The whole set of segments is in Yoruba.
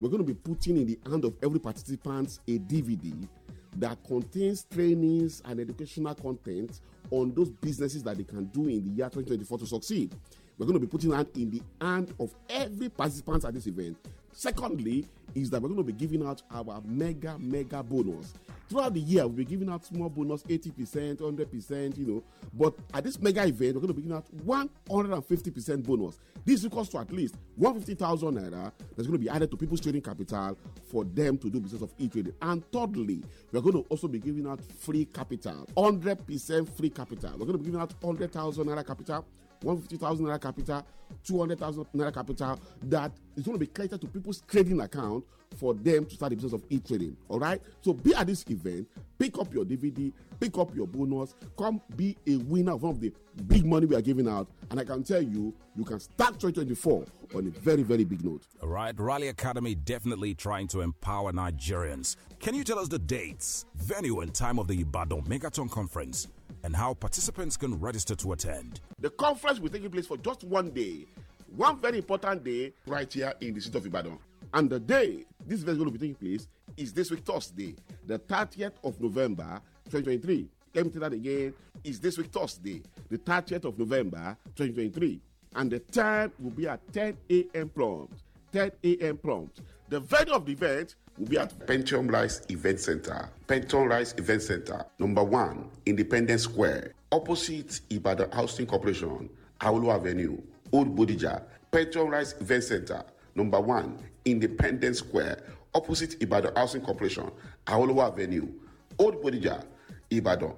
we're going to be putting in the hand of every participant a DVD that contains trainings and educational content on those businesses that they can do in the year 2024 to succeed. We're going to be putting that in the hand of every participant at this event Secondly, is that we're going to be giving out our mega, mega bonus. Throughout the year, we'll be giving out small bonus 80%, 100%, you know. But at this mega event, we're going to be giving out 150% bonus. This equals to at least 150,000 naira that's going to be added to people's trading capital for them to do business of e trading. And thirdly, we're going to also be giving out free capital 100% free capital. We're going to be giving out 100,000 naira capital. 150,000 naira capital, 200,000 naira capital that is going to be credited to people's trading account for them to start the business of e trading. All right, so be at this event, pick up your DVD, pick up your bonus, come be a winner of one of the big money we are giving out. And I can tell you, you can start 2024 on a very, very big note. All right, Rally Academy definitely trying to empower Nigerians. Can you tell us the dates, venue, and time of the Ibadan Megaton Conference? and how participants can register to attend. The conference will take place for just one day, one very important day, right here in the city of Ibadan. And the day this event is going to be taking place is this week, Thursday, the 30th of November, 2023. Let me tell that again. Is this week, Thursday, the 30th of November, 2023. And the time will be at 10 a.m. prompt. 10 a.m. prompt. The venue of the event We'll be at Pentium Rise Event Center. Pentium Rise Event Center, number one, Independence Square, opposite Ibadan Housing Corporation, Aulu Avenue, Old Bodija. Pentium Rise Event Center, number one, Independence Square, opposite Ibadan Housing Corporation, Aulu Avenue, Old Bodija, Ibadan.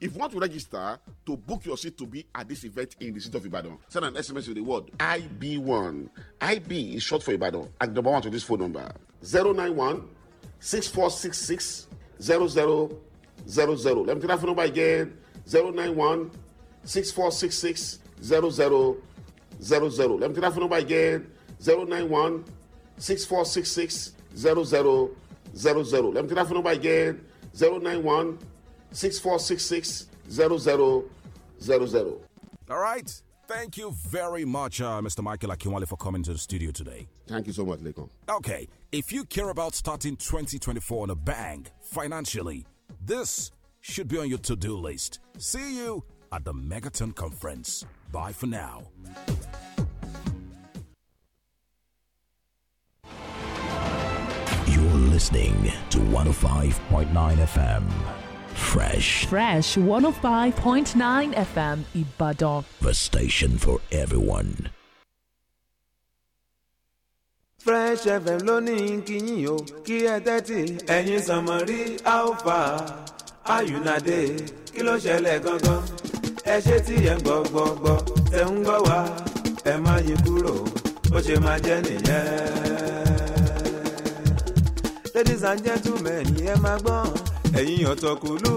If you want to register to book your seat to be at this event in the city of Ibadan, send an SMS with the word IB1. IB is short for Ibadan. And number one to this phone number 091 6466 0000. Let me take that phone number again 091 6466 0000. Let me take that phone number again 091 6466 0000. Let me take that phone number again 091 6466 0000. All right. Thank you very much, uh, Mr. Michael Akinwale, for coming to the studio today. Thank you so much, Lekon. Okay, if you care about starting 2024 on a bang financially, this should be on your to do list. See you at the Megaton Conference. Bye for now. You're listening to 105.9 FM. Fresh. Fresh 105.9 FM Ibadan. The station for everyone. Fresh FM lónìí kinyo o kí ẹ tẹ́tì. ẹ̀yin sànmọ́rí alpha ayùnádé you ló ṣẹlẹ̀ gangan. ẹ ṣe tí ẹ gogo. gbọ́ gbọ́ gbọ́ ẹ ń gbọ́ Ema ẹ má yí ladies and gentlemen ẹ máa ẹ̀yin ọ̀tọ̀kùlú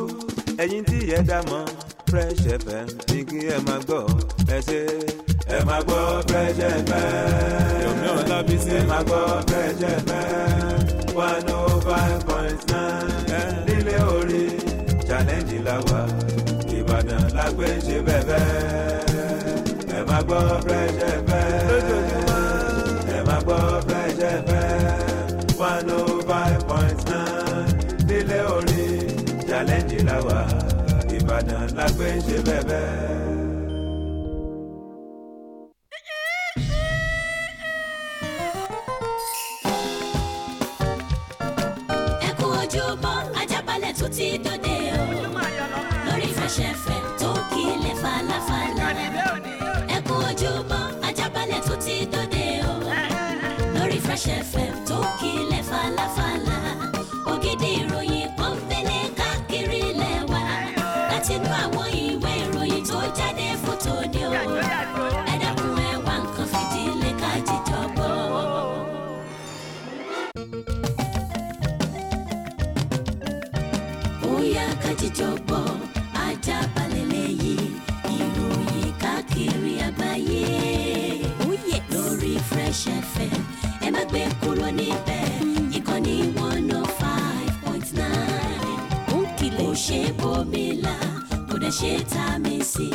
ẹ̀yin tí ẹ dá mọ̀ Fresh FM ní kí ẹ máa gbọ́ ẹ ṣe. ẹ máa gbọ́ Fresh FM yomi ọlábísí ẹ máa gbọ́ Fresh FM one oh five point nine nílé orí challenge la wà Ìbàdàn la gbé ṣe bẹ́ẹ̀ bẹ́ẹ̀ ẹ máa gbọ́ Fresh FM. la gbé ṣe bẹ́ẹ̀ ṣe tá a mi sí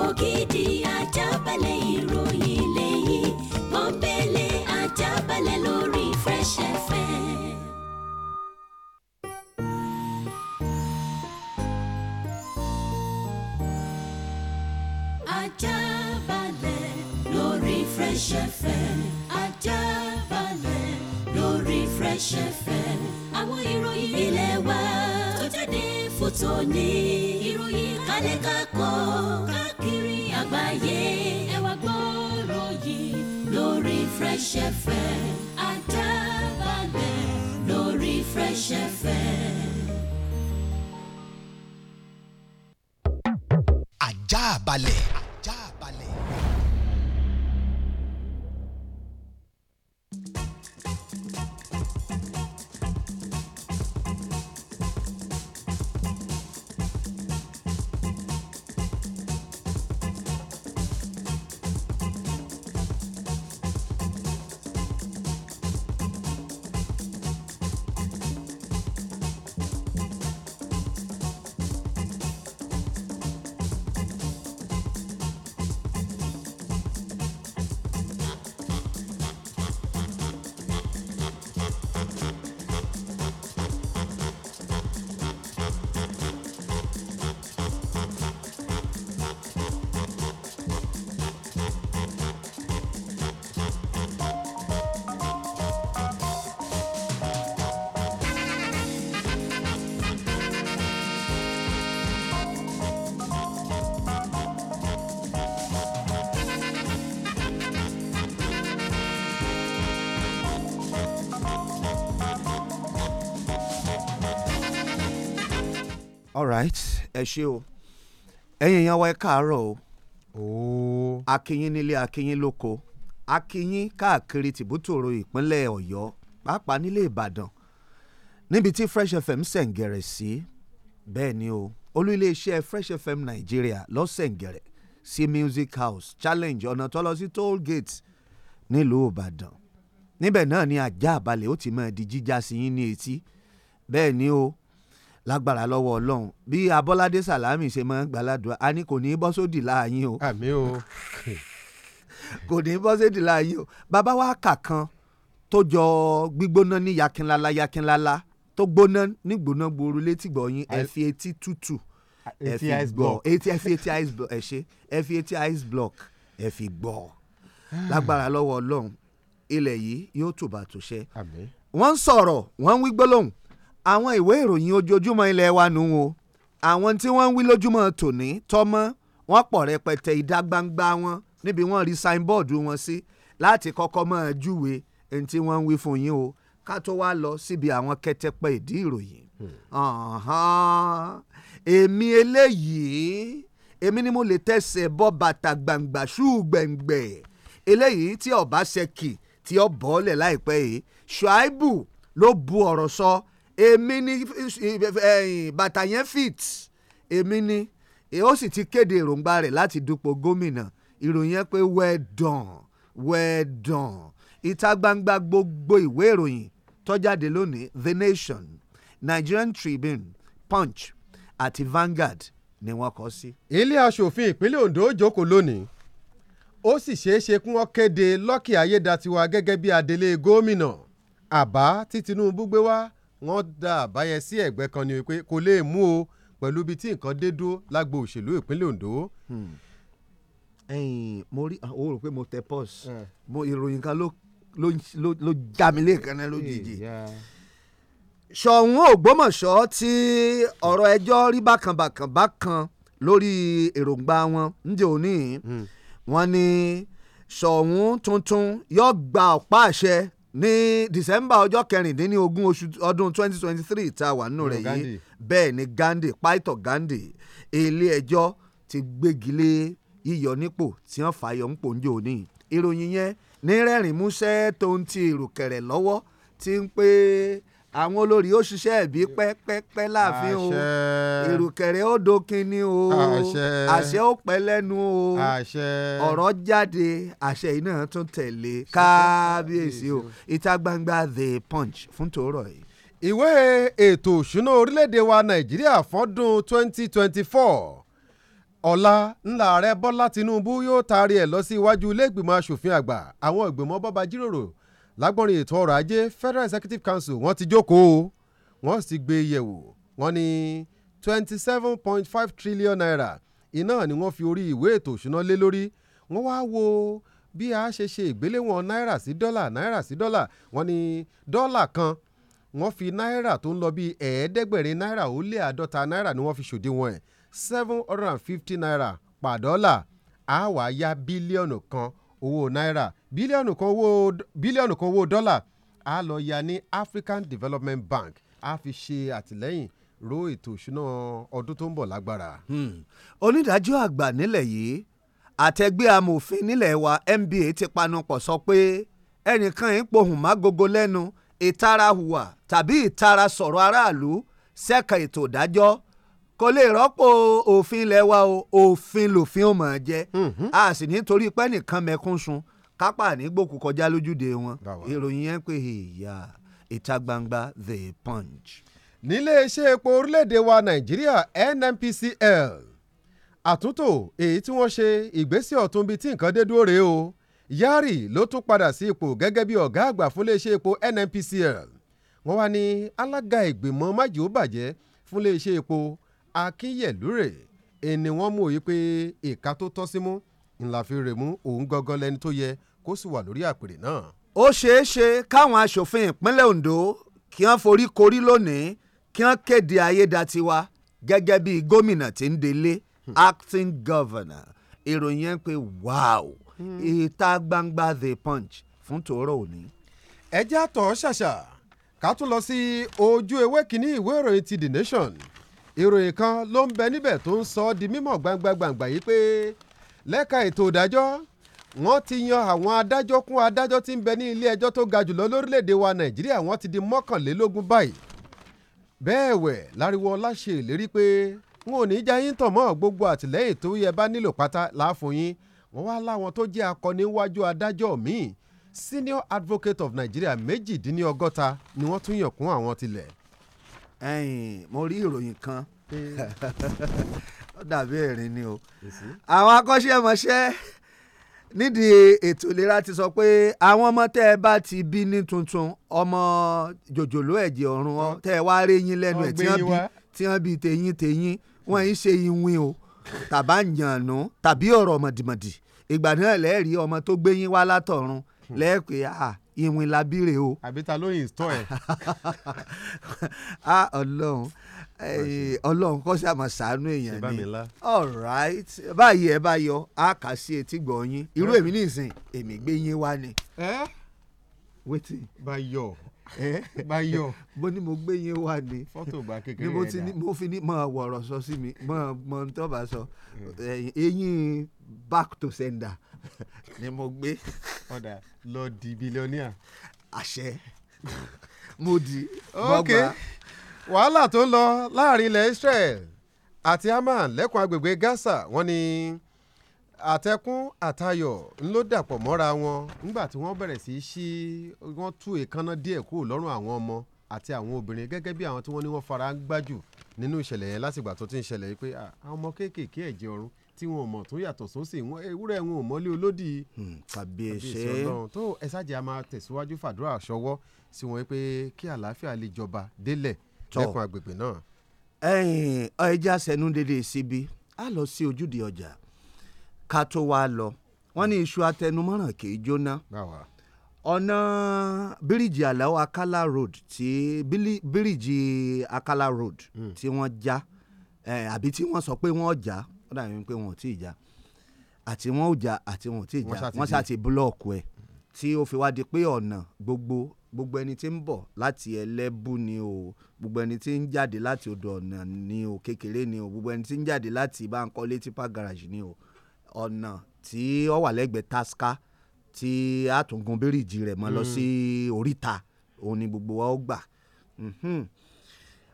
ògidì ajábalẹ̀ ìròyìn lẹ́yìn pọ́npẹ́lẹ́ ajábalẹ̀ lórí Fresh FM. ajábalẹ̀ lórí Fresh FM ajábalẹ̀ lórí Fresh FM àwọn ìròyìn ilé wa tó jáde fún tòní jáde kákó káàkiri àgbáyé ẹ wá gbọ́rọ̀ yìí lórí Fresh FM Àjààbálẹ̀ lórí Fresh FM. Àjààbálẹ̀. ẹ ṣé o ẹ̀yin èèyàn ẹ káàárọ̀ o a nílé a lóko a káàkiri tìbútòrò ìpínlẹ̀ Ọ̀yọ́ pàápàá nílé Ìbàdàn níbi tí Fresh FM sẹ̀ǹgẹ̀rẹ̀ sí bẹ́ẹ̀ ni o olú iléeṣẹ́ Fresh FM Nàìjíríà lọ́sẹ̀ǹgẹ̀rẹ̀ sí Music House Challenge ọ̀nà tó lọ sí toll gate nílùú Ìbàdàn níbẹ̀ náà ni ajá àbálẹ̀ ó ti máa di jíjá sí yín ní etí bẹ́ẹ̀ ni o lágbára lọ́wọ́ ọlọ́run bí abọ́ládé sàlámì ṣe máa ń gbàládùá a ní kò ní í bọ́ sódì láàyín o. àmín o. kò ní í bọ́ sódì láàyín o bàbá wa kà kan tó jọ gbígbóná ní yakinlala yakinlala tó gbóná ní gbóná gbooru létí gbọ̀yìn ẹ fi etí tútù ẹ fi gbọ́ ẹ fi etí ice block ẹ ṣe ẹ fi etí ice block ẹ fi gbọ́ lágbára lọ́wọ́ ọlọ́run ilẹ̀ yìí yóò tùbà tùṣẹ́ wọ́n ń sọ̀rọ̀ wọ́n ń wí gbólóhùn àwọn ìwé ìròyìn ojoojúmọ́ ilẹ̀ wa nù o àwọn tí wọ́n ń wí lójúmọ́ tòní tọ́mọ́ wọ́n pọ̀ rẹpẹtẹ ìdá gbangba wọn níbi wọ́n rí signboard wọn sí láti kọ́kọ́ máa júwe ẹni tí wọ́n ń wí fún yín o ká tó wá lọ síbi àwọn kẹtẹpẹ ìdí ìròyìn. èmi eléyìí èmi ni mo lè tẹ̀sẹ̀ bọ́ bàtà gbàǹgbà ṣú gbẹ̀ngbẹ̀ eléyìí tí ọba ṣẹkì tí ọ bọ́ọ̀lẹ̀ láìpẹ́ yìí ṣùáìbù ló bu ọ̀rọ̀ sọ èmi ni bàtà yẹn fit èmi ni ó sì ti kéde èròǹgbà rẹ̀ láti dupò gómìnà ìròyìn yẹn pé well done well done ìta gbangba gbogbo ìwé ìròyìn tó lónìí The Nation Nigerian Tribune Punch àti Vanguard ni wọ́n kọ sí. ilé aṣòfin ìpínlẹ̀ Ondo jókòó lónìí ó sì ṣeé ṣe kí wọ́n kéde Lucky Ayédatiwa gẹ́gẹ́ bí adelé gómìnà àbá tí Tinubu gbé wá wọ́n dá àbáyẹ sí ẹ̀gbẹ́ kan ni pé kò lè mú o pẹ̀lú ibi tí nǹkan dé dúró lágbo òṣèlú ìpínlẹ̀ Ondo. Hmm. mo rí o rò pé mo tẹ pause hmm. mo ìròyìn kan ló já mi lẹ́ẹ̀kan náà lójijì Ṣọ̀ún Ògbómọ̀ṣọ́ tí ọ̀rọ̀ ẹjọ́ rí bákanbàkan bákan lórí èròǹgbà wọn ǹjẹ́ òní hmm. wọ́n ní Ṣọ̀ún tuntun yóò gba ọ̀pá àṣẹ ní december ọjọ́ kẹrìndínlógún oṣù ọdún twenty twenty three tá a wà nínú rẹ̀ yìí bẹ́ẹ̀ ni Gandhi Paito Gandhi ilé ẹjọ́ ti gbégi lé yíyọ nípò tí wọ́n fàyọ ń pòǹjọ ní ìròyìn yẹn ní rẹ́rìn músẹ́ tó ń ti ìrùkẹ̀rẹ̀ lọ́wọ́ ti ń pé àwọn olórí ó ṣiṣẹ́ ẹ̀bí pẹ́pẹ́pẹ́ láàfin o ìrùkẹ̀rẹ̀ ó dokin ni o àṣẹ ó pẹ́ lẹ́nu o ọ̀rọ̀ jáde àṣẹ yìí náà tún tẹ̀lé kábíyèsí o ìta gbangba the punch fún tòórọ̀ yìí. ìwé ètò òṣùná orílẹ̀-èdè wa nàìjíríà fọ́dún 2024 ọ̀la ńlá ààrẹ bọ́lá tinúbú yóò taari ẹ̀ lọ sí iwájú ilé ìgbìmọ̀ asòfin àgbà àwọn ìgbìmọ̀ bọ́ba jíròrò lágbọ́nrin ètò ọrọ̀ ajé Federal Executive Council wọ́n ti jókòó wọ́n sì gbé e yẹ̀wò wọ́n ní twenty seven point five trillion naira iná ni wọ́n fi orí ìwé ètò òṣùná lé lórí wọ́n wá wo bí a ṣe ṣe ìgbéléwọ̀n náírà sí dọ́là náírà sí dọ́là wọ́n ní dọ́là kan wọ́n fi náírà tó ń lọ bíi ẹ̀ẹ́dẹ́gbẹ̀rin náírà ó lé àádọ́ta náírà ni wọ́n fi ṣòdiwọ̀n ẹ̀ seven hundred and fifty naira pàdọ́là àá wàá yá bílíọ̀nù kan owó náírà bílíọ̀nù kan owó bílíọ̀nù kan owó dọ́là a lọ ya ní African Development Bank a fi ṣe àtìlẹ́yìn ro ètò ìṣúná ọdún tó ń bọ̀ lágbára. Hmm. onídàájọ́ àgbà nílẹ̀ yìí àtẹgbẹ́ amòfin nílẹ̀ wa MBA ti panupọ̀ sọ pé ẹnìkan ń pohùn mágogo lẹ́nu ìtara hùwà tàbí ìtara sọ̀rọ̀ aráàlú ṣẹ̀ka ètò ìdájọ́ kò lè rọ́pò òfin ilẹ̀ wa o òfin lòfin ò mọ̀ jẹ́ hmm. a sì nítorí pé ẹnìkan mẹ́kún sun kápá ní gbòkú kọjá lójúde wọn ìròyìn yẹn pé ìyá ìta gbangba the punch. nílé iṣẹ́ epo orílẹ̀-èdè wa nàìjíríà nnpcl àtúntò èyí tí wọ́n ṣe ìgbésẹ̀ ọ̀tún bíi tí nǹkan dé dúró rèé o yari ló tún padà sí ipò gẹ́gẹ́ bí ọ̀gá àgbà fúnléeṣẹ́ epo nnpcl wọ́n wá ní alága ìgbìmọ̀ májò bàjẹ́ fúnléeṣẹ́ epo akínyẹ̀lúrè ẹni wọ́n mú òye pé ìka tó tọ́ símú ńlá fi rè mú òun gangan lẹni tó yẹ kó sì wà lórí àpèrè náà. ó ṣeé ṣe káwọn aṣòfin ìpínlẹ̀ Ondo kí wọ́n forí korí lónìí kí wọ́n kéde ayédatiwa gẹ́gẹ́ bí gómìnà tí ń delé hmm. acting governor ìròyìn yẹn pé wow hmm. ìta gbangba the punch fún tòórọ́ òní. ẹ jẹ́ àtọ̀ ṣàṣà ká tún lọ sí ojú ewé kínní ìwé ìròyìn ti the nation ìròyìn kan ló ń bẹ níbẹ̀ tó ń sọ ọ́ di mímọ̀ gbangba gbangba yìí pé lẹ́ka ètò ìdájọ́ wọ́n ti yan àwọn adájọ́ kún adájọ́ tí ń bẹ ní ilé ẹjọ́ tó ga jùlọ lórílẹ̀‐èdè wa nàìjíríà wọ́n ti di mọ́kànlélógún báyìí bẹ́ẹ̀ wẹ̀ láriwo ọlá ṣe ìlérí pé n ò ní já yín tàn mọ́ gbogbo àtìlẹ́yìn tó yẹ bá nílò pátá láàfún yín wọ́n wá láwọn tó jẹ́ akọni wájú adájọ́ míì senior advocate of nigeria méjìdínlọ́gọ́ta ni wọ́n tún yàn kún àwọn tilẹ̀. ẹyin mo rí ìròyìn kan ó dàbí ẹ̀rín ni o àwọn akọ́ṣẹ́mọṣẹ́ nídìí ètò ìlera ti sọ pé àwọn ọmọ tẹ́ ẹ bá ti bí ní tuntun ọmọ jòjòló ẹ̀jẹ̀ ọ̀run tẹ́ ẹ wá rí yín lẹ́nu ẹ̀ tí wọ́n bí tẹ̀yìn tẹ̀yìn wọ́n yìí ṣe ìwìn o tàbá yànnú tàbí ọ̀rọ̀ mọ̀dìmọ̀dì ìgbà náà lẹ́ẹ̀rí ọmọ tó gbé yín wá látọ̀run lẹ́ẹ̀pẹ́ à ìwìn labíre o. àbí ta ló yìn tọ́ ẹ̀. a ọlọ́run ọlọ́run kọ́ sàmà sàánú èèyàn ni alright báyìí ẹ bá yọ á kà sí etí gbọ̀nyin irú èmi nìsín èmi gbé yín wá ni. wetin. Báyọ̀ Báyọ̀ bó ni mo gbé yín wá ni fọ́tò bá kékeré ni mo fi ní mọ̀ wọ̀rọ̀ sọ sí mi mọ̀ mọ̀ n tọ́ bá sọ eyín back to sender ni mo gbé. ọ̀dà lọ di billionaire. àṣẹ mo di. ok bọ́gbà wàhálà tó ń lọ láàrin ilẹ̀ Israel àti Haman lẹ́kùn agbègbè Gaza wọ́n ní àtẹkùn àtayọ̀ ńlọ dàpọ̀ mọ́ra wọn nígbà tí wọ́n bẹ̀rẹ̀ sí í ṣí wọ́n tú èékánná díẹ̀ kúrò lọ́rùn àwọn ọmọ àti àwọn obìnrin gẹ́gẹ́ bí àwọn tí wọ́n ní wọ́n fara ń gbájù nínú ìṣẹ̀lẹ̀ yẹn látìgbà tó ti ń ṣẹlẹ̀ yìí pé àwọn ọmọ kéékèèké ẹ̀jẹ̀ ọ̀run tí wọn ò mọ̀ tún yàtọ̀ sósì wọn ewúrẹ́ wọn ò mọ́lé olódì. Hmm, tàbí ẹsẹ̀ tó ẹ máa tẹ̀síwájú fàdúrà ṣọwọ́ sí wọn pé kí àlàáfíà lè jọba délẹ̀ lẹ́kùn agbègbè náà. ẹja sẹnu dédé síbi a lọ sí ojúde ọjà ká tó wá lọ wọ́n ní iṣu atẹnumọ́ràn kì í jóná ọ̀nà bíríìjì aláwọ̀ akala road tí bíríìjì akala road mm. tí wọ́n já àbí tí wọ́n sọ pé wọ́n já ó dàbí pé wọ́n ò tí ì já àti wọ́n ò já àti wọ́n ò tí ì já wọ́n ṣáà ti ẹ̀ tí ó fi wá di pé ọ̀nà gbogbo gbogbo ẹni tí ń bọ̀ láti ẹlẹ́bù ni o gbogbo ẹni tí ń jáde láti odò ọ̀nà ni o kékeré ni o gbogbo ẹni tí ń jáde láti Báńkọ́lé tipa garage ni o ọ̀nà tí ó wà lẹ́gbẹ̀ẹ́ tasca tí àtúngun bíríìjì rẹ̀ mọ́ lọ mm. sí oríta òun ni gbogbo wa ó gbà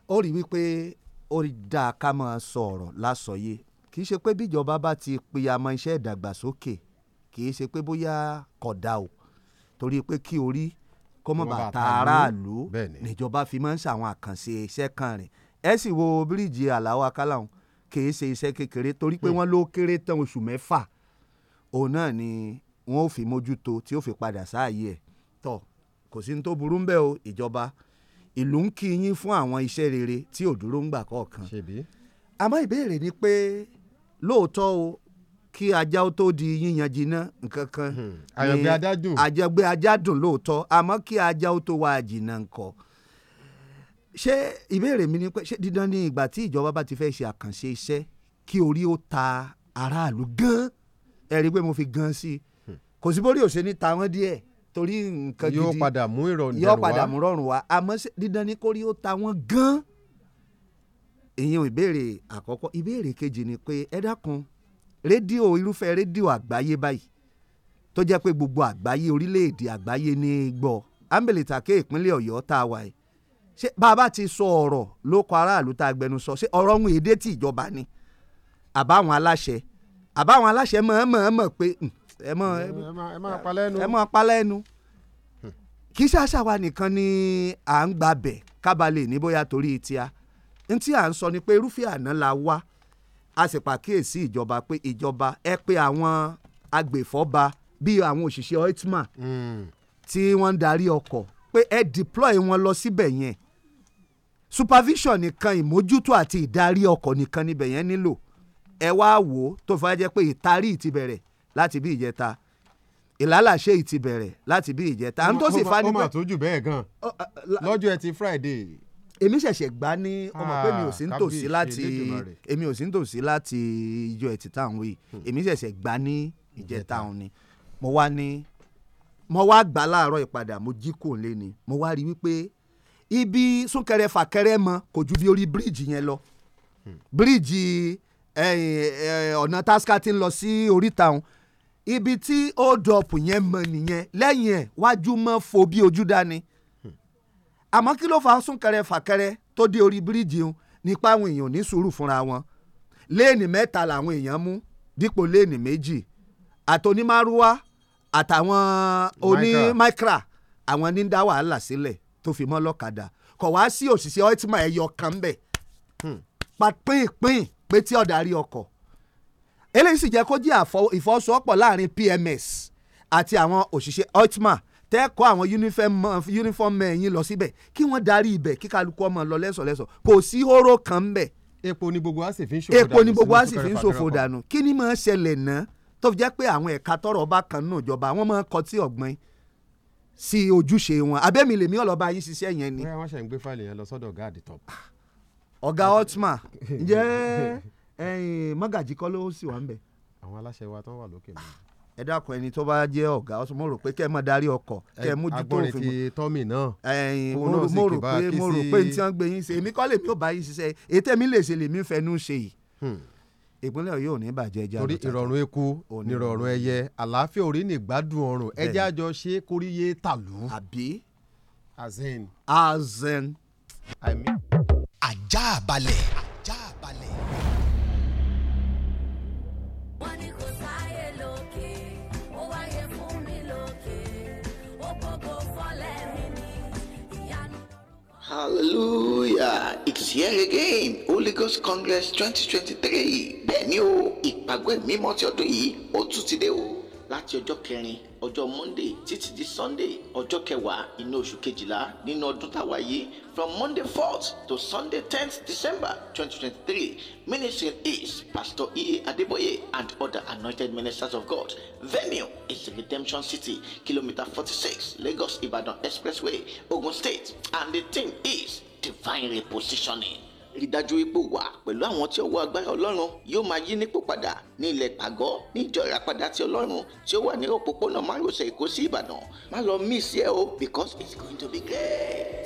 ó rí wípé ó dáa ká máa sọ ọ̀rọ̀ lásọyé kì í ṣe pé bíjọba bá ti pìyàmọ́ iṣẹ́ ìdàgbàsókè kì í ṣe pé bóyá kódà o torí pé kí orí kọ́mọ̀bà ta aráàlú níjọba fi máa ń ṣàwọn àkànṣe iṣẹ́ kan rẹ̀ ẹ sì wo bíríìjì aláwọ̀ akálàhùn kìí ṣe iṣẹ́ kékeré torí pé hmm. wọ́n ló kéré tán oṣù mẹ́fà òun náà ni wọ́n ò fi mójútó tí ó fi padà sáàyè ẹ̀ tọ̀ kò sí ní tó burú ńbẹ́ o ìjọba ìlú ń kí yín fún àwọn iṣẹ́ rere tí ò dúró ńgbà kọ̀ọ̀kan àmọ́ ìbéèrè ni pé lóòótọ́ o kí ajá ó tó di yíyan jiná nǹkan kan hmm. ni àjẹgbé ajá dùn lóòótọ́ àmọ́ kí ajá ó tó wá jìnnà ńkọ́ ṣé ìbéèrè mi ni pé ṣé dídán ní ìgbà tí ìjọba bá ti fẹ́ ṣe àkànṣe iṣẹ́ kí orí ó ta aráàlú gan ẹ rí i pé mo fi gan sí i hmm. kò sí bórí òṣèlú ta wọ́n díẹ̀ torí nǹkan gidi yóò padà mú ìrọ̀rùn wá yóò padà mú ìrọ̀rùn wá àmọ́ dídán ní kórí ó ta wọ́n gan ìyẹn ìbéèrè àkọ́kọ́ ìbéèrè kejì ni pé ẹ dákun rédíò irúfẹ́ rédíò àgbáyé báyìí tó jẹ́ pé gbogbo àgbáyé orílẹ̀-èdè àgbáyé ní í gbọ́ ambelitake ìpínlẹ̀ ọ̀yọ́ tá a wà yìí ṣé bàbá ti sọ ọ̀rọ̀ ló kọ aráàlú tá a gbẹnu sọ ṣé ọ̀rọ̀ ohun èdè tí ìjọba ni àbáwọn aláṣẹ àbáwọn aláṣẹ mọ̀ọ́mọ̀ọ́mọ̀ pé hmm, ẹ mọ̀ ẹ mọ̀ palẹ́ ẹnu hmm. kì í ṣàṣà wa nìkan ni à ń gbabẹ̀ kábàlẹ̀ ní bóyá torí tíá ntí à ń sọ ni pé irúfẹ́ àná la wá a sì pàkíyèsí ìjọba pé ìjọba ẹ pé àwọn agbèfọ́ba bíi àwọn òṣìṣẹ́ oitman hmm. tí wọ́n ń darí ọkọ̀ pé ẹ deploy wọn lọ síbẹ̀ yẹn supervision nìkan ìmójútó àti ìdarí ọkọ̀ nìkan níbẹ̀ yẹn nílò ẹ wá wò ó tó fà jẹ́ pé ìtarí ti bẹ̀rẹ̀ láti bí ìjẹta ìlàlàṣe ìti bẹ̀rẹ̀ láti bí ìjẹta. n tó sì fa bẹ́ẹ̀ lọ́jọ́ ẹtì Friday èmi ṣẹ̀ṣẹ̀ gbá ní ọmọ pé mi ò ah, sí nítòsí láti èmi ò sí nítòsí láti ijó ẹtì táwọn wí hmm. èmi ṣẹ̀ṣẹ̀ gbá ní ìjẹta òun ni mo wá ní mo wá gbà láàárọ̀ ìpadà mo jí kò lé ni mo wá rí wípé ibi súnkẹrẹ fàkẹrẹ mọ kò ju bí orí bíríìjì yẹn lọ hmm. bíríìjì ọ̀nà tasca ti ń lọ sí oríta òun ibi tí ó dọ̀pù yẹn mọ nìyẹn lẹ́yìn ẹ̀ wájú mọ́ fo bí ojú dání àmọ́ kí ló fa súnkẹrẹ fàkẹrẹ tó dé orí bíríìjì o nípa àwọn èèyàn ní sùúrù fúnra wọn léènì mẹ́ta làwọn èèyàn mú dípò léènì méjì àtònímárúwá àtàwọn oní micra àwọn ní dá wàhálà sílẹ̀ tó fi mọ́ lọ́kadà kọ̀ wá sí òṣìṣẹ́ ọ́tìmọ̀ ẹ̀yọ kan bẹ̀ hmm. pínpín pé tí ọ̀darí ọkọ̀ eléyìí sì jẹ́ kó jẹ́ ìfọwọ́sowọ́pọ̀ láàrin PMS àti àwọn òṣìṣẹ́ ọ́tìmọ̀ tẹ́kọ̀ àwọn uniform ẹ̀yìn lọ síbẹ̀ kí wọ́n darí ibẹ̀ kí kálukú ọmọ lọ lẹ́sọ̀lẹ́sọ̀ kò sí hóró kan ń bẹ̀. epo ni gbogbo a sì fi ń ṣòfò dànù a sì fi ń ṣòfò dànù kí ni máa ṣẹlẹ̀ náà tó fi jẹ́ pé àwọn ẹ̀ka tọrọ ọba kan náà jọba àwọn máa kọtí ọ̀gbìn sí ojúṣe wọn abẹ́mi lèmi ọlọ́ba yìí ṣiṣẹ́ yẹn ni. wọ́n ṣe ń gbé fáìlì yẹn lọ sọ́dọ̀ ọ̀gá àdìtọ́. Ah, ọ̀gá Altman ǹjẹ́ mọ́gàjì kọ́ ló sì wà ń bẹ̀. àwọn aláṣẹ wa tó wà lókè náà ẹ dákun ẹni tó bá jẹ́ ọ̀gá ọsọ mo rò pé kẹ́ ẹ darí ọkọ̀ kẹ́ mójútó òfin mọ̀. ti tọ́mì náà. ẹyin mo rò pé mo rò pé ntí wọn gbé yín ṣe èmi kọ́ lèmi ò bá yín ṣiṣẹ́ ètè mi lè ṣe lèmi fẹnu ṣe yìí. Hmm. ìpínlẹ̀ Ọ̀yọ́ ní bàjẹ́ ẹja torí ìrọ̀rùn eku nírọ̀rùn ẹyẹ àlàáfíà orí ní gbádùn ọrùn ẹja àjọ ṣe kóríyé tàlú. àbí. azen. azen. ajá balẹ̀. ajá balẹ̀. hallelujah it's here again holy ghost congress twenty twenty three bẹ́ẹ̀ ni o ìpàgọ́ ẹ̀mí mọ́ ọdún yìí ó tún ti dé o láti ọjọ́ kẹrin ọjọ́ monday títí di sunday ọjọ́ kẹwàá inú oṣù kejìlá nínú ọdún táwa yìí from monday fourth to sunday tenth december twenty twenty three ministry is pastor iye adeboye and other anointed ministers of god venue is redemption city kilometre forty-six lagos ibadan expressway ogun state and the theme is divine repositioning rí dájú ipò wà pẹ̀lú àwọn tí ọwọ́ agbára ọlọ́run yóò máa yí nípò padà ní ilẹ̀ pàgọ́ ní ìjọ ìràpadà ti ọlọ́run tí ó wà ní òpópónà márosẹ̀ èkó sí ìbàdàn má lọ mí sí ẹ o because it's going to be great.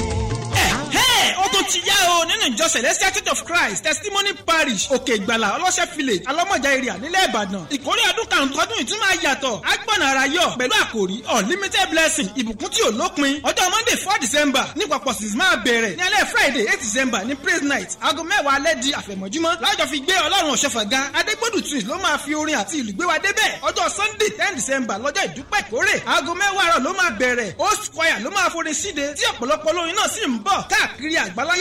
ti yá o nínú ìjọ celestial church of christ testimony parish òkè ìgbàlà ọlọ́sẹ̀ village alọ́mọjà area nílẹ̀ ìbàdàn ìkórè ọdún kàǹtọ́dún ìtúmọ̀ àyàtọ̀ agbọ̀nà ara yọ pẹ̀lú àkòrí unlimited blessing ìbùkún tí ò lópin ọjọ́ monday four december ní pọ̀pọ̀ sì máa bẹ̀rẹ̀ ní alẹ́ friday eight december ní praise night aago mẹ́wàá alẹ́ di àfẹ̀mọ́júmọ́ lájọ fi gbé ọlọ́run ọ̀ṣẹ́fàga adégbòdù twins ló máa fi orin àti ìlú gbé wa sunday ten december lọ́jọ́ ìdúpẹ́ ìkórè aago mẹ́wàá àárọ̀ ló máa bẹ̀rẹ̀ host choir ló máa forin síde tí ọ̀pọ̀lọpọ̀ olórin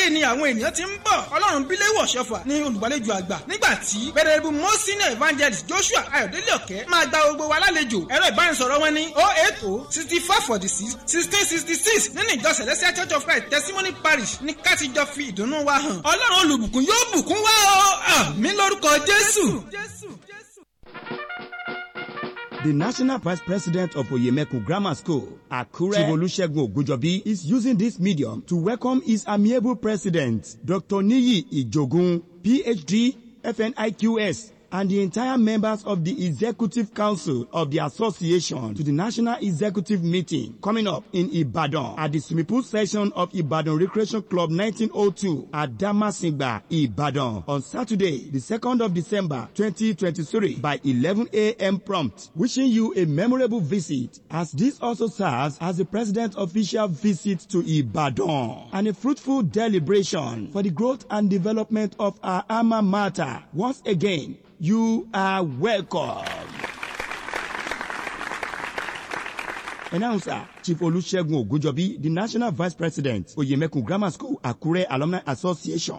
báyìí ni àwọn ènìyàn ti ń bọ̀ ọlọ́run bílẹ̀ wọ̀ṣọ́fà ní olùgbàlejò àgbà nígbà tí bẹ̀rẹ̀bù mọ́sínà evangelist joshua ayọ̀délé ọ̀kẹ́ máa gba gbogbo wa lálejò ẹ̀rọ ìbánisọ̀rọ̀ wọn ní oh eight oh sixty four forty six sixteen sixty six nínú ìjọ celestial church of christ testimony parish ní kátijọ́ fi ìdùnnú wa hàn ọlọ́run olùbùkún yóò bùkún wa o àmín lórúkọ jésù. jésù, jésù, jésù. The National Vice President of Oyemeku Grammar School, Akure Chivolusegun Ogunjobi, is using this medium to welcome his amiable president, Dr. Niyi Ijogun, PhD, FNIQS, and the entire members of the Executive Council of the Association to the National Executive Meeting coming up in Ibadan at the Sumipu session of Ibadan Recreation Club 1902 at Damasingba, Ibadan on Saturday, the 2nd of December 2023 by 11 a.m. prompt. Wishing you a memorable visit as this also serves as the President's official visit to Ibadan and a fruitful deliberation for the growth and development of our alma mater. Once again, You are welcome. Announcer Chief Olusegun Ogunjobi, the National Vice President, Oyemekun Grammar School, Akure Alumni Association.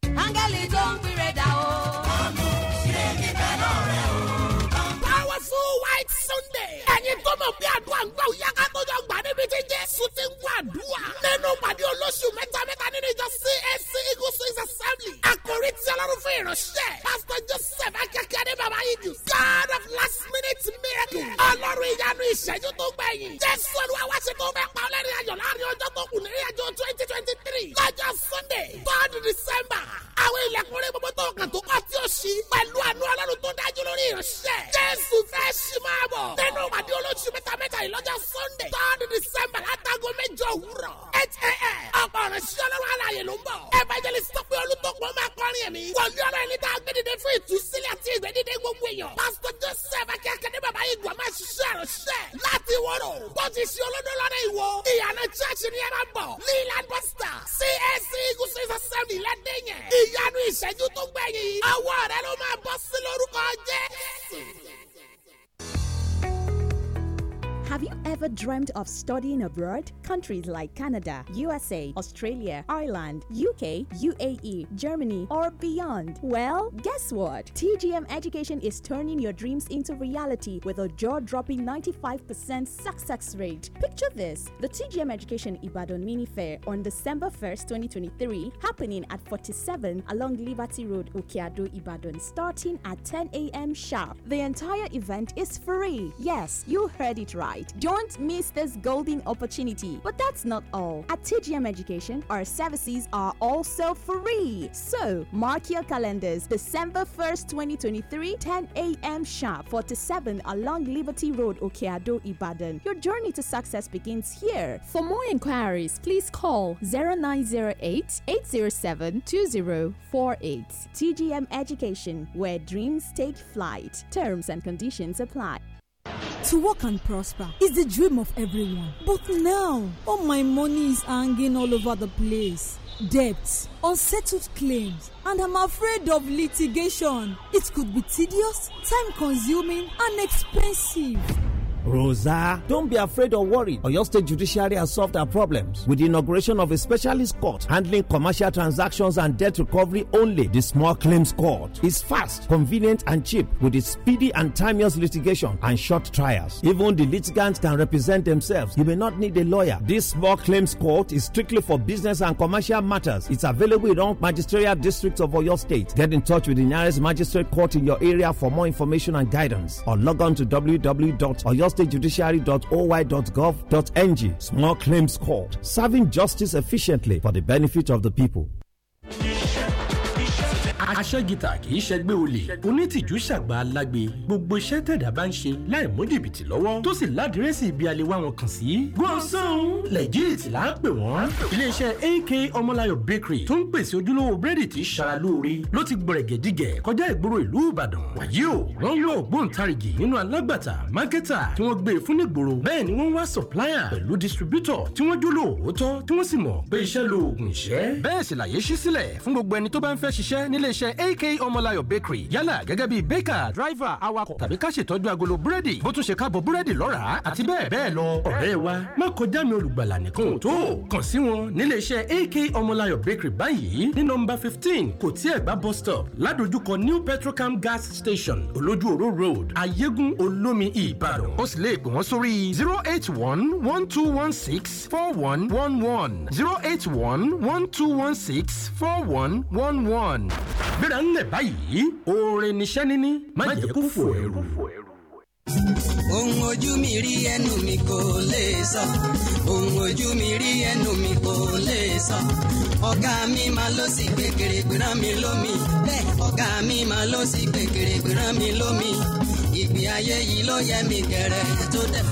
Áńgẹ́lì tó ń pèrè dà o. Ọmọ ṣe kíkẹ́ náà rẹ̀ o. Powerful White Sunday. Ẹ̀yin tó mọ̀ pé àdúrà ń gbà ká tó jọ gbà níbi tí Jésù ti ń gbọ́ Nínú pàdé olóṣù mẹ́ta mẹ́ta nínú ìjọ CAC Eagle Assembly kan rí tí ọlọ́run fún ìránṣẹ́ pásítọ̀ joseph akẹ́kẹ́rẹ́ bàbá yìí jù god of last minute miracle ọlọ́run ìyanu ìṣẹ́jú tó gbẹ̀yìn jésù olúwa wá ṣe tó fẹ́ pa ọlẹ́rìn ayọ̀ láàrin ọjọ́ tó kù ní ìrìnàjò twenty twenty three lọ́jọ́ sunday third december àwọn ilẹ̀kùnrin gbogbo tó kàn tó kọ́ tí ó ṣí pẹ̀lú àánú ọlọ́run tó dájú lórí ìránṣẹ́ jésù fẹ́ ṣí máa bọ̀ nínú ìpàdé olóṣù mẹ́ta mẹ́ta ìlọ́jọ́ sunday lórí ẹ̀mí. wọlé ọ̀rọ̀ ẹni tá a fún ìtúsílẹ̀ àti ìgbẹ́dídé gbogbo èèyàn. pásítọ̀ joseph akẹ́kẹ́ bàbá yìí gbọ́ máa ṣiṣẹ́ àròṣẹ́ láti wọ́rọ̀. bó ti ṣe olódó lọ́dọ̀ ìwọ. ìyànà church ni ẹ bọ̀. leland pastor csc gúúsù sẹ́mi lẹ́dẹ̀ yẹn. ìyanu ìṣẹ́jú tó gbẹ̀yìn. ọwọ́ rẹ ló máa bọ́ sí lórúkọ jẹ́. Have you ever dreamt of studying abroad? Countries like Canada, USA, Australia, Ireland, UK, UAE, Germany, or beyond? Well, guess what? TGM Education is turning your dreams into reality with a jaw dropping 95% success rate. Picture this the TGM Education Ibadan Mini Fair on December 1st, 2023, happening at 47 along Liberty Road, Okeado, Ibadan, starting at 10 a.m. sharp. The entire event is free. Yes, you heard it right. Join don't miss this golden opportunity. But that's not all. At TGM Education, our services are also free. So mark your calendars December 1st, 2023, 10 a.m. sharp, 47 along Liberty Road, Okeado, Ibadan. Your journey to success begins here. For more inquiries, please call 0908 807 2048. TGM Education, where dreams take flight. Terms and conditions apply. To work and prosper is the dream of everyone. But now, all my money is hanging all over the place. Debts, unsettled claims, and I'm afraid of litigation. It could be tedious, time consuming, and expensive. Rosa, don't be afraid or worried. Oyo State Judiciary has solved our problems with the inauguration of a specialist court handling commercial transactions and debt recovery only. The Small Claims Court is fast, convenient, and cheap with its speedy and timeous litigation and short trials. Even the litigants can represent themselves. You may not need a lawyer. This Small Claims Court is strictly for business and commercial matters. It's available in all magisterial districts of Oyo State. Get in touch with the nearest magistrate court in your area for more information and guidance or log on to www.oyo lagosstatejudiciary.oy.gov.ng. Small Claims Court. Serving justice efficiently for the benefit of the people. aṣẹ́gita kì í ṣẹgbẹ́ olè onítìjú ṣàgbà alágbe gbogbo iṣẹ́ tẹ̀dá bá ń ṣe láì mú jìbìtì lọ́wọ́ tó sì ládírẹ́sì ibi a lè wá wọn kàn sí. gbọ́nsán legit là ń pè wọ́n. iléeṣẹ́ AK ọmọláyọ̀ bakery tó ń pèsè ojúlówó búrẹ́dì tí ṣara lóore ló ti gbọ̀rẹ̀gẹ̀dígẹ̀ kọjá ìgboro ìlú Ìbàdàn. wàyí o wọ́n yóò gbóǹtarìgì nínú alágbàtà mákẹ́tà tí wọ́n gbé e fún nígboro bẹ́ẹ̀ ni wọ́n wá supplier pẹ̀lú distributor tí wọ́n jóló òótọ́ tí wọ́n sì mọ̀ pé iṣẹ́ lo oògùn ìṣẹ́. bẹ́ẹ̀ sì làyé ṣí sílẹ̀ fún gbogbo ẹni tó bá ń fẹ́ ṣiṣẹ́ nílé iléeṣẹ́ AK Ọmọláyọ̀ bakery yálà gẹ́gẹ́ bíi baker driver awakọ̀ tàbí ká ṣètọ́jú agolo búrẹ́dì bó tún ṣe káàbọ̀ búrẹ́dì lọ́ràá àti bẹ́ẹ̀ bẹ́ẹ̀ lọ. ọ̀rẹ́ wa má kọjá mi olùgbàlà nìkan ò tó kàn sí wọn nílé iṣẹ́ AK Ọmọláyọ̀ bakery báyìí ní nọ́mbà fifteen kò tí ẹ̀ gbá bus stop ládojúkọ new petrocam gas station olójú òró road ayégún olómi ìbàdàn ó sì lè pè wọ́n sórí zero eight one one two one six four one one one zero eight one one two one six four one one one gbéra ńlẹ̀ báyìí orin níṣẹ́ níní má jẹ́ kó fò ẹ̀rù. ohun ojú mi rí ẹnu mi kò lè sọ ohun ojú mi rí ẹnu mi kò lè sọ ọ̀gá mi máa lọ sí kékeré gbéra mi lómi bẹ́ẹ̀ ọ̀gá mi máa lọ sí kékeré gbéra mi lómi ìgbé ayé yìí ló yẹ mi kẹrẹ tó dẹ̀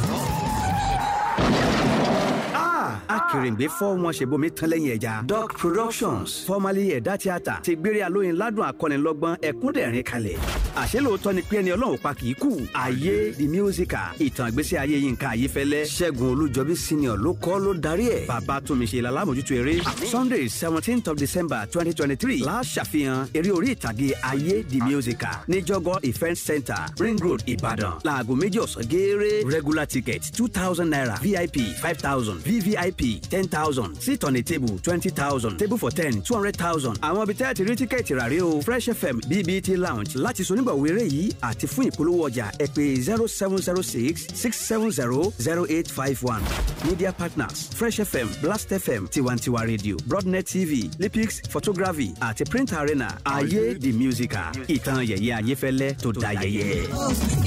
akèrèǹgbè fọ́ wọn ṣèbomi tán lẹ́yìn ẹja doc productions formerly ẹ̀dá tíátà ti gbére alóyin ládùn akọ́nilọ́gbọ́n ẹ̀kúndẹ̀rín kalẹ̀ àṣé lóòótọ́ ni pé ẹni ọlọ́run pa kìí kú ayé the musical ìtàn ìgbésí ayé yínká ayéfẹ́lẹ́ ṣẹ́gun olújọbí senior ló kọ́ ló darí ẹ̀ bàbá túnmíṣe lalámójútó eré sunday seventeenth of december twenty twenty three la ṣàfihàn eré orí ìtàgé ayé the musical ní jọgọ event center ring road ìbàdàn láago méjì ọ̀sán gééré regular ticket two thousand naira vip five thousand vvip vip ten thousand sit on a table twenty thousand table for ten two hundred thousand àwọn ibi tẹ́ẹ̀tì rí tíkẹ́ẹ̀tì rà rí o fresh fm bbt lounge láti sonígbàwé eré yìí àti fún ìpolówó ọjà ẹ pè zero seven zero six six seven zero zero eight five one media partners fresh fm blast fm tiwantiwa radio broadnet tv lipix photography àti print arena ayé the musical ìtàn yẹ̀yẹ́ ayéfẹ́lẹ́ tó da yẹ̀yẹ́.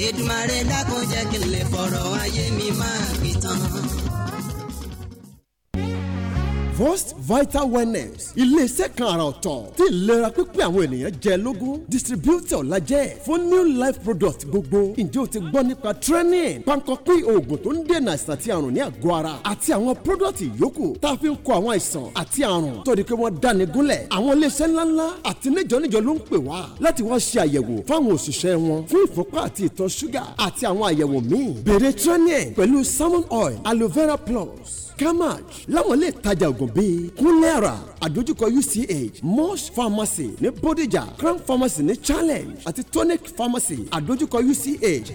Èdùmàrè dákun jẹ́ kí n lè fọ̀rọ̀ ayé mi máa fi tán post vital wellness iléeṣẹ́ kan àrà ọ̀tọ̀ tí ìlera pípé àwọn ènìyàn jẹ lógún distributor lajẹ́ fún new life products gbogbo ǹjẹ́ o ti gbọ́ nípa trenin pankọ pín oògùn tó ń dènà àìsàn àti àrùn ní àgọ́ ara àti àwọn product yòókù tá a fi ń kọ àwọn àìsàn àti àrùn tó di pé wọ́n dáni gúnlẹ̀ àwọn iléeṣẹ́ ńláńlá àti níjọ́níjọ́ ló ń pè wá láti wá ṣe àyẹ̀wò fáwọn òṣìṣẹ́ wọn fún ìfúnpá àti ìtọ̀ ṣúgà àti àwọn àyẹ̀wò míì bèrè trenin pẹ̀lú salmon oil aloe vera plus kramaj láwọn ilé ìtajà ògùn bíi kúnlẹ́ra àdójúkọ uch mosh pharmacy ní bódìjà crown pharmacy ní challenge àti tonic pharmacy àdójúkọ uch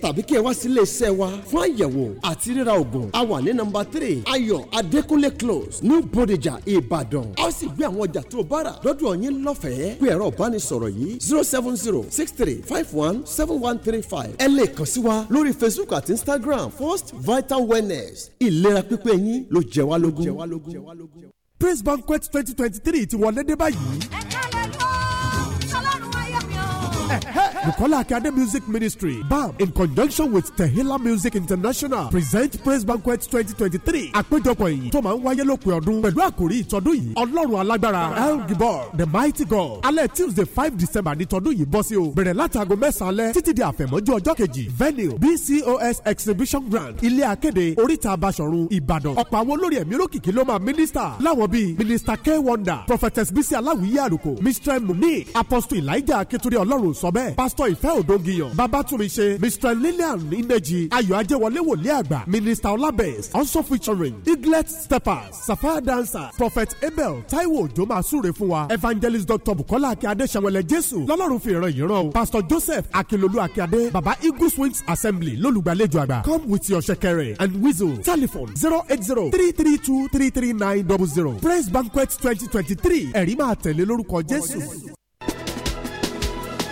tàbí kí ẹ wá sí ilé iṣẹ́ wa fún àyẹ̀wò àti ríra ògùn a wà ní nọ́mbà three ayọ̀ adékúnlé close ní bódìjà ìbàdàn a ó sì gbé àwọn ọjà tó bára lọ́dọ̀ yín lọ́fẹ̀ẹ́ pé ẹ̀rọ ìbánisọ̀rọ̀ yìí zero seven zero six three five one seven one three five ẹ lè kàn sí wa lórí facebook àti instagram first vital wellness ìlera pípé yín lójú jẹ wá lógún. praise banquet twenty twenty three ti wọlé dé báyìí. ẹ̀ka lẹ́nu ọlọ́run ayé mi o. Bukola Akade Music Ministry, BAM, in conjunction with Tehila Music International, present Praise Banquet 2023. Àpéjọpọ̀ èyí tó máa ń wáyé lópin ọdún pẹ̀lú àkòrí ìtọ́dún yìí. Ọlọ́run alágbára El Gibor, the mighty God. Alẹ́ Tuesday five December ní tọdún yìí bọ́ sí o. Bẹ̀rẹ̀ látàgò mẹ́sàn-án alẹ́ títí di àfẹ̀mọ́jú ọjọ́ kejì. Venue BCOS Exhibition Ground, Ilé Akéde, Oríta Abasọ̀run, Ìbàdàn. Ọ̀pọ̀ àwọn olórí ẹ̀mí olókìkí ló máa mínísítà. Láwọn bíi Minister K. Wonder, Prophetess Bisi Aláwìyé Àlùkò, Mr. Muni, Apostle Elijah Akitunde Ọlọ́run sọ bẹ́ẹ̀. Past pásítọ̀ ìfẹ́ òdògìyàn babatunmi ṣe mr lillian ineji ayọ̀ ajẹ́wọlé wòlé àgbà minister olabes also featuring eaglet steppers sapphire dancers prophet abel taiwo òjò máa fún wa evangelist dr bukola akíade ṣàwẹlẹ jésù lọ́lọ́run fi ìran yìí rán o pastor joseph akilolu akíade baba eagle swings assembly lólùgbàlejò àgbà come with your ṣẹ̀kẹ̀rẹ̀ and whistle telephone zero eight zero three three two three three nine double zero praise banquet twenty twenty three ẹ̀rí máa tẹ̀lé lórúkọ jésù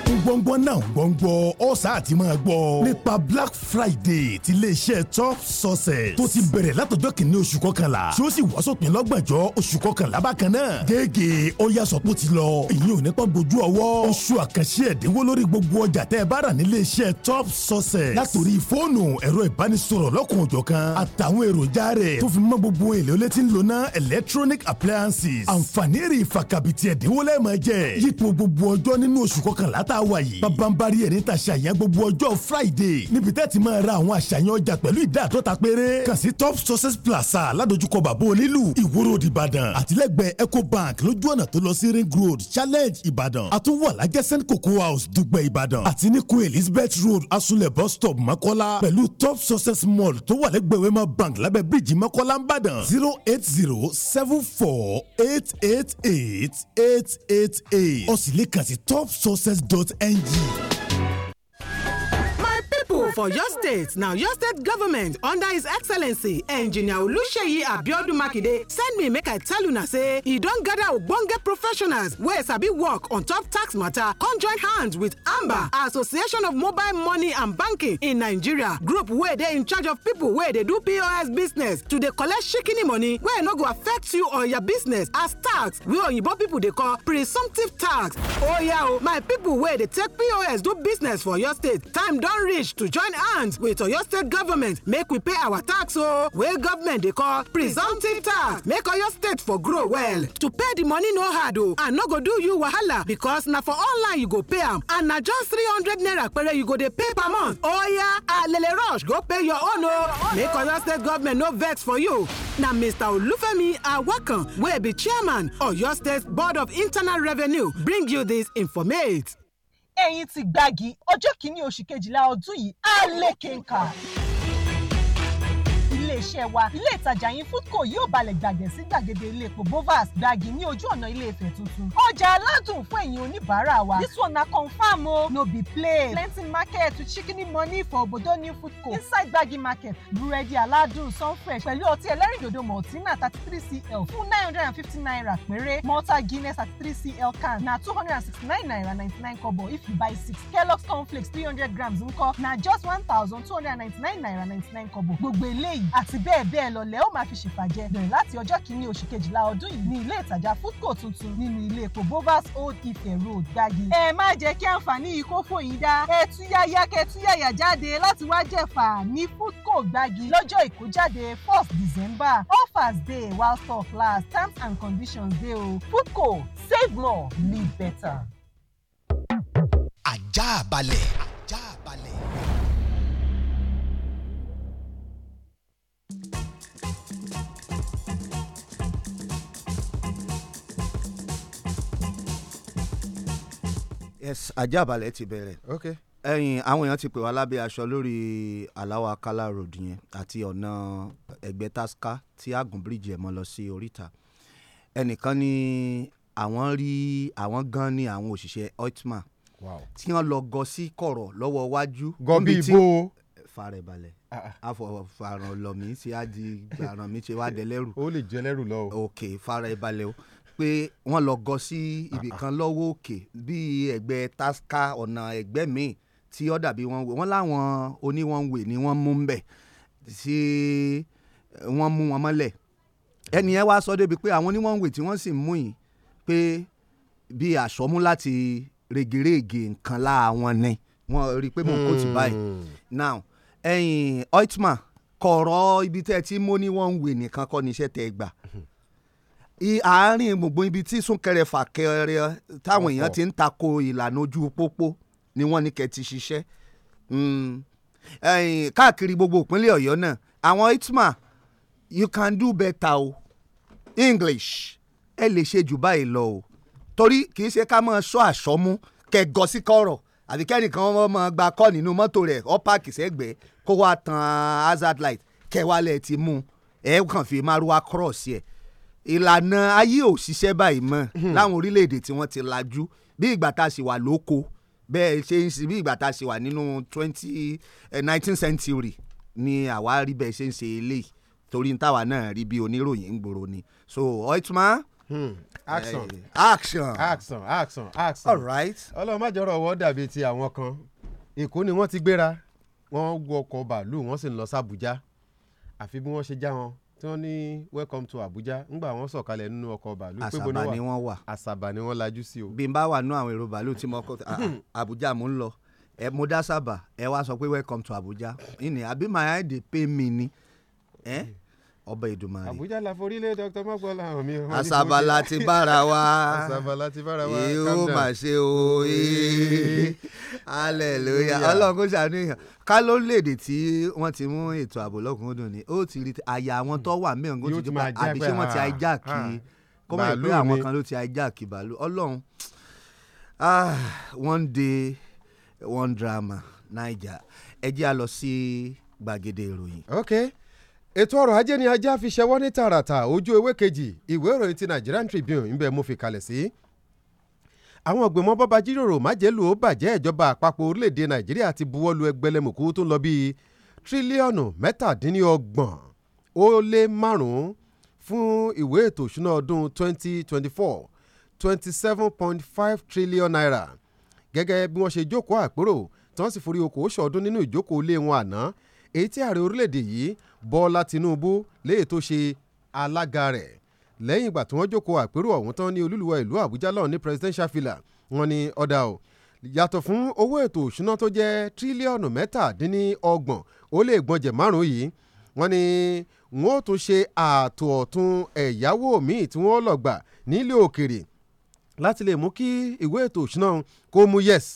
gbọ́ngbọ́n náà gbọ́ngbọ́ ọ̀sà àti máa gbọ́ nípa black friday ti iléeṣẹ́ top success tó ti bẹ̀rẹ̀ látọjọ́ kìíní oṣù kọkànlá tí ó sì wá sópin lọ́gbọ̀njọ́ oṣù kọkànlá bákan náà gẹ́gẹ́ ọ̀yàsọ̀pọ̀ ti lọ èyí ò ní tán bójú ọwọ́ oṣù àkànṣe ẹ̀dínwó lórí gbogbo ọjà tẹ́ ẹ bá rà ní iléeṣẹ́ top success látòrí fóònù ẹ̀rọ ìbánisọ̀rọ̀ lọ́kùnjọ̀kan àtàwọn èròjà rẹ̀ tó fi mọ́ gbogbo èlé electronic appliances àǹfààní rí ìfàkàbìtì ẹ̀dínwó lẹ́ẹ̀mọ́ jẹ́ yípo gbogbo ọjọ́ nínú tá a wà yìí bàbáńbárí ẹ̀rí ta ṣàyàn gbogbo ọjọ́ friday níbi tẹ́ ti máa ra àwọn àṣàyàn ọjà pẹ̀lú ìdá àtọ́ta péré kàn sí top success plaza ládojúkọ bàbá onílù ìwòrò ìbàdàn àtìlẹ́gbẹ̀ẹ́ ecobank lójú ọ̀nà tó lọ sí ring road challenge ìbàdàn àtúwọ̀ alájẹ́ st cocoa house dùgbẹ̀ ìbàdàn àti ní queen elizabeth road asunlẹ̀ bus stop mọ́kọ́lá pẹ̀lú top success mall tó wà lẹ́gbẹ̀ẹ́ wema bank lábẹ́ bíríìjì mọ́kọ́lá ń zero eight zero seven four eight eight eight eight eight eight ó sì lè kàn sí topsuccess.com ng for your State now, your State government under His Excellency Engineer Olusheyi Abiodun Makinde send me make I tell you una say e don't gather ogbonge professionals wey sabi work on top tax matter come join hands with AMBA Association of Mobile Money and Banking in Nigeria, group where they in charge of people where they do POS business to dey collect shikini money wey no go affect you or your business as tax we wey oyibo people they call presumptive tax. Oya oh, o, oh, my people where they take POS do business for your State, time don't reach to join join hands with oyo state government make we pay our tax o oh. wey government dey call presumptive tax make oyo state for grow well to pay di money no hard o oh, and no go do you wahala because na for online you go pay am and na just three hundred naira pere you go dey pay per month oya alele rush go pay your own o oh. make oyo state government no vex for you na mr olufemi awakan wey be chairman oyo state board of internal revenue bring you dis informate ẹ̀yìn ti gbági ọjọ́ kìíní oṣù kejìlá ọdún yìí á lékè ńkà iléeṣẹ́ wa ilé ìtajà yín foodco yóò balẹ̀ gbàgẹ̀ sí gbàgede ilé epo bovas gbàgì ní ojú ọ̀nà ilé Ifẹ̀ tuntun ọjà aládùn fún ẹ̀yin oníbàárà wa this one na confam o no be play plenty market with chicken money for obodo new foodco inside gbàgì market búrẹ́dì aládùn sunfresh pẹ̀lú ọtí ẹlẹ́rìndòdò maltina thirty three cl fún nine hundred and fifty naira péré malta guinness thirty three cl can na two hundred and sixty nine naira ninety nine kobo if you buy six kellogg's cornflakes three hundred grams ńkọ́ na just one thousand two hundred and ninety nine naira ninety nine kobo gbogbo eléyìí àti àti bẹ́ẹ̀ bẹ́ẹ̀ lọ lẹ́ ó máa fi ṣèfàjẹ́ bẹ̀rẹ̀ láti ọjọ́ kìíní oṣù kejìlá ọdún yìí ní ilé ìtajà foodco tuntun nínú ilé epo bovas old ife road gbági. ẹ má jẹ́ kí àǹfààní yìí kó fò yín dá ẹ túyáyá kẹ túyàyà jáde láti wá jẹ̀fà ní foodco gbági lọ́jọ́ ìkójáde first december offers dey while stock lasts terms and conditions dey o foodco save more live better. ajá balẹ̀. ajá balẹ̀. yes ajábalẹ̀ ti bẹ̀rẹ̀ okay ẹyin àwọn èèyàn ti pè wá lábẹ́ aṣọ lórí aláwa kálá road yẹn àti ọ̀nà ẹgbẹ́ tasca tí àgùn bíríìjì ẹ̀ mọ́ lọ sí oríta ẹnìkan ní àwọn rí àwọn gan ni àwọn òṣìṣẹ́ oitman tí wọ́n lọ gọ sí kọ̀rọ̀ lọ́wọ́ wájú. gọ ibo fara balẹ̀ afọ̀faràn ah, ah. lọ mí ṣe á di gbàràn mi ṣe wá dẹlẹ́rù. ó lè jẹlẹ́rù lọ o. ok fara balẹ̀ o pé wọ́n lọ gọ sí ibì ah, ah. kan lọ́wọ́ òkè bíi ẹ̀gbẹ́ tasca ọ̀nà ẹ̀gbẹ́ míì tí ó dàbí wọn wè wọ́n láwọn oníwọ̀nwè ni wọ́n mú mbẹ̀ tí wọ́n mú wọn mọ́lẹ̀ ẹni yẹn wá sọ débi pé àwọn oníwọ̀nwè tí wọ́n sì mú yìí pé bí àṣọmú láti regerege nǹkan láwọn ni wọ́n rí i pé mò ń kó tì báyìí hmm. now ẹ̀yìn oitman kọ̀ọ̀rọ̀ ibi tẹ́ ẹ ti mú oníwọ̀nwè nìkan kọ́ níṣẹ́ tẹ́ ẹ gbà. Hmm àárín gbùngbùn ibi tí súnkẹrẹ fàkẹrẹ táwọn èèyàn ti ń tako ìlànà ojú pópó ni wọ́n ní kẹ́ ti ṣiṣẹ́ hmm. káàkiri gbogbo ìpínlẹ̀ ọ̀yọ́ náà àwọn itma you can do better o english ẹ lè ṣe jù báyìí lọ o torí kì í ṣe ká máa sọ àṣọmú kẹ gọ sí kọ̀rọ̀ àbí kẹ́nìkan wọ́n máa gba kọ́ nínú mọ́tò rẹ̀ ọ́ páàkì sẹ́gbẹ̀ẹ́ kó wá tan hazard light kẹwàá lẹ̀ ti mú ẹ kàn fi márùwá cross yẹ ìlànà ayé ò ṣiṣẹ́ báyìí mọ́ hmm. láwọn orílẹ̀-èdè tí wọ́n ti lajú bí ìgbà tá a ṣì wà lóko bẹ́ẹ̀ ṣe ń ṣe bí ìgbà tá a ṣì wà nínú twenty eh, nineteen century ni àwa rí bẹ́ẹ̀ ṣe ń ṣe eléyìí torí táwa náà rí bí oníròyìn ń gbòòrò ni so oitman. Hmm, action eh, action action action action. all right. ọlọ́run má jọ̀rọ̀ ọwọ́ dàbí ti àwọn kan èkó ni wọ́n ti gbéra wọ́n wọ ọkọ̀ bàálù wọ́n sì ń lọ sí àbújá àfi bí wọ́n ṣe já wọn tí wọ́n ní welcome to Abuja ńgbà wọ́n sọ̀kalẹ̀ nínú ọkọ̀ bàálù pé bó ni wọ́n wà àṣàbà ni wọ́n wà lajú sí o. bí n bá wà nú àwọn èrò bàálù tí mo kọ́ ah, ah, Abuja mò ń lọ ẹ mo dá sábà ẹ wá sọ pé welcome to Abuja ìní àbí my eye dey pay me ni. Eh? ọba Èdùmàrè. àbújá la forí lé dr mọ́gbọ́lá omi. asabala ti bára wa asabala ti bára wa calm down. mà ṣe o hallelujah ọlọ́run ṣàánú èèyàn ká lórílẹ̀‐èdè tí wọ́n ti mú ètò ààbò lọ́kùnkúndùn ni ó ti rí àyà àwọn tó wà mẹ́rin kó ti jọba àbí ṣé wọ́n ti hijack kọ́mọ̀ ìpín àwọn kan ló ti hijack bàálù ọlọ́run ah, one day one drama naija ẹ jẹ́ a lọ sí gbàgede ìròyìn. okay ètò ọrọ̀ ajé ni ajá fi ṣẹwọ́ ní tààràtà ojú ewé kejì ìwé ìròyìn ti Nigerian Tribune ń bẹ mo fi kalẹ̀ sí. àwọn ìgbìmọ̀ bọ́ba jíròrò májèlú ó bàjẹ́ ìjọba àpapọ̀ orílẹ̀‐èdè Nàìjíríà ti buwọ́lu ẹgbẹ̀lẹ́mùkú tó ń lọ bíi tírílíọ̀nù mẹ́tàdínlọ́gbọ̀n ó lé márùn-ún fún ìwé ètò ìṣúná ọdún 2024 27.5 trillion naira gẹ́gẹ́ bí wọ́n ṣe jókòó àpérò tí wọ́n sì forí okòó ṣọ̀ọ́dún èyí tí ààrẹ orílẹ̀-èdè yìí Bọ́lá Tinubu léyìí tó ṣe alága rẹ̀ lẹ́yìn ìgbà tí wọ́n jókòó àpérò ọ̀hún tán ní olúluwa ìlú Àbújá lọ́hùn ní presidential villa wọ́n ní ọ̀dà o yàtọ̀ fún owó ètò òṣùná tó jẹ́ tírílíọ̀nù mẹ́tàdínníọgbọ̀n ó lé ìgbọ̀njẹ̀ márùn-ún yìí wọ́n ní wọ́n ó tún ṣe ààtò ọ̀tún ẹ̀yáwó míì tí wọ́n lọ nílé òkèrè láti lè mú kí ìwé ètò òṣùná kó mú yes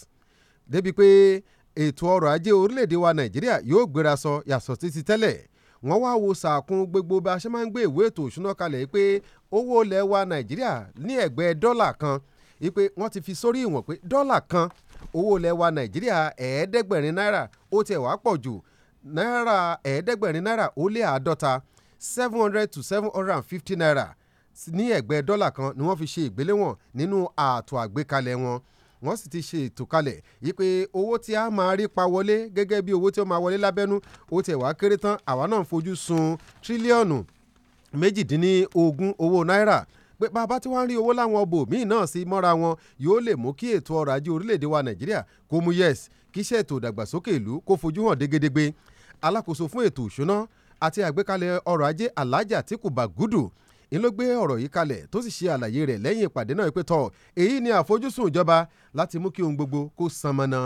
débi pé ètò ọrọ̀ ajé orílẹ̀-èdè wa nàìjíríà yóò gbéra sọ yàtọ̀ títí tẹ́lẹ̀ wọ́n wá wo sàkún gbogbo bá a ṣe máa ń gbé ìwé ètò òṣùná kalẹ̀ pé owó ilẹ̀ wa nàìjíríà ní ẹ̀gbẹ́ dọ́là kan wípé wọ́n ti fi sórí ìwọ̀n pé dọ́là kan owó ilẹ̀ wa nàìjíríà ẹ̀ẹ́dẹ́gbẹ̀rin náírà ó tiẹ̀ wá pọ̀ jù náírà ẹ̀ẹ́dẹ́gbẹ̀rin náírà ó lé àádọ́ta seven hundred to seven hundred and fifty naira ní ẹ̀gbẹ́ dọ́là kan ni wọ́n fi ṣe ìgbéléwọ̀n nínú ààtò àgbékalẹ̀ wọn wọ́n sì ti ṣe ètò kalẹ̀ yí pé owó tí a máa rí pa wọlé gẹ́gẹ́ bí owó tí ó máa wọlé lábẹ́nú ó tiẹ̀ wá kéré tán àwa náà ń fojú sun tírílíọ̀nù méjìdínlógún owó náírà pé bàbá tí wọ́n ń rí owó láwọn ọbọ̀ míì náà sí mọ́ra wọn yóò lè mú kí ètò ọrọ̀ ajé orílẹ̀-èdè wa nàìjíríà kó mú yẹ̀s kí iṣẹ́ ètò ìdàgbàsókè ìlú kó fojú hàn dégédégbé alákòóso fún ètò òṣùná àti àgbékalẹ̀ ọrọ̀ ajé aláàjì àtìkù bàgúdù ń ló gbé ọ̀rọ̀ yìí kalẹ̀ tó sì ṣe àlàyé rẹ̀ lẹ́yìn ìpàdé náà pé tọ̀ èyí ni àfojúsùn ìjọba láti mú kí ohun gbogbo kó san mọ́nà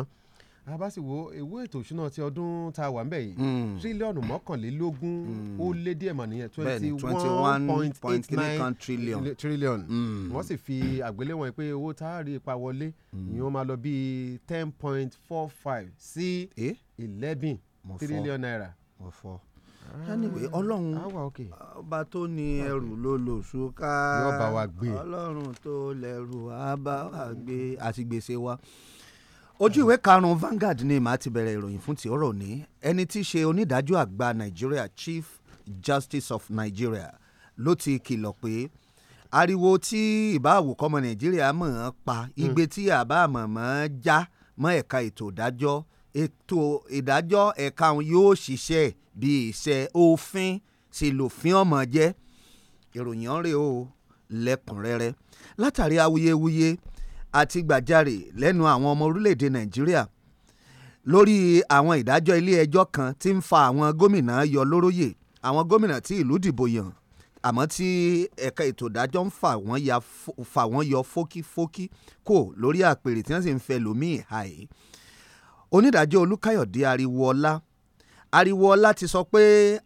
a bá sì wo ewé ètò ìṣúná ti ọdún tá a wà ńbẹ̀ yìí hmm. tírílíọ̀nù mọ́kànlélógún ó lé díẹ̀ mọ̀ nìyẹn twenty one point eight nine trillion hmm. wọ́n sì fi àgbéléwọ̀n pé owó tá a rí ipa wọlé ni ó máa lọ bíi ten point four five sí eh? eleven trillion naira anyway ah, ọlọ́run ọba tó ní ẹrù ló lò ṣúká ọlọ́run tó lẹ́rù á bá wa gbé àti gbèsè wa ojú ìwé karùn-ún Vanguard ni màá bẹ̀rẹ̀ ìròyìn fún ti ọ̀rọ̀ ní ẹni tí í ṣe onídàájọ́ àgbà Nigeria Chief Justice of Nigeria ló ti kìlọ̀ pé ariwo tí ìbáwò kọ́mọ Nàìjíríà mọ̀ ọ́n pa hmm. igbe tí àbá àmọ̀mọ́ já mọ́ ẹ̀ka ètò ìdájọ́ ètò ìdájọ́ ẹ̀ka òun yóò ṣiṣẹ́ bí iṣẹ́ òfin ṣe lòfin ọmọ jẹ́ ìròyìn ọ̀rẹ́ o lẹ́kùnrẹ́rẹ́ látàrí awuyewuye àti gbàjarè lẹ́nu àwọn ọmọ orílẹ̀-èdè nàìjíríà lórí àwọn ìdájọ́ ilé ẹjọ́ kan tí ń fa àwọn gómìnà yọ lóróyè àwọn gómìnà tí ìlú dìbò yàn àmọ́ tí ẹ̀ka ètò ìdájọ́ ń fà wọ́n yọ fókífókí kò lórí àpèrè tí wọ́n sì ń fẹ́ lòmíì àì onídàájọ́ olùkàyọ̀dé ariwoọlá ariwoọlá ti sọ pé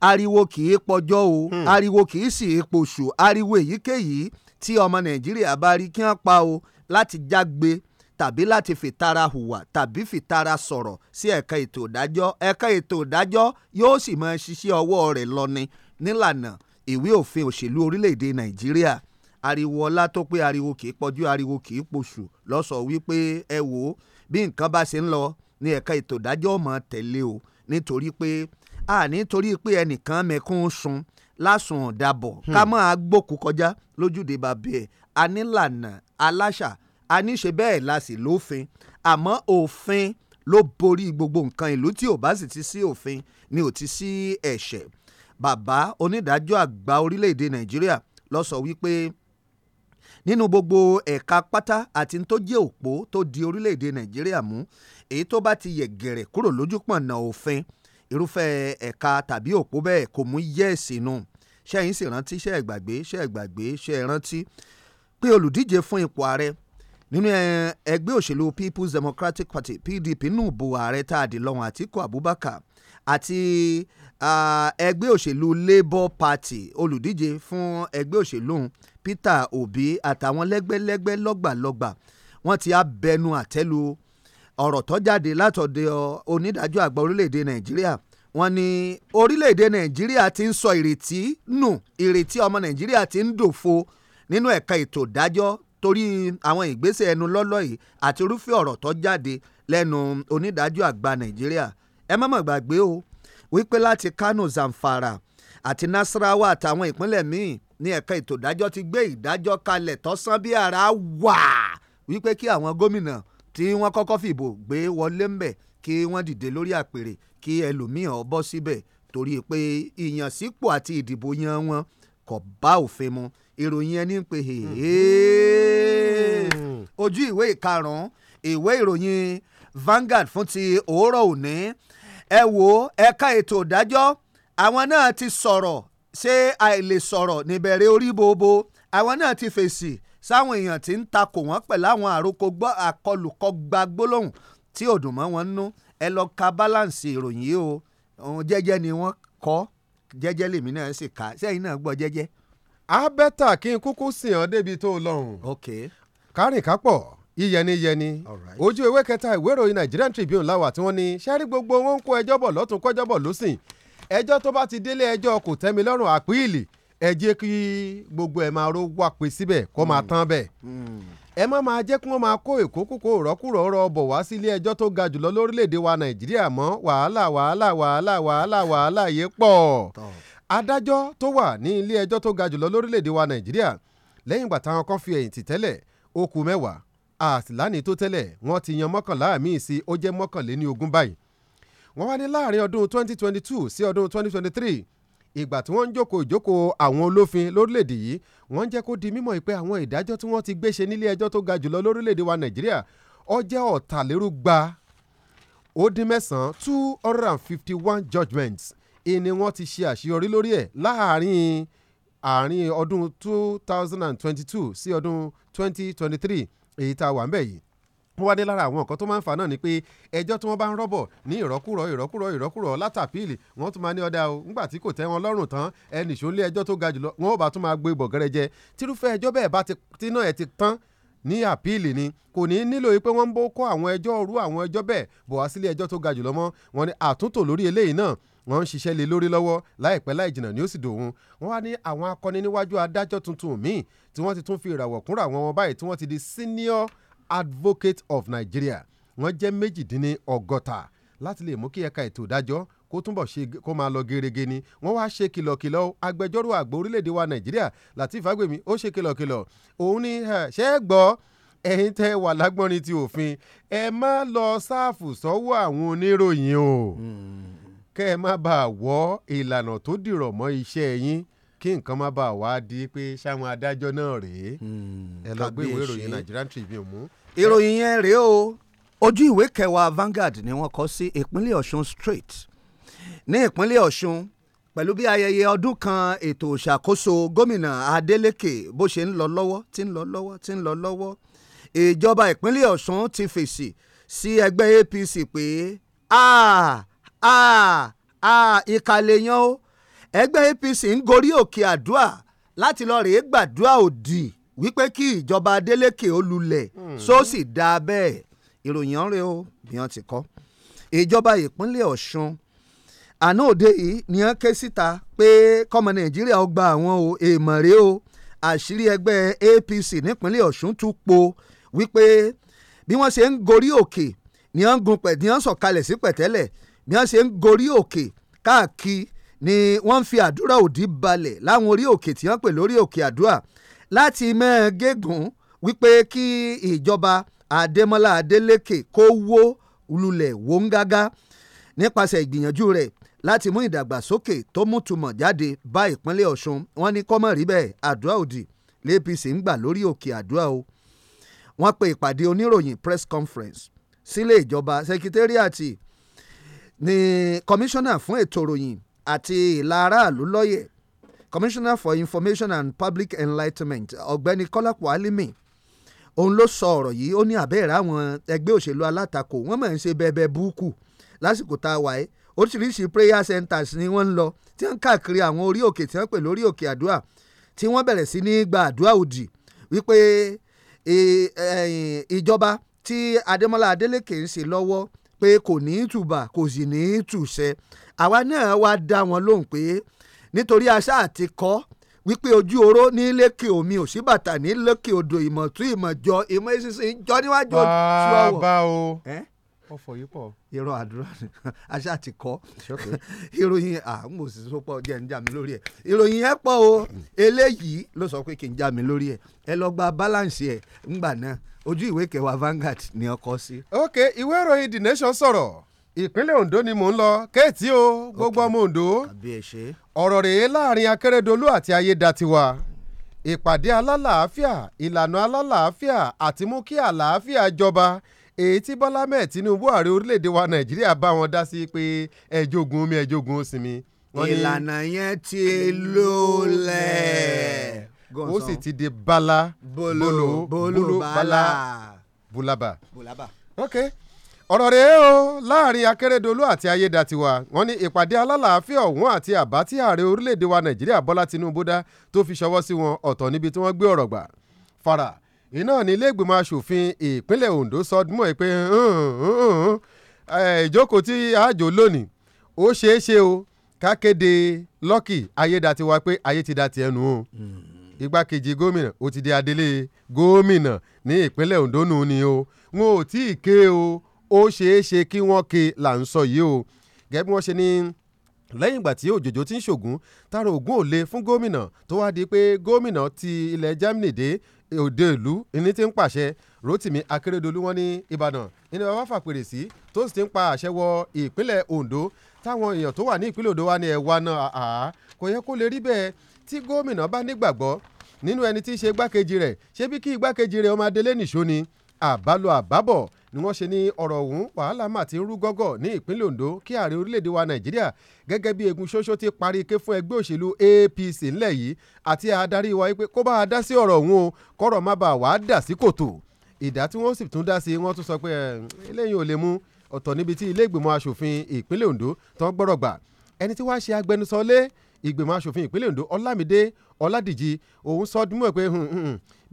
ariwo kì í pọjọ́ o hmm. ariwo kì í sì í poṣù ariwo èyíkéyìí tí ọmọ nàìjíríà bá rí kí wọ́n pa o láti jágbe tàbí láti fìtara hùwà tàbí fìtara sọ̀rọ̀ sí ẹ̀ka ètò ìdájọ́ ẹ̀ka ètò ìdájọ́ yóò sì máa ṣiṣẹ́ ọwọ́ rẹ̀ lọ ni nílànà ìwé òfin òṣèlú orílẹ̀-èdè nàìjíríà ariwo ọlá tó pé ariwo kì í pọ̀jù ariwo kì í poṣù lọ́sọ̀ wípé ẹ wò ó bí nǹkan bá ṣe ń lọ ní ẹ̀ka ètò ìdájọ́ ọmọ tẹ̀lé o nítorí pé a nítorí pé ẹnìkan mẹ̀kún sun lásùn ọ̀dàbọ̀ hmm. ká máa gbòkú kọjá lójúde bàbá ẹ̀ anílànà aláṣà aníṣe bẹ́ẹ̀ la sì lófin àmọ́ òfin ló borí gbogbo nǹkan ìlú tí ò bá sì ti sí òfin ni ò ti sí ẹ̀ṣẹ̀ bàbá onídàájọ́ àgbà orílẹ̀-èdè nàìjíríà ló wípé nínú gbogbo ẹ̀ka pátá àti tó jẹ́ òpó tó di orílẹ̀-èdè nàìjíríà mú èyí tó bá ti yẹ̀ gẹ̀rẹ̀ kúrò lójúpọ̀nà òfin irúfẹ́ ẹ̀ka tàbí òpó bẹ́ẹ̀ kò mú yẹ́ẹ̀sì nù ṣẹ́yìn sì rántí ṣẹ́ ẹ̀gbàgbé ṣẹ́ ẹ̀gbàgbé ṣẹ́ rántí pé olùdíje fún ipò ààrẹ nínú ẹgbẹ́ òṣèlú People's Democratic Party PDP nù bu ààrẹ tá a dì Abubakar àti ẹgbẹ́ òṣèlú Labour Party olùdíje fún ẹgbẹ́ òṣèlú Peter Obi àtàwọn lẹ́gbẹ́lẹ́gbẹ́ lọ́gbàlọ́gbà wọ́n ti á bẹnu àtẹ́ lu ọ̀rọ̀ tó jáde látọ̀dọ̀ onídàájọ́ àgbà orílẹ̀-èdè Nàìjíríà wọ́n ní orílẹ̀-èdè Nàìjíríà ti ń sọ ìrètí nù ìrètí ọmọ Nàìjíríà ti ń dòfo nínú ẹ̀ka ètò ìdájọ́ torí àwọn ìgbésẹ̀ ẹnu lọ́lọ́ yìí àti irúfẹ́ ọ̀rọ̀ tó jáde lẹ́nu onídàájọ́ àgbà Nàìjíríà ẹ má mà gbàgbé o wípé láti Kano Zamfara àti Nasarawa àtàwọn ìpínlẹ̀ míì ní ẹ̀ka ètò ìdájọ́ ti gbé ìdájọ́ kalẹ̀ tọ́sán bí ara wà wípé kí àwọn gómìnà tí wọ́n kọ́kọ́ fìbò gbé wọlé ńbẹ̀ kí wọ́n dìde lórí àpèrè kí ẹlòmíràn bọ́ síbẹ̀ torí pé ìyànsípò àti ìdìbò yan wọn kò bá òfin mu ìròyìn ẹni ń pè é hmm. ojú ìwé ìkarùn-ún ìwé ìròyìn Vanguard fún ti òórọ̀ òní ẹ wò ó ẹ̀ka ètò ìdájọ́ àwọn náà ti sọ̀rọ̀ ṣé àìlè sọ̀rọ̀ níbẹ̀rẹ̀ orí bobo àwọn náà ti fèsì sáwọn èèyàn tí ń takò wọ́n pẹ̀lú àwọn àròkọ gbọ́ àkọlùkọgba gbólóhùn tí ò dùn mọ́ wọn nú ẹ lọ ka báláǹsì ìròyìn yìí o jẹ́jẹ́ ni wọ́n kọ jẹ́jẹ́ lèmi náà sì kà sẹ́yìn náà gbọ́ jẹ́jẹ́. abẹ́tà kí n kúkú sìn ọ́ débi tó lọ́hùn. ok. kárìnkápọ̀ yíyẹniyẹni ojú ewé kẹta ìwé ìròyìn Nigerian Tribune láwà tí wọ́n ní sẹ́rí gbogbo wọn ń kó ẹjọ́ bọ̀ lọ́tún kọ́jọ́ bọ̀ lọ́sìn ẹjọ́ tó bá ti délé ẹjọ́ kò tẹ́mi lọ́rùn àpíìlì ẹ jẹ́ kí gbogbo ẹ̀ máa ro wà pé síbẹ̀ kó máa tán bẹ́ẹ̀ hmm. ẹ má máa jẹ́ kí wọ́n máa kó èkó kókó rọ́kùrọ̀ ọ̀rọ̀ bọ̀ wá sí ilé ẹjọ́ tó ga jùlọ lórílẹ̀‐èdè wa Nàìjíríà mọ́ wàhálà wàhálà wàhálà wàhálà wàhálà yé pọ̀ adájọ́ tó wà ní ilé ẹjọ́ tó ga jùlọ lórílẹ̀‐èdè wa Nàìjíríà lẹ́yìn ìgbà táwọn kan fi ẹ̀yìn tì tẹ́lẹ̀ ó mẹ́wàá àtìláni tó tẹ́lẹ̀ wọ́n ti yan mọ́kànlá míì sí ó jẹ́ mọ́kànléní ogún báyìí wọ́n wá ní láàrin ọdún 2022 sí ọdún 2023 ìgbà tí wọ́n ń jókòó ìjókòó àwọn olófin lórílẹ̀‐èdè yìí wọ́n ń jẹ́ kó di mímọ̀ pé àwọn ìdájọ́ tí wọ́n ti gbé ṣe nílé ẹjọ́ tó ga jùlọ lórílẹ̀‐èdè wa nàìjíríà ó jẹ́ ọ̀tàlérúgba ó dín mẹ́sàn-án two hundred and fifty one judgments ìní wọ́n ti ṣe àṣeyọrí lórí ẹ̀ láàrin àárín ọdún two thousand and twenty two sí ọdún twenty twenty three èyí tá a wà ń bẹ̀ yìí wọ́n wá dé lára àwọn nǹkan tó máa ń fà náà ni pé ẹjọ́ tí wọ́n bá ń rọ́bọ̀ ní ìrọ́kùrọ̀ ìrọ́kùrọ̀ ìrọ́kùrọ̀ látàpíìlì wọ́n tún máa ní ọ̀dà o ńgbà tí kò tẹ́ wọn lọ́rùn tán ẹnì ìṣòlé ẹjọ́ tó ga jùlọ wọ́n ò bá tún máa gbé bọ̀gẹ́rẹ́ jẹ tírúfẹ́ ẹjọ́ bẹ́ẹ̀ bá ti náà ẹ̀ ti tán ní àpíìlì ni kò ní nílò pé wọ́n ń bó kọ́ àwọn ẹjọ́ rú àwọn ẹjọ́ bẹ́ẹ̀ bọ̀ wá sílé ẹjọ́ wọ́n ń ṣiṣẹ́ lé lórí lọ́wọ́ láìpẹ́ láì jìnnà ni ó sì dòun wọ́n wá ní àwọn akọni níwájú adájọ́ tuntun míì tí wọ́n ti tún fi ìràwọ̀ kúnra àwọn wọn báyìí tí wọ́n ti di senior advocate of Nigeria wọ́n jẹ́ méjìdínlọ́gọ́ta láti lè mú kí ẹ̀ka ètò ìdájọ́ kó túnbọ̀ ṣe kó máa lọ gerege ni wọ́n wá ṣe kìlọ̀kìlọ̀ agbẹjọ́rò àgbà orílẹ̀-èdè wa nàìjíríà Lateef Fagbemi ó ṣe kìlọ̀kìlọ̀ òun ni ṣe é gbọ́ ẹ̀yin tẹ́ wà lágbọ́nrin ti òfin ẹ má lọ sáàfù sọ́wọ́ àwọn oníròyìn o hmm kẹ́ ẹ má bàa wọ ìlànà tó dìrọ̀ mọ́ iṣẹ́ yín kí nǹkan má bàa wá di pé sáwọn adájọ́ náà rèé hmm, ẹ lọ gbé ìwé ìròyìn Nigerian Tribune mú. ìròyìn yẹn rèé o ojú ìwé kẹwàá Vanguard ni wọ́n kọ sí ìpínlẹ̀ Ọ̀ṣun straight ní ìpínlẹ̀ Ọ̀ṣun pẹ̀lú bí ayẹyẹ ọdún kan ètò ìṣàkóso gómìnà Adeleke bó ṣe ń lọ lọ́wọ́ tí ń lọ lọ́wọ́ tí ń lọ lọ́wọ́ ìjọba ìpínlẹ̀ Ọ̀ṣun ti fèsì sí ẹgbẹ́ APC pé aah ìkàlẹ̀ yan o ẹgbẹ́ APC ń gorí òkè àdúà láti lọ rèé gbàdúà òdì wípé kí ìjọba Adeleke ó lulẹ̀ hmm. sóòsì dáa bẹ́ẹ̀ ìròyìn ọ̀rẹ́ o bí wọ́n ti kọ́ ìjọba ìpínlẹ̀ Ọ̀ṣun àná òde yìí ni wọ́n ké síta pé kọ́mọ Nàìjíríà ó gba àwọn o èèmọ̀ rèé o àṣírí ẹgbẹ́ APC nípínlẹ̀ Ọ̀ṣun tún po wípé bí wọ́n ṣe ń gorí òkè ni wọ́n gun pẹ̀ ni wọ́n sọ̀kalẹ̀ sí pẹ̀tẹ́lẹ̀ bí wọ́n ṣe ń gorí òkè káàkiri ni wọ́n ń fi àdúrà òdì balẹ̀ láwọn orí òkè tí wọ́n pè lórí òkè àdúrà láti mẹ́ẹ̀ gégùn wípé kí ìjọba Adémọ́lá Adélékè kó wó lulẹ̀ wóńgágá nípasẹ̀ ìgbìyànjú rẹ̀ láti mú ìdàgbàsókè tó mútumọ̀ jáde bá ìpínlẹ̀ Ọ̀ṣun wọ́n ní kọ́mọ̀ rí bẹ́ẹ̀ àdúrà òdì l'APC ń gbà lórí òkè àdúrà o wọ́n pe ìpàdé oníròyìn press conference sílé ìjọba sekitẹ́ríàtì ní kọmíṣánná fún ètò ìròyìn àti ìlà aráàlú lọ́yẹ̀ commissioner for information and public enlightenment ọ̀gbẹ́ni kọ́lápọ̀ alimi òun ló sọ ọ̀rọ̀ yìí ó ní àbẹ́ẹ̀rẹ̀ àwọn ẹgbẹ́ òṣèlú alátakò wọ́n máa ń ṣe bẹ́ẹ̀bẹ́ búùkù lásìkò tá a wà ẹ́ oríṣiríṣi prayer centers ni wọ́n ń lọ tí wọ́n ń káàkiri àwọn orí òkè tí wọ́n pè lórí òkè àdúrà tí wọ́n bẹ̀rẹ̀ sí ní gba àdúrà òdì wípé ìjọba tí Adémọ́lá Adélékè ń ṣe lọ́wọ́ pé kò ní í tùbà kò sì ní í tùṣẹ àwa náà wá dá wọn lóhùn pé nítorí aṣá àti kọ́ wípé ojú oró ní lékè omi òṣìbàtà ní lékè odò ìmọ̀tún ìmọ̀jọ ìmọ̀ ìṣinṣin jọ níwájú ọ̀ṣun ọ̀wọ̀. bàbá o. Eh? wọ́n fọ yípo. irọ́ àdúrà ni aṣá ti kọ́ ìròyìn àmọ̀sí sọ́pọ̀ jẹ́ ń jà mí lórí ẹ̀ ìròyìn ẹ̀ pọ̀ o eléyìí ló sọ pé kí n jà mí lórí ẹ̀ ẹ lọ gba balance ẹ̀ ńgbà náà ojú ìwé kẹwàá vangard ni ọkọ sí. ok ìwé ìròyìn The Nation sọ̀rọ̀ ìpínlẹ̀ Ondo ni mò ń lọ kéètì o gbogbo ọmọ Ondo ọ̀rọ̀ rèé láàrin Akérèdọ́lù àti Ayédatiwa ìpàdé alálàáfíà ìlànà alálàáfíà àti mú àlàáfíà jọba èyí tí Bọ́lá Ahmed Tinubu ààrẹ orílẹ̀-èdè wa Nàìjíríà bá wọn dá sí pé ẹ̀jọ̀gùn omi ẹ̀jọ̀gùn mi ìlànà yẹn ti lólẹ̀. ó sì ti di bala bolo bolo bala bulaba. bulaba. ok ọ̀rọ̀ rèé o láàrin akérèdọ́lù àti ayédatiwa wọn ní ìpàdé alálàáfíà ọ̀hún àti àbá tí ààrẹ orílẹ̀-èdè wa nàìjíríà bọ́lá tinubu dá tó fi ṣọwọ́ sí wọn ọ̀tọ̀ níbi tí wọ́n gbé ọ̀rọ̀ gbà fara iná nílẹ̀ẹ́gbìmọ̀ asòfin ìpínlẹ̀ Ondo sọdúnmọ́ ẹ pé ìjókòó tí àjò lónìí ó ṣeé ṣe o kákéde lọ́kì ayédatiwa pé ayé ti da tiẹ̀ nù o hmm. igbákejì gómìnà ó ti di adelé gómìnà ní ìpínlẹ̀ Ondo nù ni o wọn ò tí ì ké o ó ṣeé ṣe kí wọ́n ké là ń sọ yìí o gẹ́gẹ́ bí wọ́n ṣe ní lẹ́yìn ìgbà tí òjòjò ti ń ṣògùn tààrà ògùn ò le fún gómìnà tó wá di pé gómìnà ti ilẹ̀ Germany dé òde ìlú ní ti ń pàṣẹ Rotimi Akeredolu wọn ní Ìbàdàn ní bàbá fàpèrè sí tó sì ti ń pa àṣẹ wọ ìpínlẹ̀ Ondo táwọn èèyàn tó wà ní ìpínlẹ̀ Ondo wa ní ẹ̀wà náà kò yẹ kó lè rí bẹ́ẹ̀ tí gómìnà bá nígbàgbọ́ nínú ẹni tí í ṣe igbákejì rẹ̀ ṣé bí kí igbákejì rẹ̀ ọmọ adélé nìṣó ni àbálò àbábọ̀ ni wọ́n ṣe ní ọ̀rọ̀ ọ̀hún wàhálà mà ti rú gọ́gọ́ ní ìpínlẹ̀ Ondo kí ààrẹ orílẹ̀-èdè wa Nàìjíríà gẹ́gẹ́ bí egun ṣoṣo ti parí ike fún ẹgbẹ́ òṣèlú APC ńlẹ̀ yìí àti adarí wa pé kó bá a dá sí ọ̀rọ̀ ọ̀hún o kọ́rọ̀ má bàa wàá dà sí kòtò ìdá tí wọ́n sì tún dá sí wọ́n tún sọ pé eléyìí ò lè mú ọ̀tọ̀ níbi tí ilé ìgbìmọ̀ asòfin ìpínlẹ̀ Ondo tán gbọ́rọ̀ gbà ẹni tí wàá ṣe agbẹnusọ lé ìgbìmọ̀ asòfin ìpínlẹ̀ Ondo Ọlámídé Ọládìjì òun sọ ọdún mọ̀ pé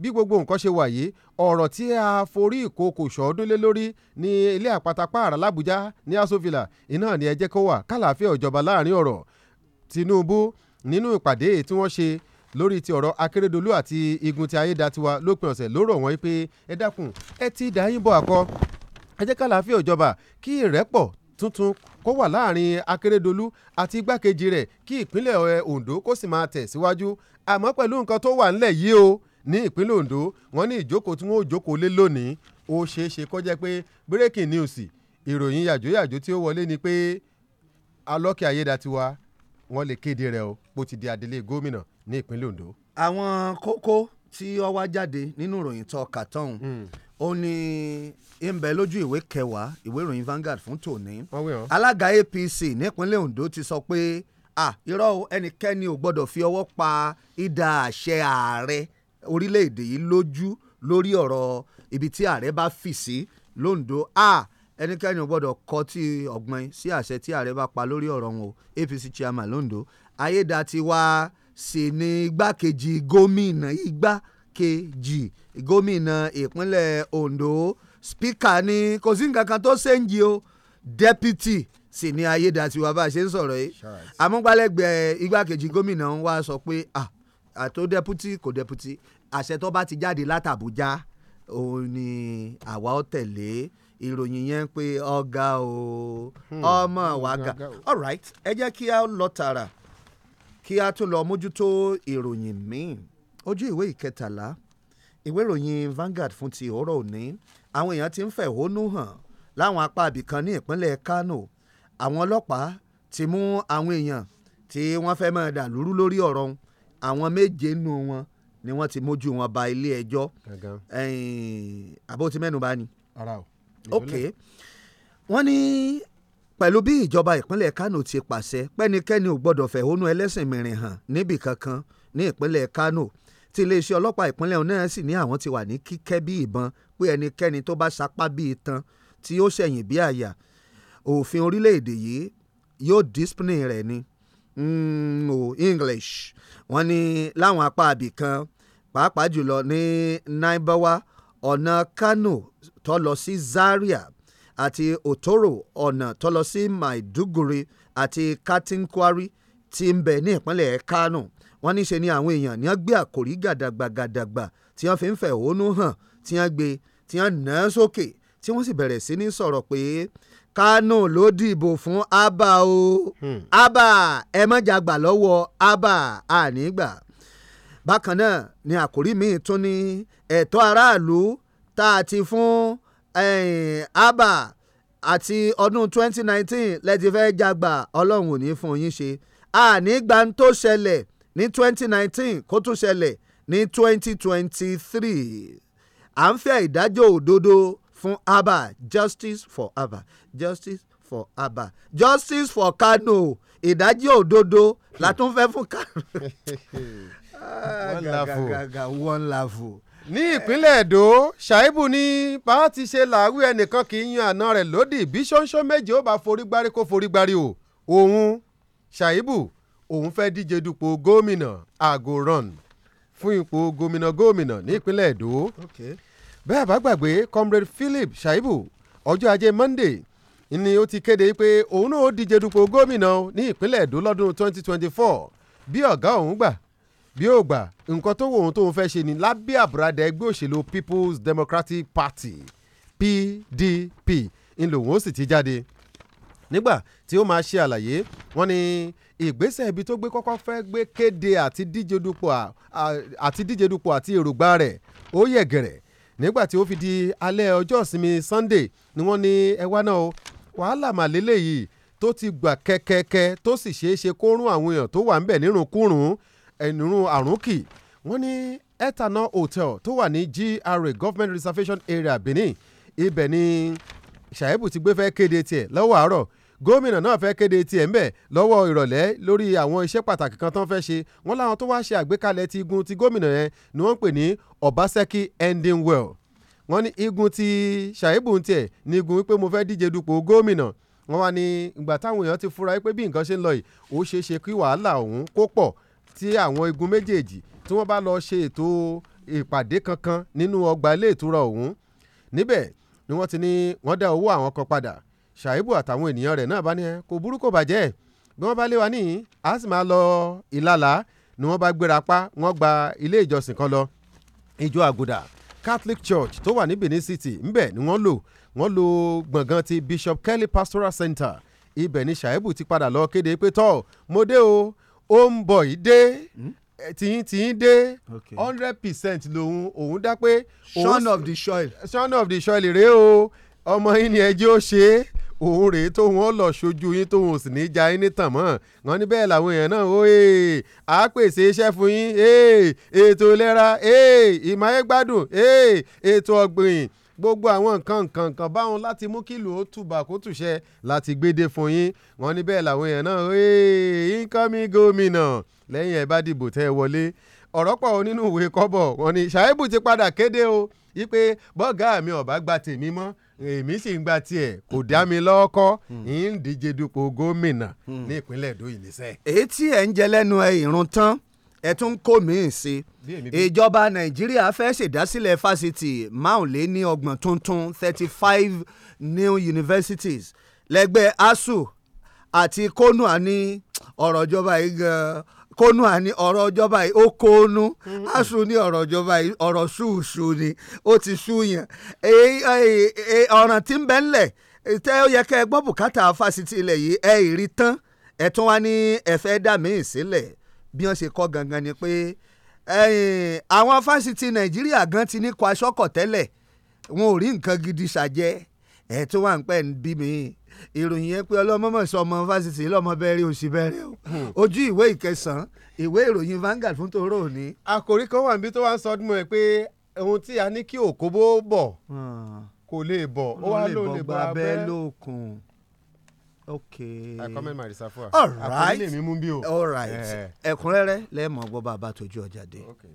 bí gbogbo nǹkan ṣe wà yìí ọ̀rọ̀ tí a forí ìkòkò sọ́ọ́dún lé lórí ní ilé àpátápá àrà làbújá ní asòfìlà iná ni ẹ jẹ́ kó wà kálàáfíà òjọba láàrin ọ̀rọ̀ Tinubu nínú ìpàdé tí wọ́n ṣe lórí ti ọ̀rọ̀ Akérédolú àti igun ti Ayédatiwa lópin ọ̀sẹ̀ ló rọ̀ wọ́n pé ẹ dákun ẹ ti dàáyìn bọ̀ àkọ ẹ jẹ́ kálàáfíà òjọba kí ìrẹ́pọ̀ tuntun kó wà láàrin Akérédolú àti igbákejì rẹ̀ kí ìpínlẹ̀ eh, Ondo kó sì máa tẹ̀ síwájú àmọ́ pẹ̀lú nǹkan tó wà ńlẹ̀ yìí o ní ìpínlẹ̀ Ondo wọ́n ní ìjókòó tí wọ́n ò jókòó lé lónìí ó ṣeé ṣe kó jẹ́ pé breaking news ìròyìn yàjóyàjó tí ó wọlé ni pé alọ́kẹ́ ayédatiwa wọ́n lè kéde rẹ̀ o bó ti di adelé gómìnà ní ìpínlẹ̀ Ondo. àwọn kókó tí ó jáde nínú ìròyìn tó kà tọ́hún hmm ó ní ń bẹ lójú ìwé kẹwàá ìwé ìròyìn Vanguard fún tòní alága APC nípínlẹ̀ Ondo ti sọ pé ah irọ́ o ẹnikẹ́ni ò gbọ́dọ̀ fi ọwọ́ pa idà àṣẹ ààrẹ orílẹ̀-èdè yìí lójú lórí ọ̀rọ̀ ibi tí ààrẹ bá fì sí londo ah ẹnikẹ́ni ò gbọ́dọ̀ kọ tí ọ̀gbọ́n sí àṣẹ tí ààrẹ bá pa lórí ọ̀rọ̀ wọn o APC chairman londo ayédatiwa sì ni igbákejì gómìnà igbá Akeji gómìnà ìpínlẹ̀ Ondo spíkà ní kò sí nǹkan kan tó ṣèǹjì o dẹ́pítì sì ní ayédatiwa bá a ṣe ń sọ̀rọ̀ yìí amúgbálẹ́gbẹ̀ẹ́ igbákejì gómìnà ń wá sọ pé àtó dẹ́pútì kò dẹ́pútì àṣẹ tó bá ti jáde látàbújá òun ni àwa ó tẹ̀lé ìròyìn yẹn pé ọ̀gá o hmm, ọmọ wa ga all right ẹ jẹ́ kí a lọ tààrà kí a tún lọ mójútó ìròyìn míì ojú ìwé ìkẹtàlá ìwé ìròyìn Vanguard fún ti òórọ̀ òní àwọn èèyàn ti ń fẹ̀hónú hàn láwọn apá ibìkan ní ìpínlẹ̀ Kano àwọn ọlọ́pàá ti mú àwọn èèyàn tí wọ́n fẹ́ máa dà lúrú lórí ọ̀rọ̀ àwọn méje nù wọn ni wọ́n ti mójú wọn ba ilé ẹjọ́ àbó ti mẹ́nu ni. ok wọ́n ní pẹ̀lú bí ìjọba ìpínlẹ̀ Kano ti pàṣẹ pẹ́nikẹ́ni ò gbọ́dọ̀ fẹ̀hónú ẹlẹ́sìn mìíràn hàn níbì kankan ní ìpínlẹ̀ Kano. Okay tí iléeṣẹ́ ọlọ́pàá ìpínlẹ̀ náà sì ní àwọn ti wà ní kíkẹ́ bí ìbọn pé ẹnikẹ́ni tó bá sapá bí itan tí ó ṣẹ̀yìn bí àyà òfin orílẹ̀-èdè yìí yóò discipline rẹ̀ ni mm, English wọ́n ní láwọn apá àbìkan pàápàá jùlọ ní Naibawa ọ̀nà Kano tó lọ sí Zaria àti Otoro ọ̀nà tó lọ sí Maiduguri àti Katin Quarry tí ń bẹ ní ìpínlẹ̀ Kano wọ́n ní ṣe ni àwọn èèyàn ní wọ́n gbé àkòrí gàdàgbà gàdàgbà tí wọ́n fi ń fẹ̀hónú hàn tí wọ́n gbé tí wọ́n nà án sókè tí wọ́n sì bẹ̀rẹ̀ sí ní sọ̀rọ̀ pé Kánò ló dìbò fún Abba o hmm. Abba ẹ mọ́jà gbà lọ́wọ́ Abba ànígbà bákan náà ni àkòrí míì tún ní ẹ̀tọ́ aráàlú tá a ti fún Abba àti ọdún 2019 lẹ́ti fẹ́ jàgbà ọlọ́run ò ní fún yín ṣe ànígbà ń tó ṣẹlẹ̀ ní 2019 kó tún ṣẹlẹ̀ ní 2023 à ń fẹ́ ìdájọ́ òdodo fún Abba justice for Abba justice for Abba justice for Kano ìdájọ́ òdodo la tún fẹ́ fún Kano. wọ́n la fò wọ́n ní ìpínlẹ̀ èdò ṣàìbù ni bá ti ṣe làwí ẹnìkan kì í yan àna rẹ̀ lódì bí ṣóńṣó méje ó bá forí gbárí kó forí gbárí o òun ṣàìbù òun fẹ́ díje dupò gómìnà àgòrán fún ipò gómìnà gómìnà ní èdò bẹ́ẹ̀ bá gbàgbé comrade philip shaibu ọjọ́ ajé monday ni ó ti kéde pé òun náà díje dupò gómìnà ní ìpínlẹ̀ èdò lọ́dún 2024 bí ọ̀gá òun gbà bí ó gbà nǹkan tó wò ohun tóun fẹ́ ṣe ni lábẹ́ àbúradà ẹgbẹ́ òṣèlú people's democratic party pdp ńlò wọn ó sì ti jáde nígbà tí ó máa ṣe àlàyé wọ́n ní ìgbésẹ̀ ibi tó gbé kọ́kọ́ fẹ́ gbé kéde àti díje dupò àti díje dupò àti èròǹgbà rẹ̀ ó yẹ gẹ̀rẹ̀ nígbà tí ó fi di alẹ́ ọjọ́ ìsinmi Sunday ni wọ́n ní ẹwà náà o wàhálà màlélẹ́ yìí tó ti gbà kẹ́kẹ́kẹ́ tó sì ṣeé ṣe kó rún àwọn èèyàn tó wà ńbẹ̀ nírùnkúrùn ẹ̀nùrún àrùnkì wọ́n ní ethanol hotel tó wà ní GRA government reservation area Benin ibẹ̀ ni Ṣàyẹ̀bù ti gbé fẹ́ kéde tiẹ̀ lọ́wọ́ àárọ̀ gómìnà náà fẹ́ kéde tiẹ̀ ńbẹ̀ lọ́wọ́ ìrọ̀lẹ́ lórí àwọn iṣẹ́ pàtàkì kan tán fẹ́ ṣe wọ́n láwọn tó wá ṣe àgbékalẹ̀ ti igun ti gómìnà yẹn ni wọ́n ń pè ní Obaseki ending well wọ́n ní igun ti Ṣàìbù ń tiẹ̀ ní igun wípé mo fẹ́ díje dupò gómìnà wọ́n wá ní ìgbà táwọn èèyàn ti fura pé bí nǹkan ṣe ń lọ yìí ó ṣeé ṣe kí wàhálà ọ̀hún kó pọ̀ tí àwọn igun méjèèjì tí wọ́n bá lọ ṣe ètò ìpàdé kankan nínú ọgbà ilé ìtura ọ̀hún níbẹ̀ ni wọ́n ti ní wọ́n dá owó àwọn kan padà ṣàìbù àtàwọn ènìyàn rẹ̀ náà bá ní ẹ kò burú kò bàjẹ́ bí wọ́n bá lé wa níyìn a sì máa lọ ìlàlá ni wọ́n bá gbéra pa wọ́n gba ilé ìjọsìn kan lọ ìjọ àgùdà Catholic Church tó wà ní Benin City ńbẹ̀ ni wọ́n lò wọ́n lo gbọ̀ngàn ti Bishop Kelly Pastoral Center ibẹ̀ ni ṣàìbù ti padà lọ kéde pé tọ́ mo dé o ó ń bọ̀ yìí dé hmm? tìyín tìyín dé hundred percent lòun òun dá pé. shaun of the soil. shaun of the soil rèé o ọmọ yìí ni ẹjẹ́ ó ṣe é òun rèé tóun ó lọ ṣojú yín tóun ò sì ní í ja yín nítàn mọ́ wọn ní bẹ́ẹ̀ làwọn èèyàn náà ó à á pèsè iṣẹ́ fún yín ètò ìlera ìmáyégbádùn ètò ọ̀gbìn gbogbo àwọn nǹkan nǹkan nǹkan báwọn láti mú kílù ó tùbà kó tùṣẹ láti gbédè fún yín wọn ní bẹ́ẹ̀ làwọn èèyàn náà incoming gómìnà lẹ́yìn ẹ̀ bá dìbò tẹ́ ẹ wọlé ọ̀rọ̀ pọ̀ nínú ìwé kọ́bọ̀ wọn ni ṣàìbù ti padà kéde o wípé bọ́ọ̀gá mi ọ̀bá gba tèmi mọ́ èmi sì ń gba tiẹ̀ kò dá mi lọ́kọ́ hmm. ń díje dupò gómìnà hmm. ní ìpínlẹ̀ Èdó ìníṣẹ́. èyí tí ẹ̀ ń jẹ lẹ́nu ẹ̀ ìrún tán ẹ tún ń kó mi-ín sí ìjọba nàìjíríà fẹ́ ṣèdásílẹ̀ fásitì márùnléníọgbọ̀n tuntun thirty five new universities lẹ́gbẹ́ ASUU àti kónúà ní ọ̀rọ̀ ìjọba yìí gan-an kónú àní ọ̀rọ̀ ọjọ́ba yìí ó kónú aṣù ní ọ̀rọ̀ ọjọ́ba yìí ọ̀rọ̀ ṣùṣù ni ó ti ṣùyàn ọ̀ràn tí ń bẹ ńlẹ̀ tẹ́ ó yẹ kẹ́ ẹ gbọ́ bùkátà fásitì ilẹ̀ yìí ẹ ìrí tán ẹ tún wá ní ẹ dà míì sílẹ̀ bí wọ́n ṣe kọ́ gangan ni pé àwọn fásitì nàìjíríà gan ti ní kọ aṣọ́kọ̀ tẹ́lẹ̀ wọn ò rí nǹkan gidi ṣàjẹ́ ẹ tún wà ń pẹ́ bí mi ìròyìn yẹn pé ọlọ́mọmọ sọ ọmọ fásitì lọ́mọ bẹ̀rẹ̀ òsì bẹ̀rẹ̀ o hmm. ojú ìwé ìkẹsàn-án ìwé ìròyìn Vanguard fún tòró òní. àkòrí kan wà níbi tó wá ń sọdún mọ́ ẹ pé ohun tí a ní kí òkóbó bọ̀ hmm. kò lè bọ̀ ó wá ló lè bọ̀ abẹ́ lókun. Okay. I comment my reserve for. All right. mú bí o. All right. Eh. Ẹ̀kúnrẹ́rẹ́ lẹ́ẹ̀mọ́ gbọ́ bá tójú ọjà dé. Okay.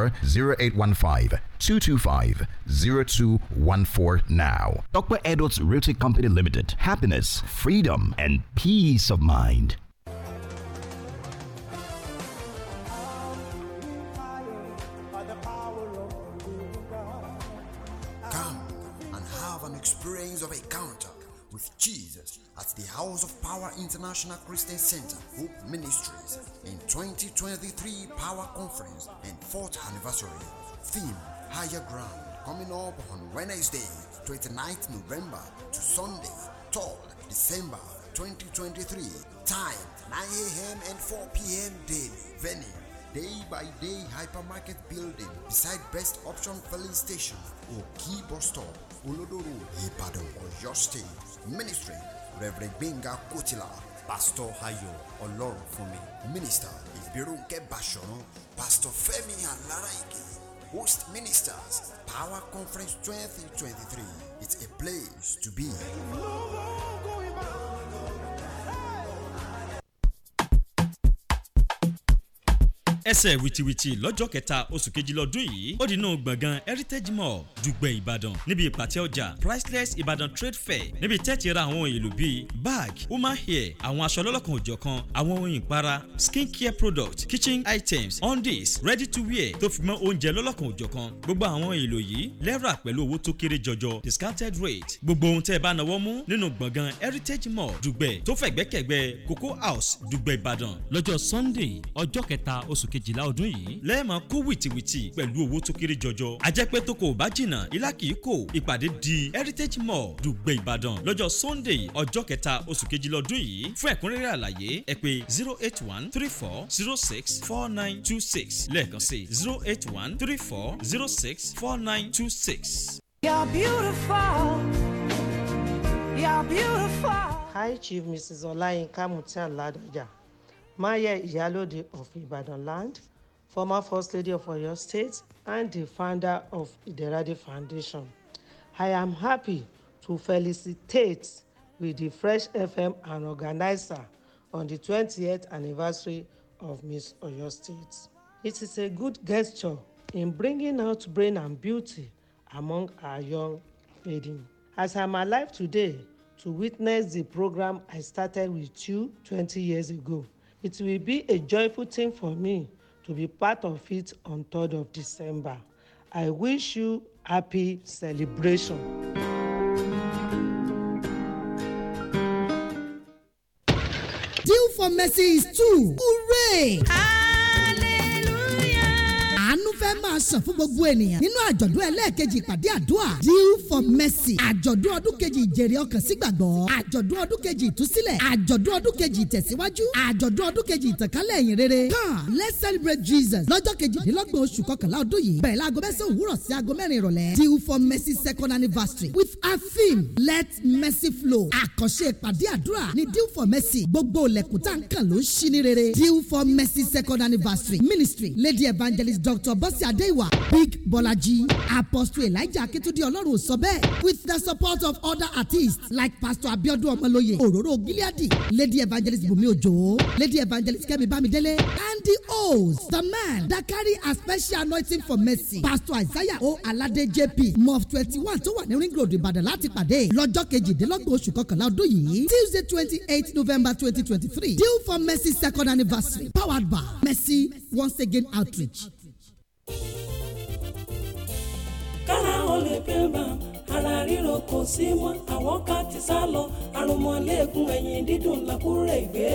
or 0815 225 0214 now. Dr. Edwards Realty Company Limited. Happiness, freedom, and peace of mind. the House of Power International Christian Center Hope Ministries in 2023 Power Conference and 4th Anniversary. Theme Higher Ground coming up on Wednesday, 29th November to Sunday, 12th December 2023. Time 9 a.m. and 4 p.m. daily. Venue Day by Day Hypermarket Building beside Best Option Filling Station, or Bus Stop, Olodo Road, Ibadan, Oyo State. Ministry Reverend Gbenga Kotila, Pastor Ayo Olorunfunmi, Minister Ibirunke Bashoran, Pastor Femi Alaraike, Host Ministers, Power Conference 2023. It's a place to be. ẹsẹ̀ wìtìwìtì lọ́jọ́ kẹta oṣù kejì lọ́dún yìí ó dínú gbọ̀ngàn heritage mall dùgbẹ̀ ìbàdàn níbi ìpàtẹ ọjà priceless ìbàdàn trade fair níbi tẹ́tì ra àwọn èlò bíi bag woman hair àwọn aṣọ lọ́lọ́kan òjọ̀kan àwọn ohun ìpara skin care product kitchen items undies ready to wear tó fi mọ́ oúnjẹ lọ́lọ́kan òjọ̀kan gbogbo àwọn èlò yìí lẹ́rà pẹ̀lú owó tó kéré jọjọ discounted rate gbogbo ohun tẹ́ ẹ bá náwó mú nínú gbọ̀ngàn heritage mall dùgbẹ̀ tó fẹ̀gbẹ́kẹ̀gbẹ́ cocoa house dùgbẹ̀ ìbàdàn lọ́jọ́ sunday ọjọ́ kẹta oṣù kejìlá ọdún yìí lẹ́ẹ̀mọ kó wìtìwìtì pẹ̀lú owó tó kéré jọjọ àjẹpẹ́ tó kò bá jìnnà ilá kò ìpàdé di heritage mall dùgbẹ́ ìbàdàn lọ́jọ́ sunday ọjọ́ kẹta oṣù kejìlá ọdún yìí fún ẹ̀kúnrẹ́rẹ́ àlàyé ẹ pè zero eight one three four zero six four nine two six lẹ́ẹ̀kan sí zero eight one three four zero six four nine two six. You're beautiful. You're beautiful. Hi, Chief Mrs. Olayinka Mutian Ladaja. Maya Iyalode of Ibadan land, former First Lady of Oyo State and the founder of Ideradi Foundation. I am happy to felicitate with the Fresh FM and organizer on the 28th anniversary of Miss Oyo State. It is a good gesture in bringing out brain and beauty among our young maiden. As I'm alive today to witness the program I started with you 20 years ago, It will be a joyful thing for me to be part of it on 3rd of December. I wish you happy celebration. Deal for mercy is two. Hooray! Ah! máa sàn fún gbogbo ènìyàn nínú àjọ̀dún ẹlẹ́ẹ̀kejì ìpàdé àdúrà deal for mercy àjọ̀dún ọdún kejì ìjèrè ọkàn sí àjọ̀dún ọdún kejì ìtúsílẹ̀ àjọ̀dún ọdún kejì ìtẹ̀síwájú àjọ̀dún ọdún kejì ìtànkálẹ̀ ìyìn rere come let's celebrate Jesus lọ́jọ́ kejìdínlọ́gbọ̀n oṣù kọkànlá ọdún yìí bẹ̀rẹ̀ láago mẹ́sàn òwúrọ̀ sí aago mẹ́rin ìrọ̀lẹ́ deal for mercy second anniversary with our theme let mercy flow àkànṣe ìpàdé àdúrà ní deal for mercy gbogbo ilẹ̀kùn tá ń kàn ló ń ṣí ní rere deal for mercy second anniversary ministry lady evangelist dr bọ́sì Timothy Adeiwa Big Bolaji Apostle Elijah Akitunde Ọlọ́run sọ bẹ́ẹ̀ with the support of other artists like Pastor Abiodun Ọmọlóye Òróró Gileadi Lady Evangelist Bùnmi Òjò Lady Evangelist Kẹ́mi Bámidélé Andy the the man that carry a special anointing for mercy Pastor Isaiah O Alade JP MOF twenty one tó wà ní Ring Road Ìbàdàn láti pàdé lọ́jọ́ kejìdínlọ́gbọ̀n oṣù kọkànlá ọdún yìí Tuesday twenty eight November twenty twenty three Deal for mercy second anniversary powered by mercy once again outreach. Kala ole lè pé ríro kò sí mọ́ àwọn ká ti sá lọ àrùnmọ́lẹ́gùn ẹ̀yìn dídùn làkúrẹ́ ìgbé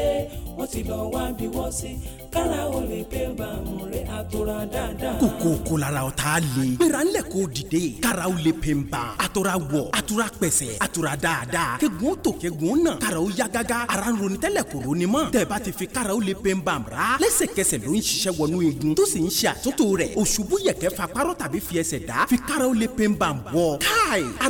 wọ́n ti lọ́ọ́ wá bí wọ́n sí kára o lè pé bàmù rẹ̀ àtòrà dáadáa. kòkó kò lára o t'a le. gbéra ńlẹ̀ k'o dìde. kára o lè pè n àtòrà wọ̀ àtòrà pẹ̀sẹ̀ àtòrà dáadáa. kegun tó kegun nà. kára o ya gágá. ara ń ronú tẹ́lẹ̀ kò ronú mọ́. tẹ̀bá ti fi kára o lè pè n ban ra. lẹ́sẹ̀kẹsẹ̀ ló ń ṣiṣẹ́ wọnú igun. tó sì ń ṣe àtúntò rẹ̀. òṣùbù yẹ̀kẹ́ fa párọ̀ tàbí fi ẹsẹ̀ dá. fi kára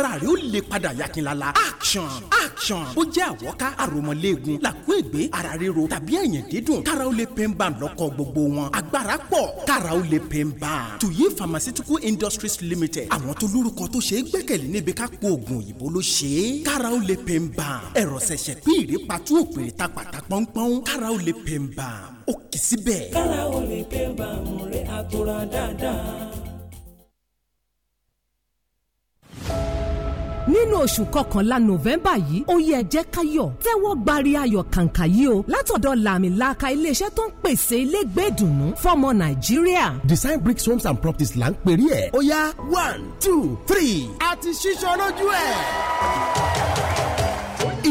kára rẹ ó lè padà yakinlala action action ó jẹ́ àwọ́ká àròmọléegun làkúègbé ara ríro tàbí ẹ̀yìn dídùn kára ó lè pè ń bá lọ́kọ̀ gbogbo wọn agbára pọ̀ kára ó lè pè ń tuyi pharmaceutical industries limited àwọn tó lórúkọ tó ṣe é gbẹ́kẹ̀lé níbi ká po oògùn òyìnbó ló ṣe é kára ó lè pè ń bá ẹ̀rọ ṣẹ̀ṣẹ̀ pín ìrèpàtú òpèrè tapàtà pọ́npọ́n kára ó lè pè ń ó kì í síbẹ̀. kára ó lè pè ń bá mọ̀rẹ́ àtòrà dáadáa nínú oṣù kọkànlá november yìí ó yẹ jẹ́ káyọ̀ tẹ́wọ́ gbari ayọ̀ kàǹkà yìí o látọ̀dọ̀ làmìlaka iléeṣẹ́ tó ń pèsè ilé gbẹ́dùnú fọmọ nàìjíríà. design bricks homes and properties là ń pèrè ẹ̀ ó yá one two three àti ṣíṣọ́ lójú ẹ̀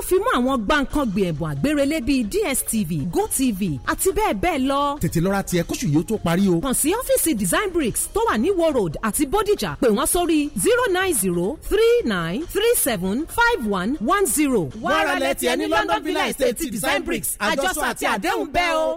tó fi mọ́ àwọn gbàǹkangbè ẹ̀bùn àgbérelé bíi DSTV GoTV àti bẹ́ẹ̀ bẹ́ẹ̀ lọ. tètè lọ́ra tiẹ̀ kóṣù yìí ó tó parí o. kàn sí ọ́fíìsì Design Bricks tó wà ní Iwo Road àti bodija. pè wọ́n sórí zero nine zero three nine three seven five one one zero. wàrà lẹ́tì ẹni London Villa Estate Design Bricks àjọsọ àti àdéhùn bẹ́ẹ̀ o.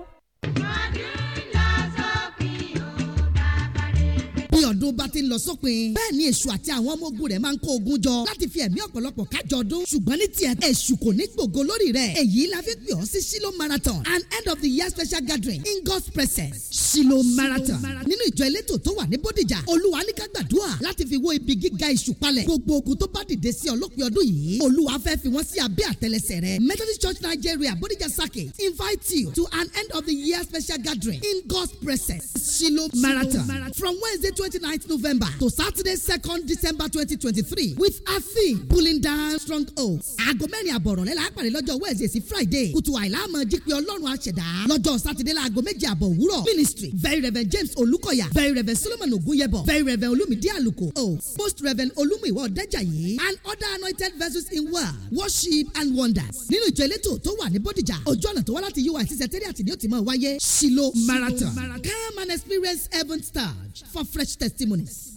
bí ọdún bá ti ń lọ sópin bẹ́ẹ̀ ni èṣù àti àwọn ọmọ ogun rẹ̀ máa ń kó ogun jọ láti fi ẹ̀mí ọ̀pọ̀lọpọ̀ kájọ ọdún ṣùgbọ́n ní tiẹ̀ èṣù kò ní gbògo lórí rẹ̀ èyí la fi pè ọ́ sí Shiloh marathon and end of the year special gathering in God's presence Silo marathon nínú ìjọ elétò tó wà ní Bódìjà olúwa ní ká gbàdúrà láti fi wó ibi gíga èṣù palẹ̀ gbogbo ogun tó bá dìde sí ọlọ́pìn ọdún yìí olúwa fẹ́ fi wọ́n Methodist Church Nigeria Bódìjà Sake invite you to an end of the year special gathering in God's presence Shiloh marathon from Wednesday to 29th November to Saturday 2nd December 2023 with a theme pulling down strongholds. Aago mẹ́rin àbọ̀rọ̀ lẹ́la àpàdé lọ́jọ́ Wednesday Friday. Kutu àìláàmọ̀ jí pé Ọlọ́run àṣẹ̀dá. Lọ́jọ́ Sátidé láago méje àbọ̀ òwúrọ̀. Ministry Very Reverend James Olukoya Very Reverend Solomon Ogunyebo Very Reverend Olumide Aluko Oh. Most Reverend Olumuyiwa Ọ̀dẹ́jàyé and other anointed vessels in world worship and wonders. Nínú ìjọ elétò tó wà ní Bódìjà, ojú ọ̀nà tó wá láti UI sí àtìní ó ti máa wáyé Shilo Marathon. Come and experience heaven stars for fresh testimonies.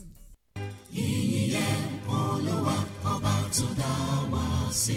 Ìyìn Olúwa ọba tó dá wa sí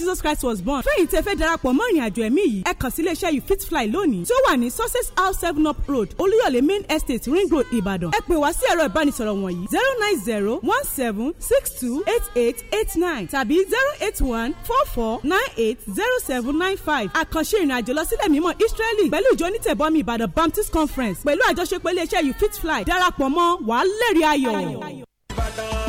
Jesus Christ was born fẹ́yìn tẹ́ fẹ́ darapọ̀ mọ́ ìrìn àjò ẹ̀mí yìí ẹ kàn sí iléeṣẹ́ you fit fly lónìí tí ó wà ní success house seven up road olúyọ̀lé main estate ring road Ìbàdàn ẹ pè wá sí ẹ̀rọ ìbánisọ̀rọ̀ wọ̀nyí zero nine zero one seven six two eight eight eight nine tàbí zero eight one four four nine eight zero seven nine five àkànṣe ìrìn àjò lọ sílẹ̀ mímọ́ Israeli pẹ̀lú ìjọ onítẹ̀bọmi Ìbàdàn Baptist Conference pẹ̀lú àjọṣepọ̀ iléeṣẹ́ you fit fly darapọ̀ mọ́ wàá lẹ́rìí ayọ̀. Ìbàdàn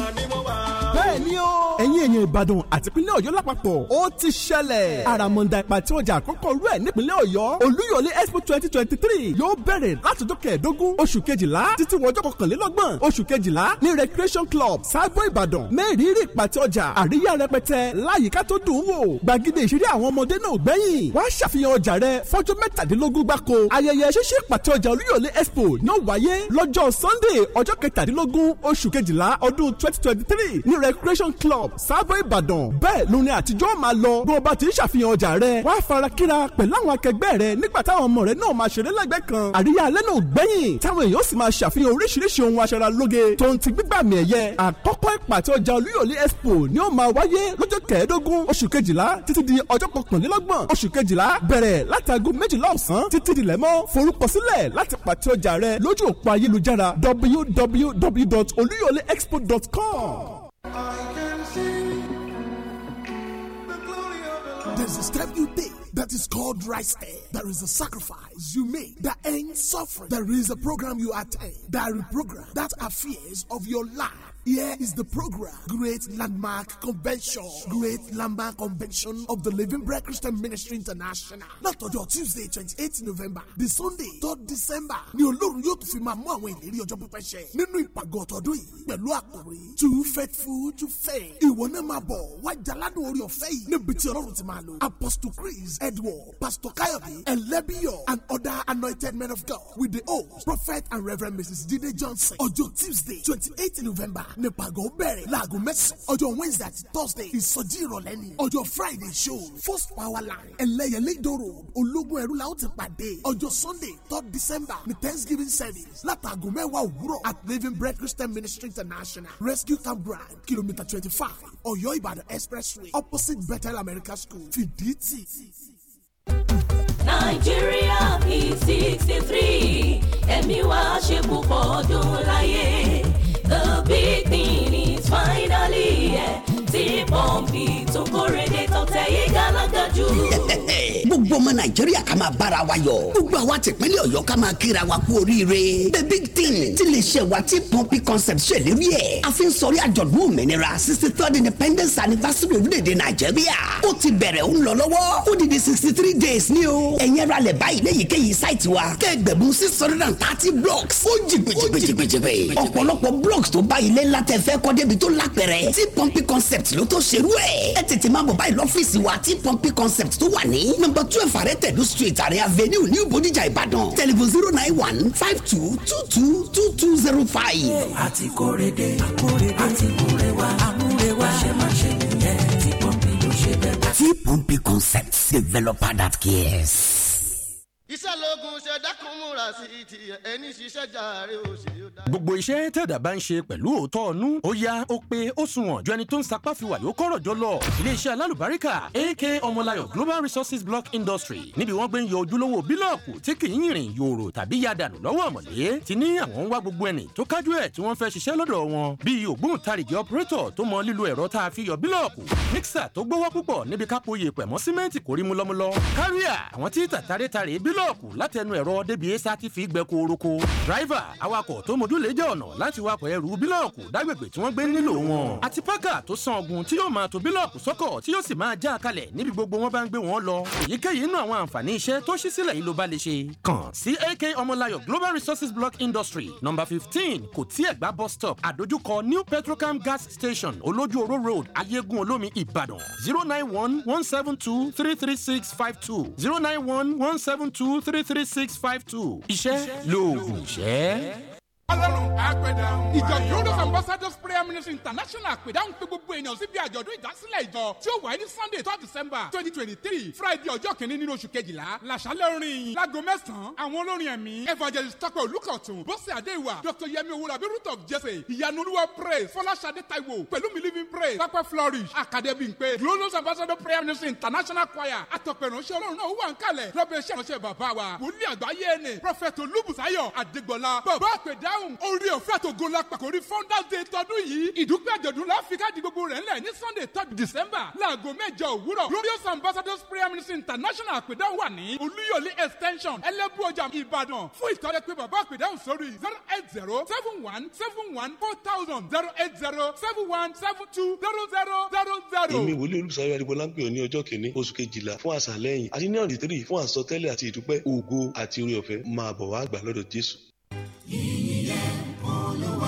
bẹ́ẹ̀ ni o. ẹ̀yin èèyàn ìbàdàn àti ìpínlẹ̀ ọ̀yọ́ lápapọ̀ ó ti ṣẹlẹ̀. àràmọ̀ǹdà ìpàtí ọjà àkọ́kọ́ rú ẹ̀ nípínlẹ̀ ọ̀yọ́ olúyọ̀lé expo twenty twenty three yóò bẹ̀rẹ̀ látọjọ́ kẹẹ̀ẹ́dógún oṣù kejìlá títí wọjọ́ kọkànlélọ́gbọ̀n oṣù kejìlá ní recreation club cyber ìbàdàn mẹ́rìírí ìpàtí ọjà àríyá rẹpẹtẹ láyìíká tó dùn wò gbàgede ìṣeré àwọn ọmọdé náà gbẹ̀yìn wá ṣàfihàn ọjà rẹ fọ́jọ́ mẹ́tàdínlógún gbáko ayẹyẹ ṣíṣe ìpàtí ọjà olúyọ̀lé expo ní ó wáyé lọ́jọ́ sunday ọjọ́ kẹtàdínlógún oṣù kejìlá ọdún twenty twenty three ní rec celebration club sábò ìbàdàn bẹ́ẹ̀ lóni àtijọ́ máa lọ bí wọ́n bá ti ń ṣàfihàn ọjà rẹ wá fara kíra pẹ̀lú àwọn akẹgbẹ́ rẹ nígbà táwọn ọmọ rẹ náà máa ṣeré lẹ́gbẹ̀ẹ́ kan àríyá alẹ́ náà gbẹ̀yìn táwọn èèyàn sì máa ṣàfihàn oríṣiríṣi ohun aṣara lóge tó ń ti gbígbà mí ẹ̀yẹ àkọ́kọ́ ìpàtẹ ọjà olúyọ̀lé expo ni ó máa wáyé lọ́jọ́ kẹẹ̀ẹ́dógún oṣù kejìlá títí di ọjọ́ kọkànlélọ́gbọ̀n oṣù kejìlá bẹ̀rẹ̀ látago méjìlá ọ̀sán títí dilẹ̀ mọ́ forúkọsílẹ̀ láti pàtẹ ọjà rẹ There's a step you take that is called right step. There is a sacrifice you make that ends suffering. There is a program you attend that program that affairs of your life. Here is the program Great Landmark Convention. Great Landmark Convention of the Living Bread Christian Ministry International. Not on your Tuesday twenty eight November the Sunday third December ni Ọlọ́run yóò tún fi máa mú àwọn ìlérí ọjọ́ pípẹ́ ṣẹ. Nínú ìpàgọ́ ọ̀tọ̀dún yìí pẹ̀lú àkòrí too faithful to fail. Ìwọ náà máa bọ̀ wá jaládùn orí ọ̀fẹ́ yìí níbi tí Ọlọ́run ti máa lò. Apostle Chris Edward, Pastor Kayode Elebiyo and other anointed men of God with the host prophet and reverend Mrs. Jide Johnson. Ọjọ́ Tuesday twenty eight November ní pàgọ́ bẹ̀rẹ̀ láago mẹ́sàn-án ọjọ́ wednesday àti thursday ìsọjí ìrọ̀lẹ́ ni ọjọ́ friday show first power line ẹlẹ́yẹlẹ́dọ̀ road ológun ẹ̀rú la ó ti pàdé ọjọ́ sunday third december ní thanksgiving service látàgò mẹ́wàá òwúrọ̀ at living bread christian ministry international rescue camp ground kilometre twenty five ọ̀yọ́ ìbàdàn expressway opposite bethel america school fìdítì. nàìjíríà p sixty three ẹ̀mí wa ṣe púpọ̀ ọdún láyé The big thing is finally gbogbo ọmọ nàìjíríà ká máa bára wa yọ̀ gbogbo àwa tìpínlẹ̀ ọ̀yọ́ ká máa kíra wa kú oríire the big thing ti lè ṣe wa tí pọ́ǹpì concept ṣe lérí ẹ̀ a fi ń sọrí àjọ̀dún òmìnira sixty third independence anniversary orílẹ̀-èdè nàìjíríà ó ti bẹ̀rẹ̀ ó ń lọ lọ́wọ́ ó di di sixty three days ní o ẹ̀yẹ́ ra lẹ̀ báyìí léyìíkéyìí sáìtì wa kẹ́gbẹ̀bùn six hundred and thirty blocks ó jì gbèjìgbèjìgbèjìgbè ọ̀pọ̀lọpọ̀ blocks tó báyìí lẹ́ńlá tẹ fẹ́ kọ́ débi tó lápẹ̀rẹ̀ tí pọ́ǹpì concept ló tó ṣerú ẹ̀. ẹ tètè máa bọ̀ báyìí lọ́fíìsì wa tí pọ́ńpì concept tó wà ní. nọ́mbà twelve àrẹ tẹ̀lú street àrẹ avenue new bodijà ìbàdàn tẹlifon zero nine one five two two two two two zero five. a ti kórè dé a kórè dé a ti múre wá a múre wá ṣe máa ṣe nìyẹn tí pọ́ńpì ló ṣe bẹ́ẹ̀. tí pọ́ńpì concept developer that cares iṣẹ́ lógun ṣe dákun múra sí ti ẹni ṣiṣẹ́ jàre ó ṣe ó dá. gbogbo iṣẹ́ tẹ̀dá bá ń ṣe pẹ̀lú òótọ́ ọ̀nú ó yá ó pé ó sunwọ̀n ju ẹni tó ń sapá fi wàyó kọ́rọ̀ jọ lọ. iléeṣẹ́ alálùbáríkà AK ọmọláyọ̀ global resources block industry níbi wọ́n gbé ń yọ ojúlówó bílọ̀kù tí kì í yìnrìn yòòrò tàbí ya dànù lọ́wọ́ ọ̀mọ̀lé ti ní àwọn ń wá gbogbo ẹni tó kájú ẹ̀ tí wọ́n fẹ́ ṣiṣẹ́ lọ́dọ̀ wọn bíi ògbóǹtarìgì ọpẹ́rẹ́tọ̀ tó mọ lílo ẹ̀rọ tá a fi yọ bílọ̀kù mixer tó gbówó púpọ̀ níbi kápò yèpẹ̀ mọ́ símẹ́ǹtì kórìmúlọ́múlọ́ káríà àwọn tí tàtàrẹ́tàrẹ́ bíl búlọ̀kù láti ẹnu ẹ̀rọ débi esa ti fi gbẹ kooroko. dráìvà awakọ̀ tó mójúlé jẹ́ ọ̀nà láti wakọ̀ ẹrù bílọ̀kù dágbègbè tí wọ́n gbé nílò wọn. àti pákà tó san ọ̀gùn tí yóò máa tó bílọ̀kù sọ́kọ̀ tí yóò sì máa já a kalẹ̀ níbi gbogbo wọn bá ń gbé wọn lọ. èyíkéyìí inú àwọn àǹfààní iṣẹ́ tó ṣí sílẹ̀ yìí ló bá lè ṣe. kàn sí AK Ọmọláyọ̀ Global Resources Block Industry number fifteen kò tí ẹ̀gbá bus stop àdójúkọ New Petrocam Gas Station Olójú Oró Road Ayégun Olómi Ìbàdàn zero nine one one seven two three three six five two zero nine one one seven two two three three six five two. iṣẹ́ lóògùn ìṣẹ́ ọlọ́run àpèdáhùn ìjọ glorious ambassadors prayer ministry international àpèdáhùn pé gbogbo ènìyàn síbi àjọ̀dún ìdásílẹ̀ ìjọ tí ó wáyé ní sunday twelve december twenty twenty three friday ọjọ́ kìíní nínú oṣù kejìlá làṣálẹ̀ orin yìí láago mẹ́sàn-án àwọn olórin ẹ̀mí evangelist tọpẹ olùkọ̀tún bọ́sẹ̀ adéwà dr yemi owurabi root of jesse ìyanu olúwa praise fọláṣadé taiwo pẹ̀lúmi living praise pápẹ́ flourish academy pé glorious ambassador prayer ministry international choir àtọ̀pẹ̀ránṣẹ́ ọlọ́run náà wà ń kalẹ̀ lọ́bẹ̀ iṣẹ́ ìránṣẹ́ bàbá wa wòlíì àgbáyé ẹni prọfẹ̀tì olúbùsáyọ̀ adégbọlá bàbá àpèdáhùn dáhùn. orí ọ̀fẹ́ àtògo la pàkórí founders day tọdún yìí. ìdúpẹ́ àjọ̀dún la fi káàdì gbogbo rẹ̀ ńlẹ̀ ní sunday third december láago mẹ́jọ òwúrọ̀ glorious ambassadors prayer ministry international àpèdáhùn wà ní olúyọ̀lé extension ẹlẹ́bù ọjà ìbàdàn fún ìtọ́jú pé bàbá àpèdáhùn sórí zero eight zero seven one seven one four thousand zero eight zero seven one seven two zero zero zero zero. èmi wòlíì olùsọ̀rọ̀ àdìgbò lápẹ̀ ní ọjọ́ kìíní oṣù kejìlá fún àṣà lẹ́yìn àti ní ọ̀dì tírì fún àsọtẹ́lẹ̀ àti ìdúpẹ́ ògo àti oore ọ̀fẹ́ máa bọ̀ wá gbà lọ́dọ̀ jésù. yìnyín ọba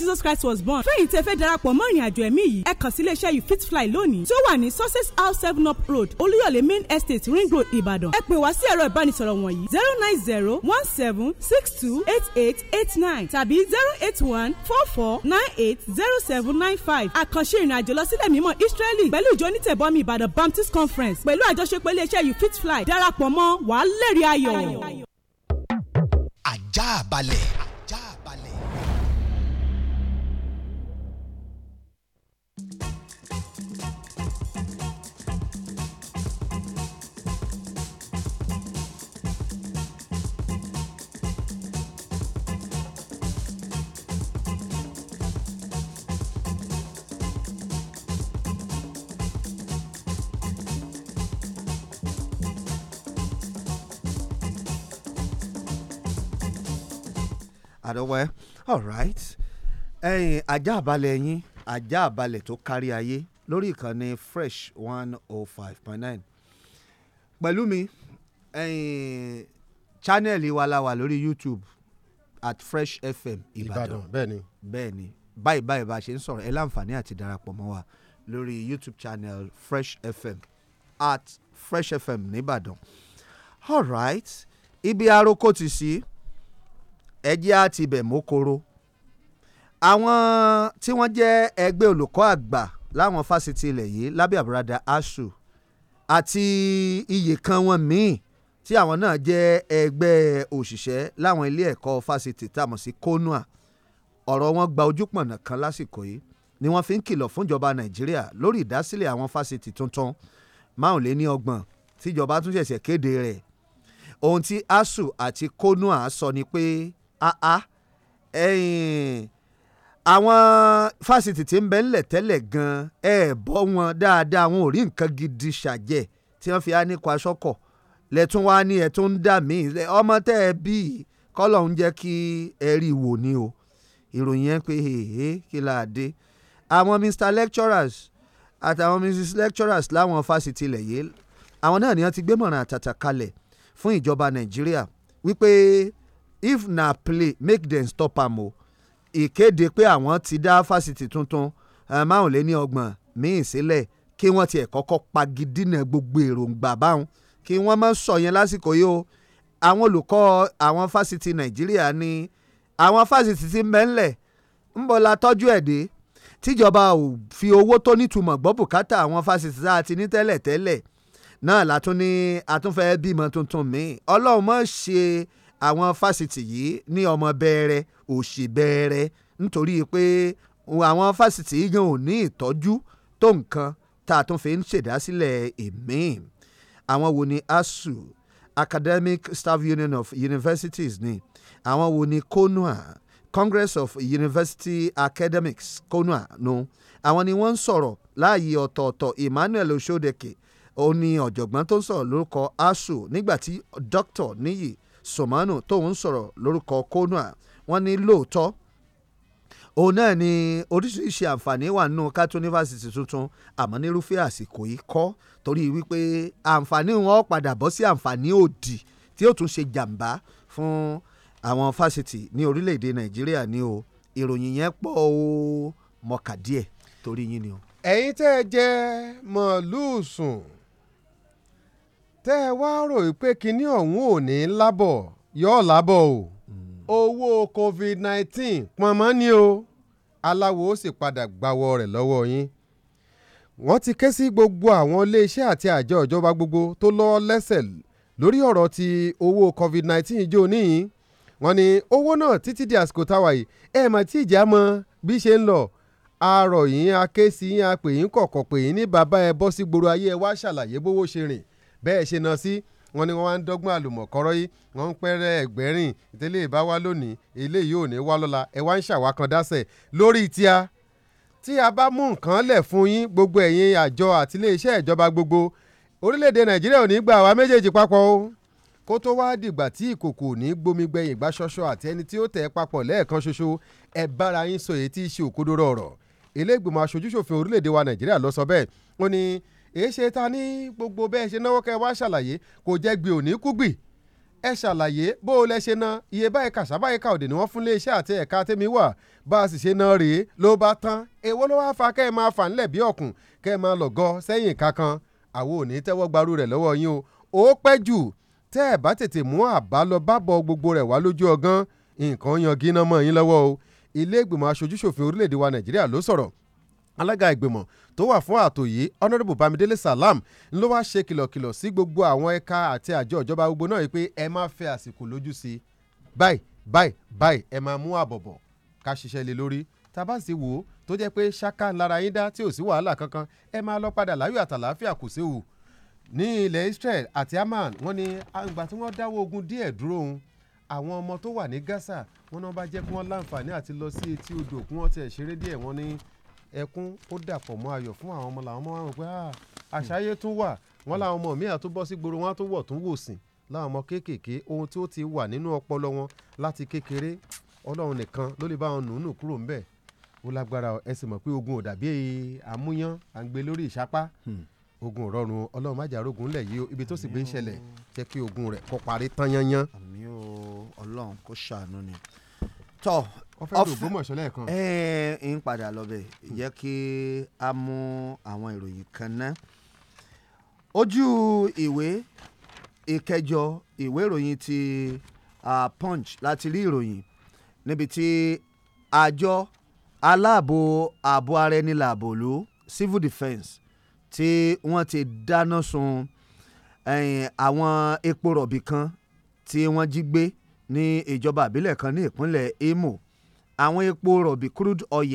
Jesus Christ was born fẹ́yìn tẹ́ fẹ́ darapọ̀ mọ́ ìrìn àjò ẹ̀mí yìí ẹ kàn sí iléeṣẹ́ you fit fly lónìí tí ó wà ní success house seven up road olúyọ̀lé main estate ring road Ìbàdàn ẹ pè wá sí ẹ̀rọ ìbánisọ̀rọ̀ wọ̀nyí zero nine zero one seven six two eight eight eight nine tàbí zero eight one four four nine eight zero seven nine five àkànṣe ìrìn àjò lọ sílẹ̀ mímọ́ Israeli pẹ̀lú ìjọ onítẹ̀bọmi Ìbàdàn Baptist Conference pẹ̀lú àjọṣepọ̀ iléeṣẹ́ you fit fly darapọ̀ mọ́ wàá lẹ́rìí ayọ̀. ajá balẹ̀ àdọ́wẹ́ all right ẹ̀yin ajá àbálẹ̀ yín ajá àbálẹ̀ tó kárí ayé lórí ìkànnì fresh one oh five point nine pẹ̀lú mi ẹ̀yin channel wa la wà lórí youtube at fresh fm ìbàdàn bẹ́ẹ̀ni bẹ́ẹ̀ni báyìí báyìí bá a ṣe ń sọ̀rọ̀ ẹ láǹfààní àti darapọ̀ mọ́ wa lórí youtube channel fresh fm at fresh fm nìbàdàn all right ibi aroko ti sí ẹjẹ́ á ti bẹ̀ mókoro àwọn tí wọ́n jẹ́ ẹgbẹ́ olùkọ́ àgbà láwọn fásitì ilẹ̀ yìí lábẹ́ àbúradà asu àti iye kan wọn míì tí àwọn náà jẹ́ ẹgbẹ́ òṣìṣẹ́ láwọn ilé ẹ̀kọ́ fásitì tàmọ̀ sí konua ọ̀rọ̀ wọn gba ojúpọ̀nà kan lásìkò yìí ni wọ́n fi ń kìlọ̀ fúnjọba nàìjíríà lórí ìdásílẹ̀ àwọn fásitì tuntun márùnléní ọgbọ̀n tíjọba tún ṣẹ̀ṣẹ̀ kéde rẹ̀ ohun tí asu àti konua sọ ni pé Ah, ah. àwọn fásitì tí ń bẹ ńlẹ̀ tẹ́lẹ̀ gan-an ẹ̀ bọ́ wọn dáadáa wọn ò rí nǹkan gidi ṣàjẹ́ tí wọ́n fi á ní kwasọ́kọ̀ lẹ́tún wá ní ẹ̀tún ń dà mí ọmọ tẹ́ ẹ bí kọ́lọ̀ ń jẹ́ kí ẹ rí wò ni o ìròyìn yẹn pé èhè kí la dé àwọn Mr lecturers àtàwọn Mrs lecturers láwọn fásitì ilẹ̀ yìí àwọn náà ni wọ́n ti gbé mọ̀ràn àtàtà kalẹ̀ fún ìjọba Nàìjíríà wípé if na play make dem stop am o ìkéde pé àwọn ti dá fásitì tuntun eh, márùnléníọgbọ̀n míì sílẹ̀ kí wọ́n tiẹ̀ kọ́kọ́ pagidínà gbogbo èròǹgbà báwọn kí wọ́n má sọ yẹn lásìkò yìí o àwọn olùkọ́ àwọn fásitì nàìjíríà ni àwọn fásitì ti mẹ́ńlẹ̀ ń bọ̀ la tọ́jú ẹ̀ dé tíjọba ò fi owó tó nítumọ̀ gbọ́ bùkátà àwọn fásitì tá a ti ní tẹ́lẹ̀ tẹ́lẹ̀ náà látún ní àtúnfẹ́ bímọ tuntun míì ọlọ́run mọ̀ ṣe àwọn fásitì yìí ní ọmọ bẹ́ẹ̀rẹ̀ òṣì bẹ́ẹ̀rẹ̀ nítorí pé àwọn fásitì yìí gan ò ní ìtọ́jú tó nǹkan tá a tún fi ń ṣèdásílẹ̀ èmi àwọn wo ni ASU Academic Staff Union of Universities ni àwọn wo ni KONUA Congress of University Academics KONUA nu àwọn ni wọ́n ń sọ̀rọ̀ láàyè ọ̀tọ̀ọ̀tọ̀ Emmanuel Osodeke ó ní ọ̀jọ̀gbọ́n tó ń sọ̀rọ̀ lórúkọ ASU nígbà tí dókítà níyì sòmánù tóun sọ̀rọ̀ lórúkọ kónúà wọ́n ní lóòótọ́ òun náà ni oríṣiríṣi àǹfààní wà nínú kátó yunifásitì tuntun àmọ́ nírúfẹ́ àsìkò yìí kọ́ torí wípé àǹfààní wọn padà bọ́ sí àǹfààní òdì tí ó tún ṣe jàǹbá fún àwọn fásitì ní orílẹ̀-èdè nàìjíríà ni o ìròyìn yẹn pọ̀ o mọ̀kà díẹ̀ torí yín ni o. ẹ̀yin tẹ́ ẹ jẹ́ mọ̀lúùsùn tẹ́ ẹ wá rò pé kinní ọ̀hún ò ní lábọ̀ yóò lábọ̀ o owó covid-19 pọnmọ́ ni o aláwo ó sì padà gbàwọ́ rẹ̀ lọ́wọ́ yín wọ́n ti ké sí gbogbo àwọn iléeṣẹ́ àti àjọ ìjọba gbogbo tó lọ́wọ́ lẹ́sẹ̀ lórí ọ̀rọ̀ ti owó covid nineteen jò níyìn wọ́n ní owó náà títí di àsìkò táwa yìí ẹ mà tí ìjà mọ bí ṣe ń lọ àárọ̀ yìí a ké sí yín a pè yín kọ̀kọ̀ pè yín ní bàbá ẹ bọ́ sí gbòòrò ayé ẹ wá ṣàlàyé bówó ṣe rìn bẹ́ẹ̀ ṣe na sí wọ́n ní wọ́n wá ń dọ́gbọ́n àlùmọ̀kọ́rọ́ yìí wọ́n ń pẹ́rẹ́ ẹgbẹ̀rin ìtẹ́lẹ̀ ìbá wá lónìí eléyìí ò ní wá lọ́la ẹ wá ń ṣàwákan dáṣẹ̀ lórí tí a tí a bá mú nǹkan lẹ̀ fún yín gbogbo ẹ̀yin àjọ àti iléeṣẹ́ ìjọba gbogbo orílẹ̀-èdè nàìjíríà ò ní gbà wá méjèèjì papọ̀ o kó tó wá dìgbà tí ìkòkò ò ní gbomi gbẹ̀yìn gbá ṣọṣọ àti ẹni tí ó tẹ̀ papọ̀ lẹ́ẹ̀kan ṣoṣo ẹ bára yín sọ èyí tí í ṣe òkodoro ọ̀rọ̀ ilé ìgbìmọ̀ aṣojúṣòfin orílẹ̀-èdè wa nàìjíríà lọ sọ bẹ́ẹ̀ ó ní èéṣe ta ní gbogbo bẹ́ẹ̀ ṣe náwó kẹ́ ẹ wá ṣàlàyé kò jẹ́ gbé òní kúgbì ẹ ṣàlàyé bó o lẹ ṣe na iye báyìí kàṣà báyìí kà òdè ni wọ́n fún iléeṣẹ́ àti ẹ̀ka tẹ́mi wà bá a sì ṣe na rèé ló bá tán èwo ló wáá fa kẹ́ ẹ máa fà ńlẹ̀ bí ọ̀kùn kẹ́ ẹ máa lọ̀gọ́ sẹ́yìn kankan àwo ò ní tẹ́wọ́ gbarú rẹ̀ lọ́wọ́ yín o ó pẹ́ jù tẹ́ ẹ̀ bá tètè mú àbálọ bábọ̀ gbogbo rẹ̀ wá lójú ọgán nǹkan yan gíná yín lọ́wọ́ o ilé ìgbìmọ̀ aṣojúṣòfin orílẹ̀ tó wà fún ààtò yìí honourable bamidele salam ló wá ṣe kìlọ̀kìlọ̀ sí gbogbo àwọn ẹ̀ka àti àjọ ìjọba gbogbo náà pé ẹ má fẹ́ àsìkò lójú sí báyìí báyìí báyìí ẹ máa mú àbọ̀bọ̀ ká ṣiṣẹ́ lé lórí tabasi wo tó jẹ́ pé ṣáká lára yín dá tí ò sí wàhálà kankan ẹ máa lọ padà láyọ̀ àtàlàáfíà kò séwu ní ilẹ̀ Israel àti Amman wọ́n ní àgbà tí wọ́n dáwọ́ ogun díẹ̀ dúró òun àwọn ọmọ tó wà ní Gaza wọ́n náà bá jẹ́ kí wọ́n láǹfààní àti lọ sí etí odò kí wọ́n tẹ̀ ṣeré díẹ̀ wọ́n ní ẹkún ó dàpọ̀ mọ́ ayọ̀ fún àwọn ọmọ làwọn ọmọ wa rò pé ah, àṣàyé tún wà wọ́n làwọn ọmọ míì àtúbọ̀ sí gbòòrò wọn á tún wọ̀ tún wò sìn láwọn ọmọ kéékèèké ohun tí ó ti wà nínú ọpọlọ wọn láti kékeré ọlọ́run nìkan ló lè bá wọn nùnú kúrò ńbẹ̀ ó lágbára ẹ sì mọ̀ pé ogun ò dàbí àmúyán à ń gbé lórí ìsapá hmm. ogun rọrùn ọlọ́run má jàre lẹ̀ yìí ibi tó sì gbé ń ṣẹlẹ̀ jẹ́ kí ogun rẹ̀ kó parí tán yányán. àmì ọlọ́run kò ṣàánú ni tọ́ wọ́n fẹ́ẹ́ lò Ògbómọ̀ṣọ́ lẹ́ẹ̀kan. ẹ ẹ ń padà lọ́bẹ̀ jẹ́ kí a mú àwọn ìròyìn kan ná ojú ìwé ìkẹjọ ìwé ìròyìn ti uh, Punch láti rí ìròyìn níbi tí àjọ aláàbò ààbò ara ẹni làbò ló civil defence tí wọ́n ti dáná sun àwọn epo rọ̀bì kan tí wọ́n jí gbé ní ìjọba àbílẹ̀ kan ní ìpínlẹ̀ Imo àwọn epo rọ̀bì crude oil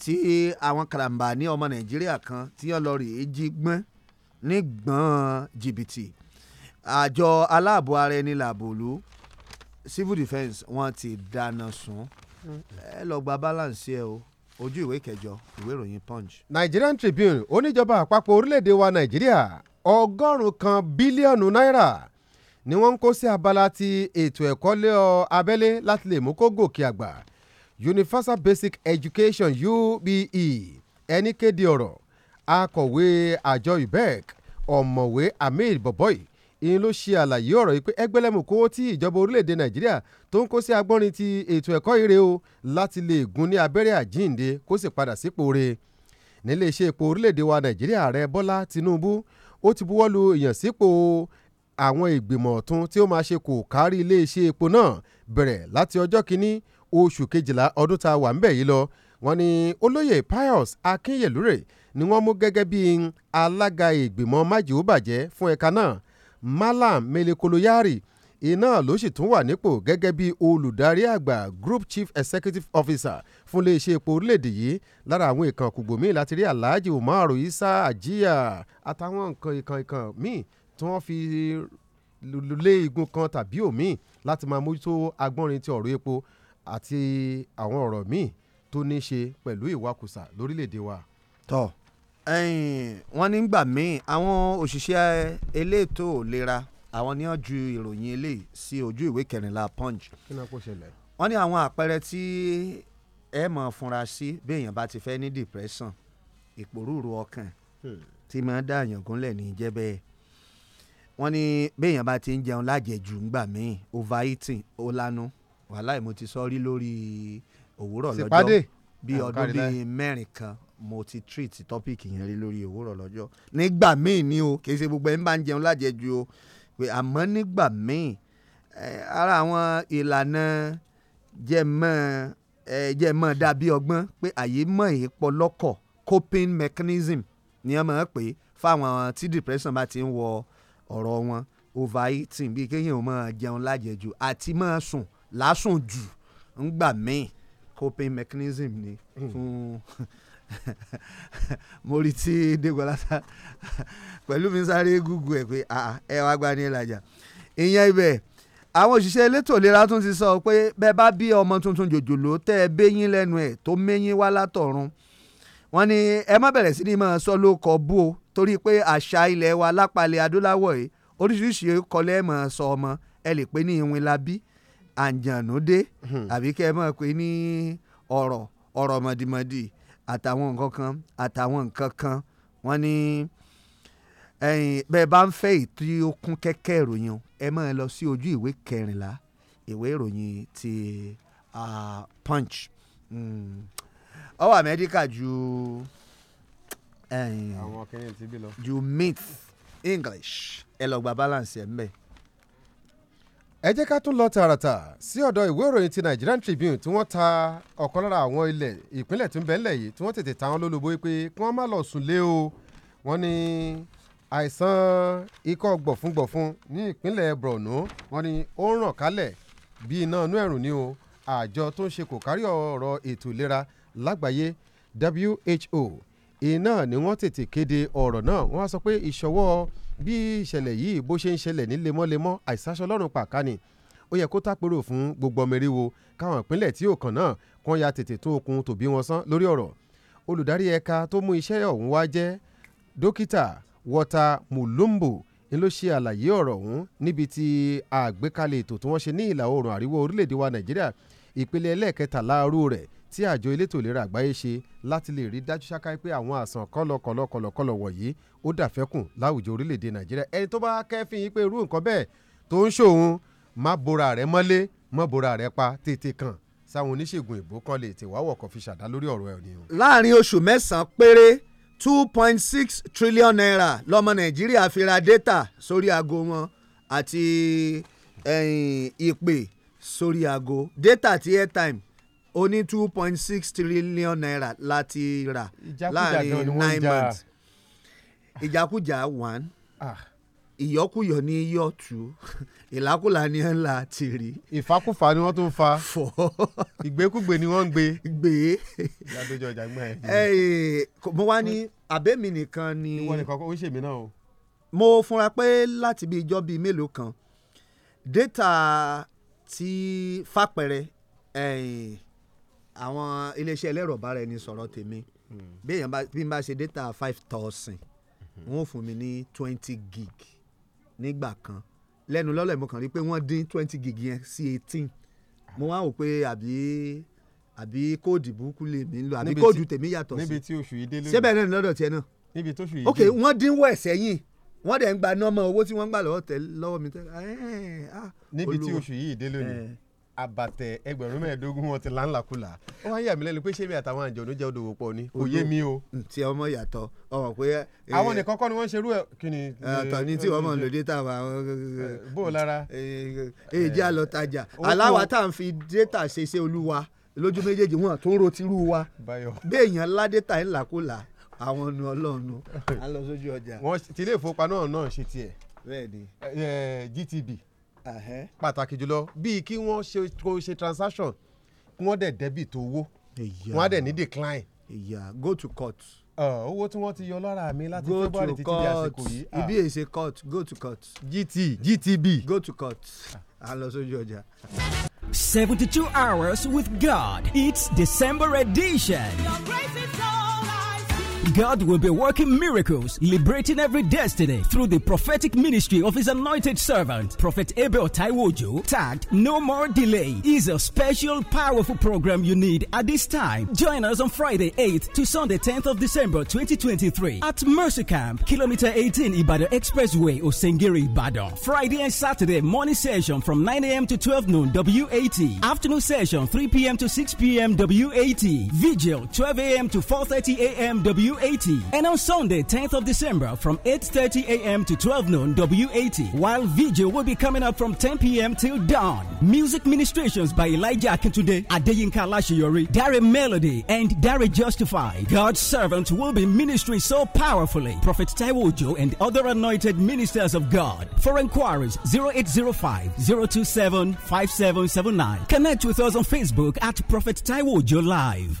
tí àwọn karambání ọmọ nàìjíríà kan tí wọ́n lọ rèé jí gbọ́n nígbọ̀n jìbìtì àjọ aláàbò ara ẹni làbòlú civil defence wọ́n ti dáná sun ẹ lọ gba balance ẹ o ojú ìwé kẹjọ ìwé ìròyìn punch. nigerian tribune oníjọba àpapọ̀ orílẹ̀-èdè wa nàìjíríà ọgọ́rùn-ún kan bílíọ̀nù náírà ni wọ́n ń kó sí abala ti ètò ẹ̀kọ́ lé ọ abẹ́lé láti lè mú kó gòkè àgbà Universal Basic Education UBE ẹni kéde ọ̀rọ̀ akọ̀wé àjọ UBEC ọ̀mọ̀wé Hamid Boboyi ìyẹn ló ṣe àlàyé ọ̀rọ̀ yìí pé ẹgbẹ́lẹ́mùkó tí ìjọba orílẹ̀-èdè Nàìjíríà tó ń kó sí agbọ́nrin ti ètò ẹ̀kọ́ ire o láti lè gún ní abẹ́rẹ́ àjíǹde kó sì padà sípò rẹ̀ níléeṣẹ́ epo orílẹ̀-èdè wa Nàìjíríà ààrẹ Bọ́lá Tinubu ó ti buwọ́ lu ìyànsípò àwọn ìgbìmọ̀ ọ̀tún tí ó máa ṣe kò kárí iléeṣẹ́ epo náà bẹ̀rẹ̀ láti ọjọ́ kìíní oṣù kejìlá ọdún tá a wà ńbẹ̀ yìí lọ wọ́n ní olóyè pius akínyẹlúrè ni wọ́n mú gẹ́gẹ́ bí alága ìgbìmọ̀ májèwóbàjẹ́ fún ẹ̀ka náà malam melekoloyari iná ló sì tún wà nípò gẹ́gẹ́ bí olùdarí àgbà group chief executive officer fún iléeṣẹ́ epo orílẹ̀-èdè yìí lára àwọn ìkànnì kùgbòmí láti rí alhaji umar isa ajiya àtàwọn nǹkan ìkànnì kan míì tí wọ́n fi lulẹ̀ igun kan tàbí òmíì láti máa mójútó agbọ́nrin ti ọ̀rọ̀ epo àti àwọn ọ̀rọ̀ míì tó ní í ṣe pẹ̀lú ìwakùsà lórílẹ̀‐èdè wa. tọ́ wọ́n nígbà míì àwọn òṣìṣẹ́ elétò ìlera àwọn ni wọ́n ju ìròyìn eléyìí sí ojú ìwé kẹrìnlá punch. kí ló kó ṣẹlẹ̀. wọ́n ní àwọn àpẹẹrẹ tí ẹ mọ̀ fúnra sí bí èèyàn bá ti fẹ́ ní depression ìpòrúurú ọkàn hmm. tí máa dá àyàn gúnlẹ̀ ní jẹ́bẹ́ wọ́n ní béèyàn bá ti ń jẹun lájẹjù ńgbà míì overeating ó lánú wàláì mo ti sọ rí lórí òwúrọ̀ lọ́jọ́ bí ọdún bíi mẹ́rin kan mo ti treat topic yẹn rí lórí òwúrọ̀ lọ́jọ́ nígbà míì ni o kì í ṣe gbogbo ẹ̀ ń bá ń jẹun lájẹjù o pé àmọ́ nígbà míì ara àwọn ìlànà jẹ́mọ́ jẹ́mọ́ dàbí ọgbọ́n pé àyè mọ̀ èèpọ̀ lọ́kọ̀ coping mechanism ni wọ́n máa ń pè fáwọn tí depression bá ti ń wọ ọ̀rọ̀ wọn overeating bíi kéèyàn máa jẹun lájẹjù àti máa sùn lásùn jù ńgbà míì coping mechanism ni hmm. fún mo rí tí dégbòlásá pẹ̀lú mi sáré gúgú ẹ̀ pé ẹ wá gba ní ìlàjà ìyẹn ibẹ̀ àwọn òṣìṣẹ́ elétò ìlera tún ti sọ pé bẹ́ẹ̀ bá bí ọmọ tuntun jòjòló tẹ́ ẹ béyín lẹ́nu ẹ̀ tó méyín wá látọ̀run wọ́n ní ẹ má bẹ̀rẹ̀ sí ni máa sọ ló kọ bú o torí pé àṣà ilẹ̀ wa lápalẹ̀ adúláwọ̀ yìí oríṣiríṣi kọlẹ́ máa sọ ọmọ ẹ lè pè ní ìwìn labí àǹjànú dé hmm. àbí kẹ́ ẹ mọ̀ pé ní ọ̀rọ̀ ọ̀rọ̀ mọ̀dìmọ̀dì àtàwọn nǹkan kan àtàwọn nǹkan kan wọ́n ní bẹ́ẹ̀ bá ń fẹ́ ìtú ó kún kẹ́kẹ́ ìròyìn ẹ mọ̀ ẹ lọ sí ojú ìwé kẹrìnlá ìwé ìròyìn ti punch ó hmm. wà mẹ́díkà ju ju myth english ẹ lọ gba balance ẹ̀ ń ẹ jẹ́ ká tún lọ tààràtà sí ọ̀dọ̀ ìwé ìròyìn ti Nigerian Tribune tí wọ́n ta ọ̀kan lára àwọn ilẹ̀ ìpínlẹ̀ tó ń bẹ ńlẹ̀ yìí tí wọ́n tètè ta wọn lólobó pé kí wọ́n má lọ sùn lé o wọ́n ní àìsàn ikọ́ gbọ̀fúngbọ̀fún ní ìpínlẹ̀ Borno wọ́n ní ó ń ràn kálẹ̀ bí iná inú ẹ̀rùn ni o àjọ tó ń ṣe kò kárí ọ̀rọ̀ ètò ìlera lágbàáyé WHO iná ni wọ́n tètè kéde ọ̀rọ̀ náà wọ́n á sọ pé ìṣọwọ́ bí ìṣẹ̀lẹ̀ yìí bó ṣe ń ṣẹlẹ̀ ní lemọ́lemọ́ àìsàṣọ ọlọ́run pàká ni ó yẹ kó tàpérò fún gbogbo ọmọ eriwo káwọn ìpínlẹ̀ tí òkàn náà kan ya tètè tún okun tòbí wọn sán lórí ọ̀rọ̀ olùdarí ẹ̀ka tó mú iṣẹ́ ọ̀hún wá jẹ́ dókítà wọta mulumbo ni ló ṣe àlàyé ọ̀rọ̀ ọ̀hún níbi tí àgbékalẹ̀ ètò tí wọ́n ṣe ní ìlà oòrùn àríwá orílẹ̀-èdè wa nàìjíríà ìpele ẹlẹ́ẹ̀kẹtàlá rẹ̀ tí àjọ elétò ìlera àgbáyé ṣe láti lè rí dájú ṣáká pé àwọn àsàn kọlọkọlọkọlọkọlọ wọ̀nyí ó dàfẹ́kùn láwùjọ orílẹ̀-èdè nàìjíríà ẹni tó bá kẹ́fìn yín pé irú nǹkan bẹ́ẹ̀ tó ń ṣòun má bora rẹ mọ́lé má bora rẹ pa tètè kàn sáwọn oníṣègùn ìbò kan lè tèwáwọ̀ kan fi ṣàdá lórí ọ̀rọ̀ ẹ̀ ni láàrin oṣù mẹ́sàn-án péré two point six trillion naira lọ́mọ nàìjíríà fi ra data sórí aago wọn àti ìpè sórí aago data ti airtime ó ní two point six trillion naira láti rà láàrin nine months ìjákújà one ah. ìyọkúyọ ní yọ two ìlákùlà ní ńlá tìrì. ìfakúfa ni wọ́n tún fa four ìgbékúgbè ni wọ́n ń gbé. gbé ládójọ ọjà gbọ́n mo wá ní abẹ́mi nìkan ni. ìwọ mo fura pé láti bí ijọ́ bíi mélòó kan data ti fàpẹrẹ ẹ̀yìn. Eh, àwọn iléeṣẹ́ ẹlẹ́rọ bára ẹni sọ̀rọ̀ tèmi hmm. bí èèyàn bá bí n bá ṣe data five thousand hmm. wọ́n fún mi ní twenty gig nígbà kan lẹ́nu lọ́lẹ̀ mo kàn rí pé wọ́n dín twenty gig yẹn sí eighteen mo wá wò pé àbí àbí kóòdù burúkú lè mí lò àbí kóòdù tèmi yàtọ̀ sí níbi tí oṣù yìí dé lórí ṣé bẹ́ẹ̀ náà lọ́dọ̀ tiẹ̀ náà níbi tó oṣù yìí dé ok wọ́n dínwó ẹ̀ sẹ́yìn wọ́n dẹ̀ ń gba nọ́mọ owó tí wọ́n gbà lọ́wọ́ mi tẹ́lẹ̀ ah, níbi tí oṣù yìí dé lónìí àbàtẹ ẹgbẹ̀rún mẹ́ẹ̀ẹ́dógún wọn ti lánlàkulà ó wáá yà mí lẹ́nu pé ṣé mi àtàwọn àjọ̀nú jẹ́ odòwò pọ̀ ni kò yé mi o. ti ọmọ yàtọ̀ ọmọ pé. Eh, àwọn nìkan kọ́ ni wọ́n ń ṣerú ẹ̀ kí ni. Eh, ni tí wọ́n mọ̀ lòdì tá a wà. Eh, bó o lára. èjì àlọ́tajà aláwa tá à ń fi data ṣe ṣe olúwa lójú méjèèjì wọn tó ń rotirú wa béèyàn ládẹ́ta ńlákúlà àwọn ọ̀nà ọlọ́ọ̀nù á lọ sójú ọjà. wọ́n ti GTB pàtàkì jùlọ bíi kí wọ́n ṣe kó ṣe transaction kí wọ́n dẹ̀ debit owó wọ́n á dẹ̀ ní decline. ìyá go to court. owó tí wọ́n ti yọ lára mi láti february títí di àsìkò yìí. Ah. ibi èsè court go to court. gt gtb. go to court a lọ sójú ọjà. 72 hours with God it's December edition. Your grace is God will be working miracles, liberating every destiny through the prophetic ministry of His anointed servant, Prophet Abel Taiwojo, tagged No More Delay, is a special, powerful program you need at this time. Join us on Friday 8th to Sunday 10th of December 2023 at Mercy Camp, Kilometer 18 Ibadan Expressway, Osengiri, Ibadan. Friday and Saturday morning session from 9 a.m. to 12 noon WAT. Afternoon session 3 p.m. to 6 p.m. WAT. Vigil 12 a.m. to 4.30 a.m. WAT. 80. And on Sunday, 10th of December from 8.30 a.m. to 12 noon W80. While video will be coming up from 10 p.m. till dawn. Music ministrations by Elijah Akintunde, Adeyinka Lashiyori, Dare Melody, and Dare Justify. God's servants will be ministering so powerfully. Prophet Taiwojo and other anointed ministers of God. For inquiries, 0805 027 5779. Connect with us on Facebook at Prophet Taiwojo Live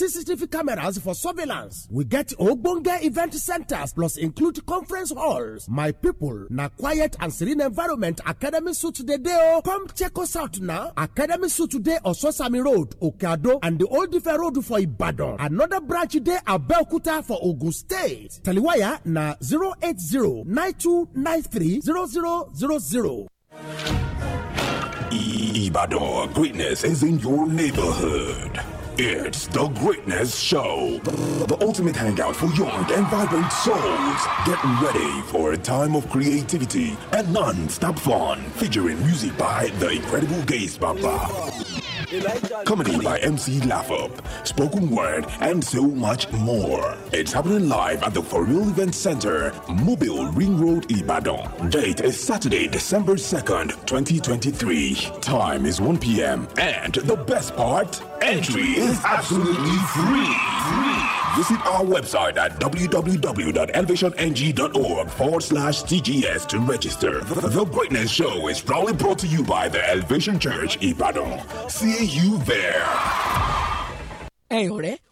CCTV cameras for surveillance. We get Ogbonge event centers plus include conference halls. My people, na quiet and serene environment Academy Suit today Oh, Come check us out now. Academy Suit today Ososami Road, Okado and the Old Ife Road for Ibadan. Another branch today Abeokuta for Ogun State. Taliwaya na 080 9293 0000. Ibadan, greatness is in your neighborhood. It's The Greatness Show, the ultimate hangout for young and vibrant souls. Get ready for a time of creativity and non-stop fun, featuring music by the incredible Gaze Bamba. Comedy by MC Laugh Up, spoken word, and so much more. It's happening live at the For Real Event Center, Mobile Ring Road, Ibadan. Date is Saturday, December 2nd, 2023. Time is 1 p.m. And the best part, Entry is absolutely free. free. Visit our website at www.elevationng.org forward slash TGS to register. The, the Greatness Show is proudly brought to you by the Elevation Church, Ibadan. See you there. Hey,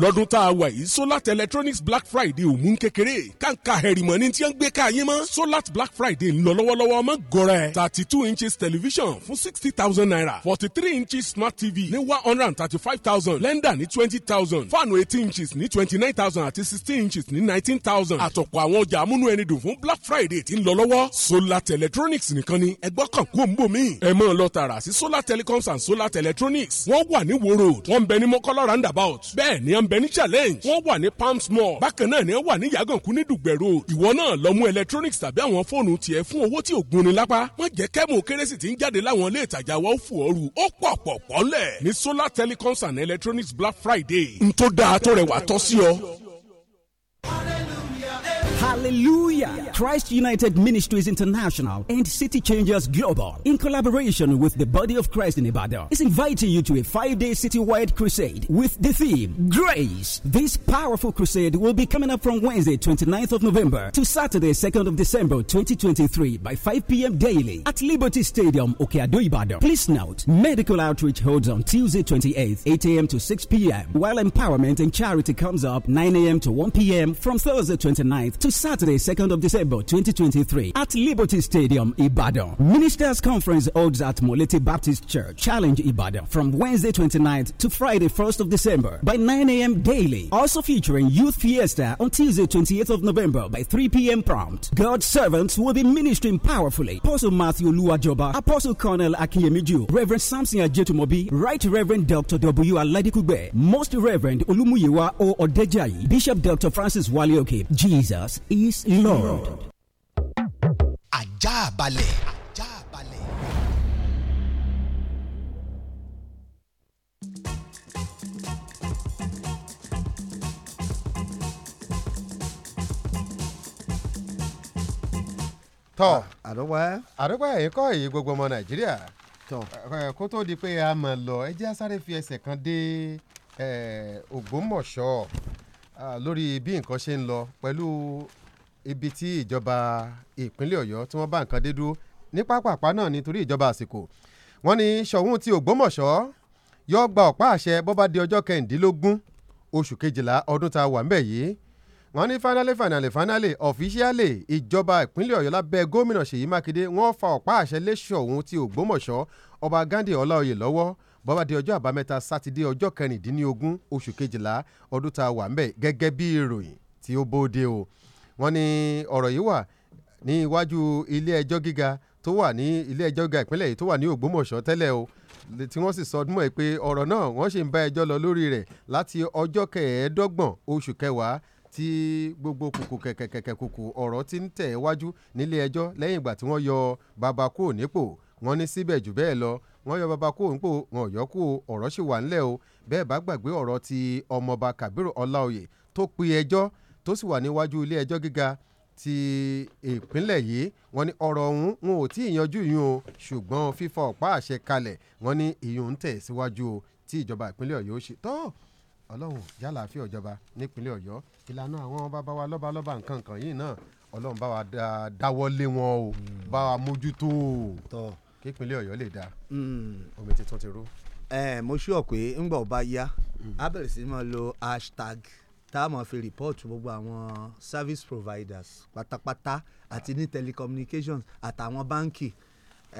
lọ́dún tá a wà yìí solar electronics black friday ò mú kékeré kàńkà hẹ̀rìmọ̀ ni tí wọ́n gbé káyé mọ́ solar black friday ń lọ lọ́wọ́lọ́wọ́ ọmọ gọ̀rẹ́ thirty two inches television fún sixty thousand naira forty three inches smart tv ní one hundred and thirty five thousand blender ní twenty thousand fáànù eighteen inches ní twenty nine thousand àti sixteen inches ní nineteen thousand àtọ̀pọ̀ àwọn ọjà amúnú ẹni dùn fún black friday tí ń lọ lọ́wọ́ solar electronics nìkan ni ẹgbọ́ kan kú òǹbò mi. ẹ mọ̀ lọ tààrà sí solar telecoms and solar electronics wọ́n wà ní wo road wọ́n ń bẹ ní mọ́kọ́lá roundabout bẹ́ẹ̀ ni à ń bẹ challenge wọ́n wà ní palms mall bákan náà ni wọ́n wà ní yàgànkú ní dùgbẹ̀ road ìwọ náà lọ mú electronics tàbí àwọn fóònù tiẹ̀ fún owó tí ò gúnni lápá má jẹ́ kẹ́mù kérésì tí ń jáde láwọn ilé ìtajà wa ó fò ooru ó pọ̀ pọ̀ pọ́lẹ̀ ní solar telecoms and electronics black friday n tó dáa tó rẹwà tọ́ sí ọ. Hallelujah! Christ United Ministries International and City Changers Global, in collaboration with the Body of Christ in Ibadan, is inviting you to a five-day citywide crusade with the theme Grace. This powerful crusade will be coming up from Wednesday, 29th of November to Saturday, 2nd of December, 2023, by 5 p.m. daily at Liberty Stadium, Okeado, Ibadan. Please note, medical outreach holds on Tuesday, 28th, 8 a.m. to 6 p.m., while empowerment and charity comes up 9 a.m. to 1 p.m. from Thursday, 29th to Saturday, 2nd of December 2023 at Liberty Stadium, Ibadan. Ministers' Conference holds at Molete Baptist Church, Challenge Ibadan from Wednesday 29th to Friday 1st of December by 9 a.m. daily. Also featuring Youth Fiesta on Tuesday 28th of November by 3 p.m. prompt. God's servants will be ministering powerfully. Apostle Matthew Luajoba, Apostle Colonel Akiyemiju, Reverend Samson Ajetumobi, Right Reverend Dr. W. Aladikugbe, Most Reverend Olumuyiwa O. Odejayi, Bishop Dr. Francis Walioke, Jesus, is Lord. Ajá balẹ̀. Ajá balẹ̀. tọ́ àdúpẹ́. àdúpẹ́ èyí kọ́ èyí gbogbo ọmọ Nàìjíríà kó tó di pé a mọ̀ lọ ẹ jẹ́ sáré fi ẹsẹ̀ kan dé Ògbómọ̀ṣọ́ lórí bí nǹkan ṣe ń lọ pẹ̀lú ibi tí ìjọba ìpínlẹ̀ ọ̀yọ́ tí wọ́n bá nǹkan dé dúró ní pápápá náà nítorí ìjọba àsìkò wọ́n ní ṣọ̀ún ti ògbómọ̀ṣọ́ yọ gba ọ̀pá àṣẹ bó bá di ọjọ́ kẹrìndínlógún oṣù kejìlá ọdún tá a wà ńbẹ̀ yìí wọ́n ní finally finally finally ọ̀fíṣíálì ìjọba ìpínlẹ̀ ọ̀yọ́ lábẹ́ gómìnà ṣèyí mákindé wọ́n fa ọ̀pá àṣẹ lé ṣọ̀ún ti ògbómọ̀ṣọ́ ọba gandhi ọláoyè lọ́wọ́ bọ́bá di ọjọ́ àbámẹ́ta sátidé ọjọ́ kẹrìndínlógún oṣù kejìlá ọdún tá a wà ńbẹ̀ gẹ́gẹ́ bí ìròyìn tí ó bóde o wọ́n ní ọ̀rọ̀ yìí wà ní iwájú ilé ẹjọ́ gíga tó wà ní ilé ẹjọ́ gíga ìpínlẹ̀ yìí tó wà ní Ògbómọ̀ṣọ́ tẹ́lẹ̀ o tí wọ́n sì sọ ọdún mọ́ ẹ pé ọ̀rọ̀ náà wọ́n sì ń bá ẹjọ́ lọ lórí rẹ̀ láti ọjọ́ kẹẹ̀ẹ́dọ́gbọ̀n oṣù kẹwàá tí gbogbo kùkù kẹ̀kẹ̀kẹ̀kùkù ọ̀rọ̀ ti ń tẹ̀ wájú nílé ẹjọ́ lẹ́yìn ìgbà tí wọ́n yọ bàbá kúrò nípò wọ́n ní síbẹ̀ jù bẹ́ẹ̀ lọ wọ́n yọ bàbá kó òǹpò wọn ò yọ kó ọ̀rọ̀ sì wà ńlẹ̀ o bẹ́ẹ̀ bá gbàgbé ọ̀rọ̀ ti ọmọọba Kabiru Ọláoyè tó pe ẹjọ́ tó sì wà níwájú ilé ẹjọ́ gíga ti ìpínlẹ̀ yìí wọ́n ní ọ̀rọ̀ ọ̀hún wọn ò tí ì yanjú yìí o ṣùgbọ́n fífa ọ̀pá àṣẹ kalẹ̀ wọ́n ní ìyún ń tẹ̀ síwájú o tí ìjọba ìpínlẹ̀ Ọ̀yọ́ ṣe tọ́ Ọlọ́run yálà fi ọ̀jọba nípínlẹ̀ Ọ̀yọ́ ìlànà àwọn bàbá wa lọ́balọ́ba nǹkan kan yìí náà Ọlọ́run bá wa dáwọ́ lé wọn o bá wa mójútó o kí ìpínlẹ̀ ọ̀yọ́ lè dáa hmm. omi tuntun ti rú. ẹ eh, mo ṣúọ̀ pé ńgbà ọba yá a bẹ̀rẹ̀ sí máa lo hashtag tá a máa fi rìpọ́ọ̀tù gbogbo àwọn service providers pátápátá àti ní telecommunications àtàwọn báńkì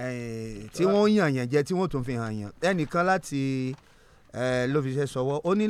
eh, tí wọ́n yàn yàn jẹ tí wọ́n tún fi hàn yàn ẹnìkan láti eh, ló fi ṣe sọ̀wọ́ ó ní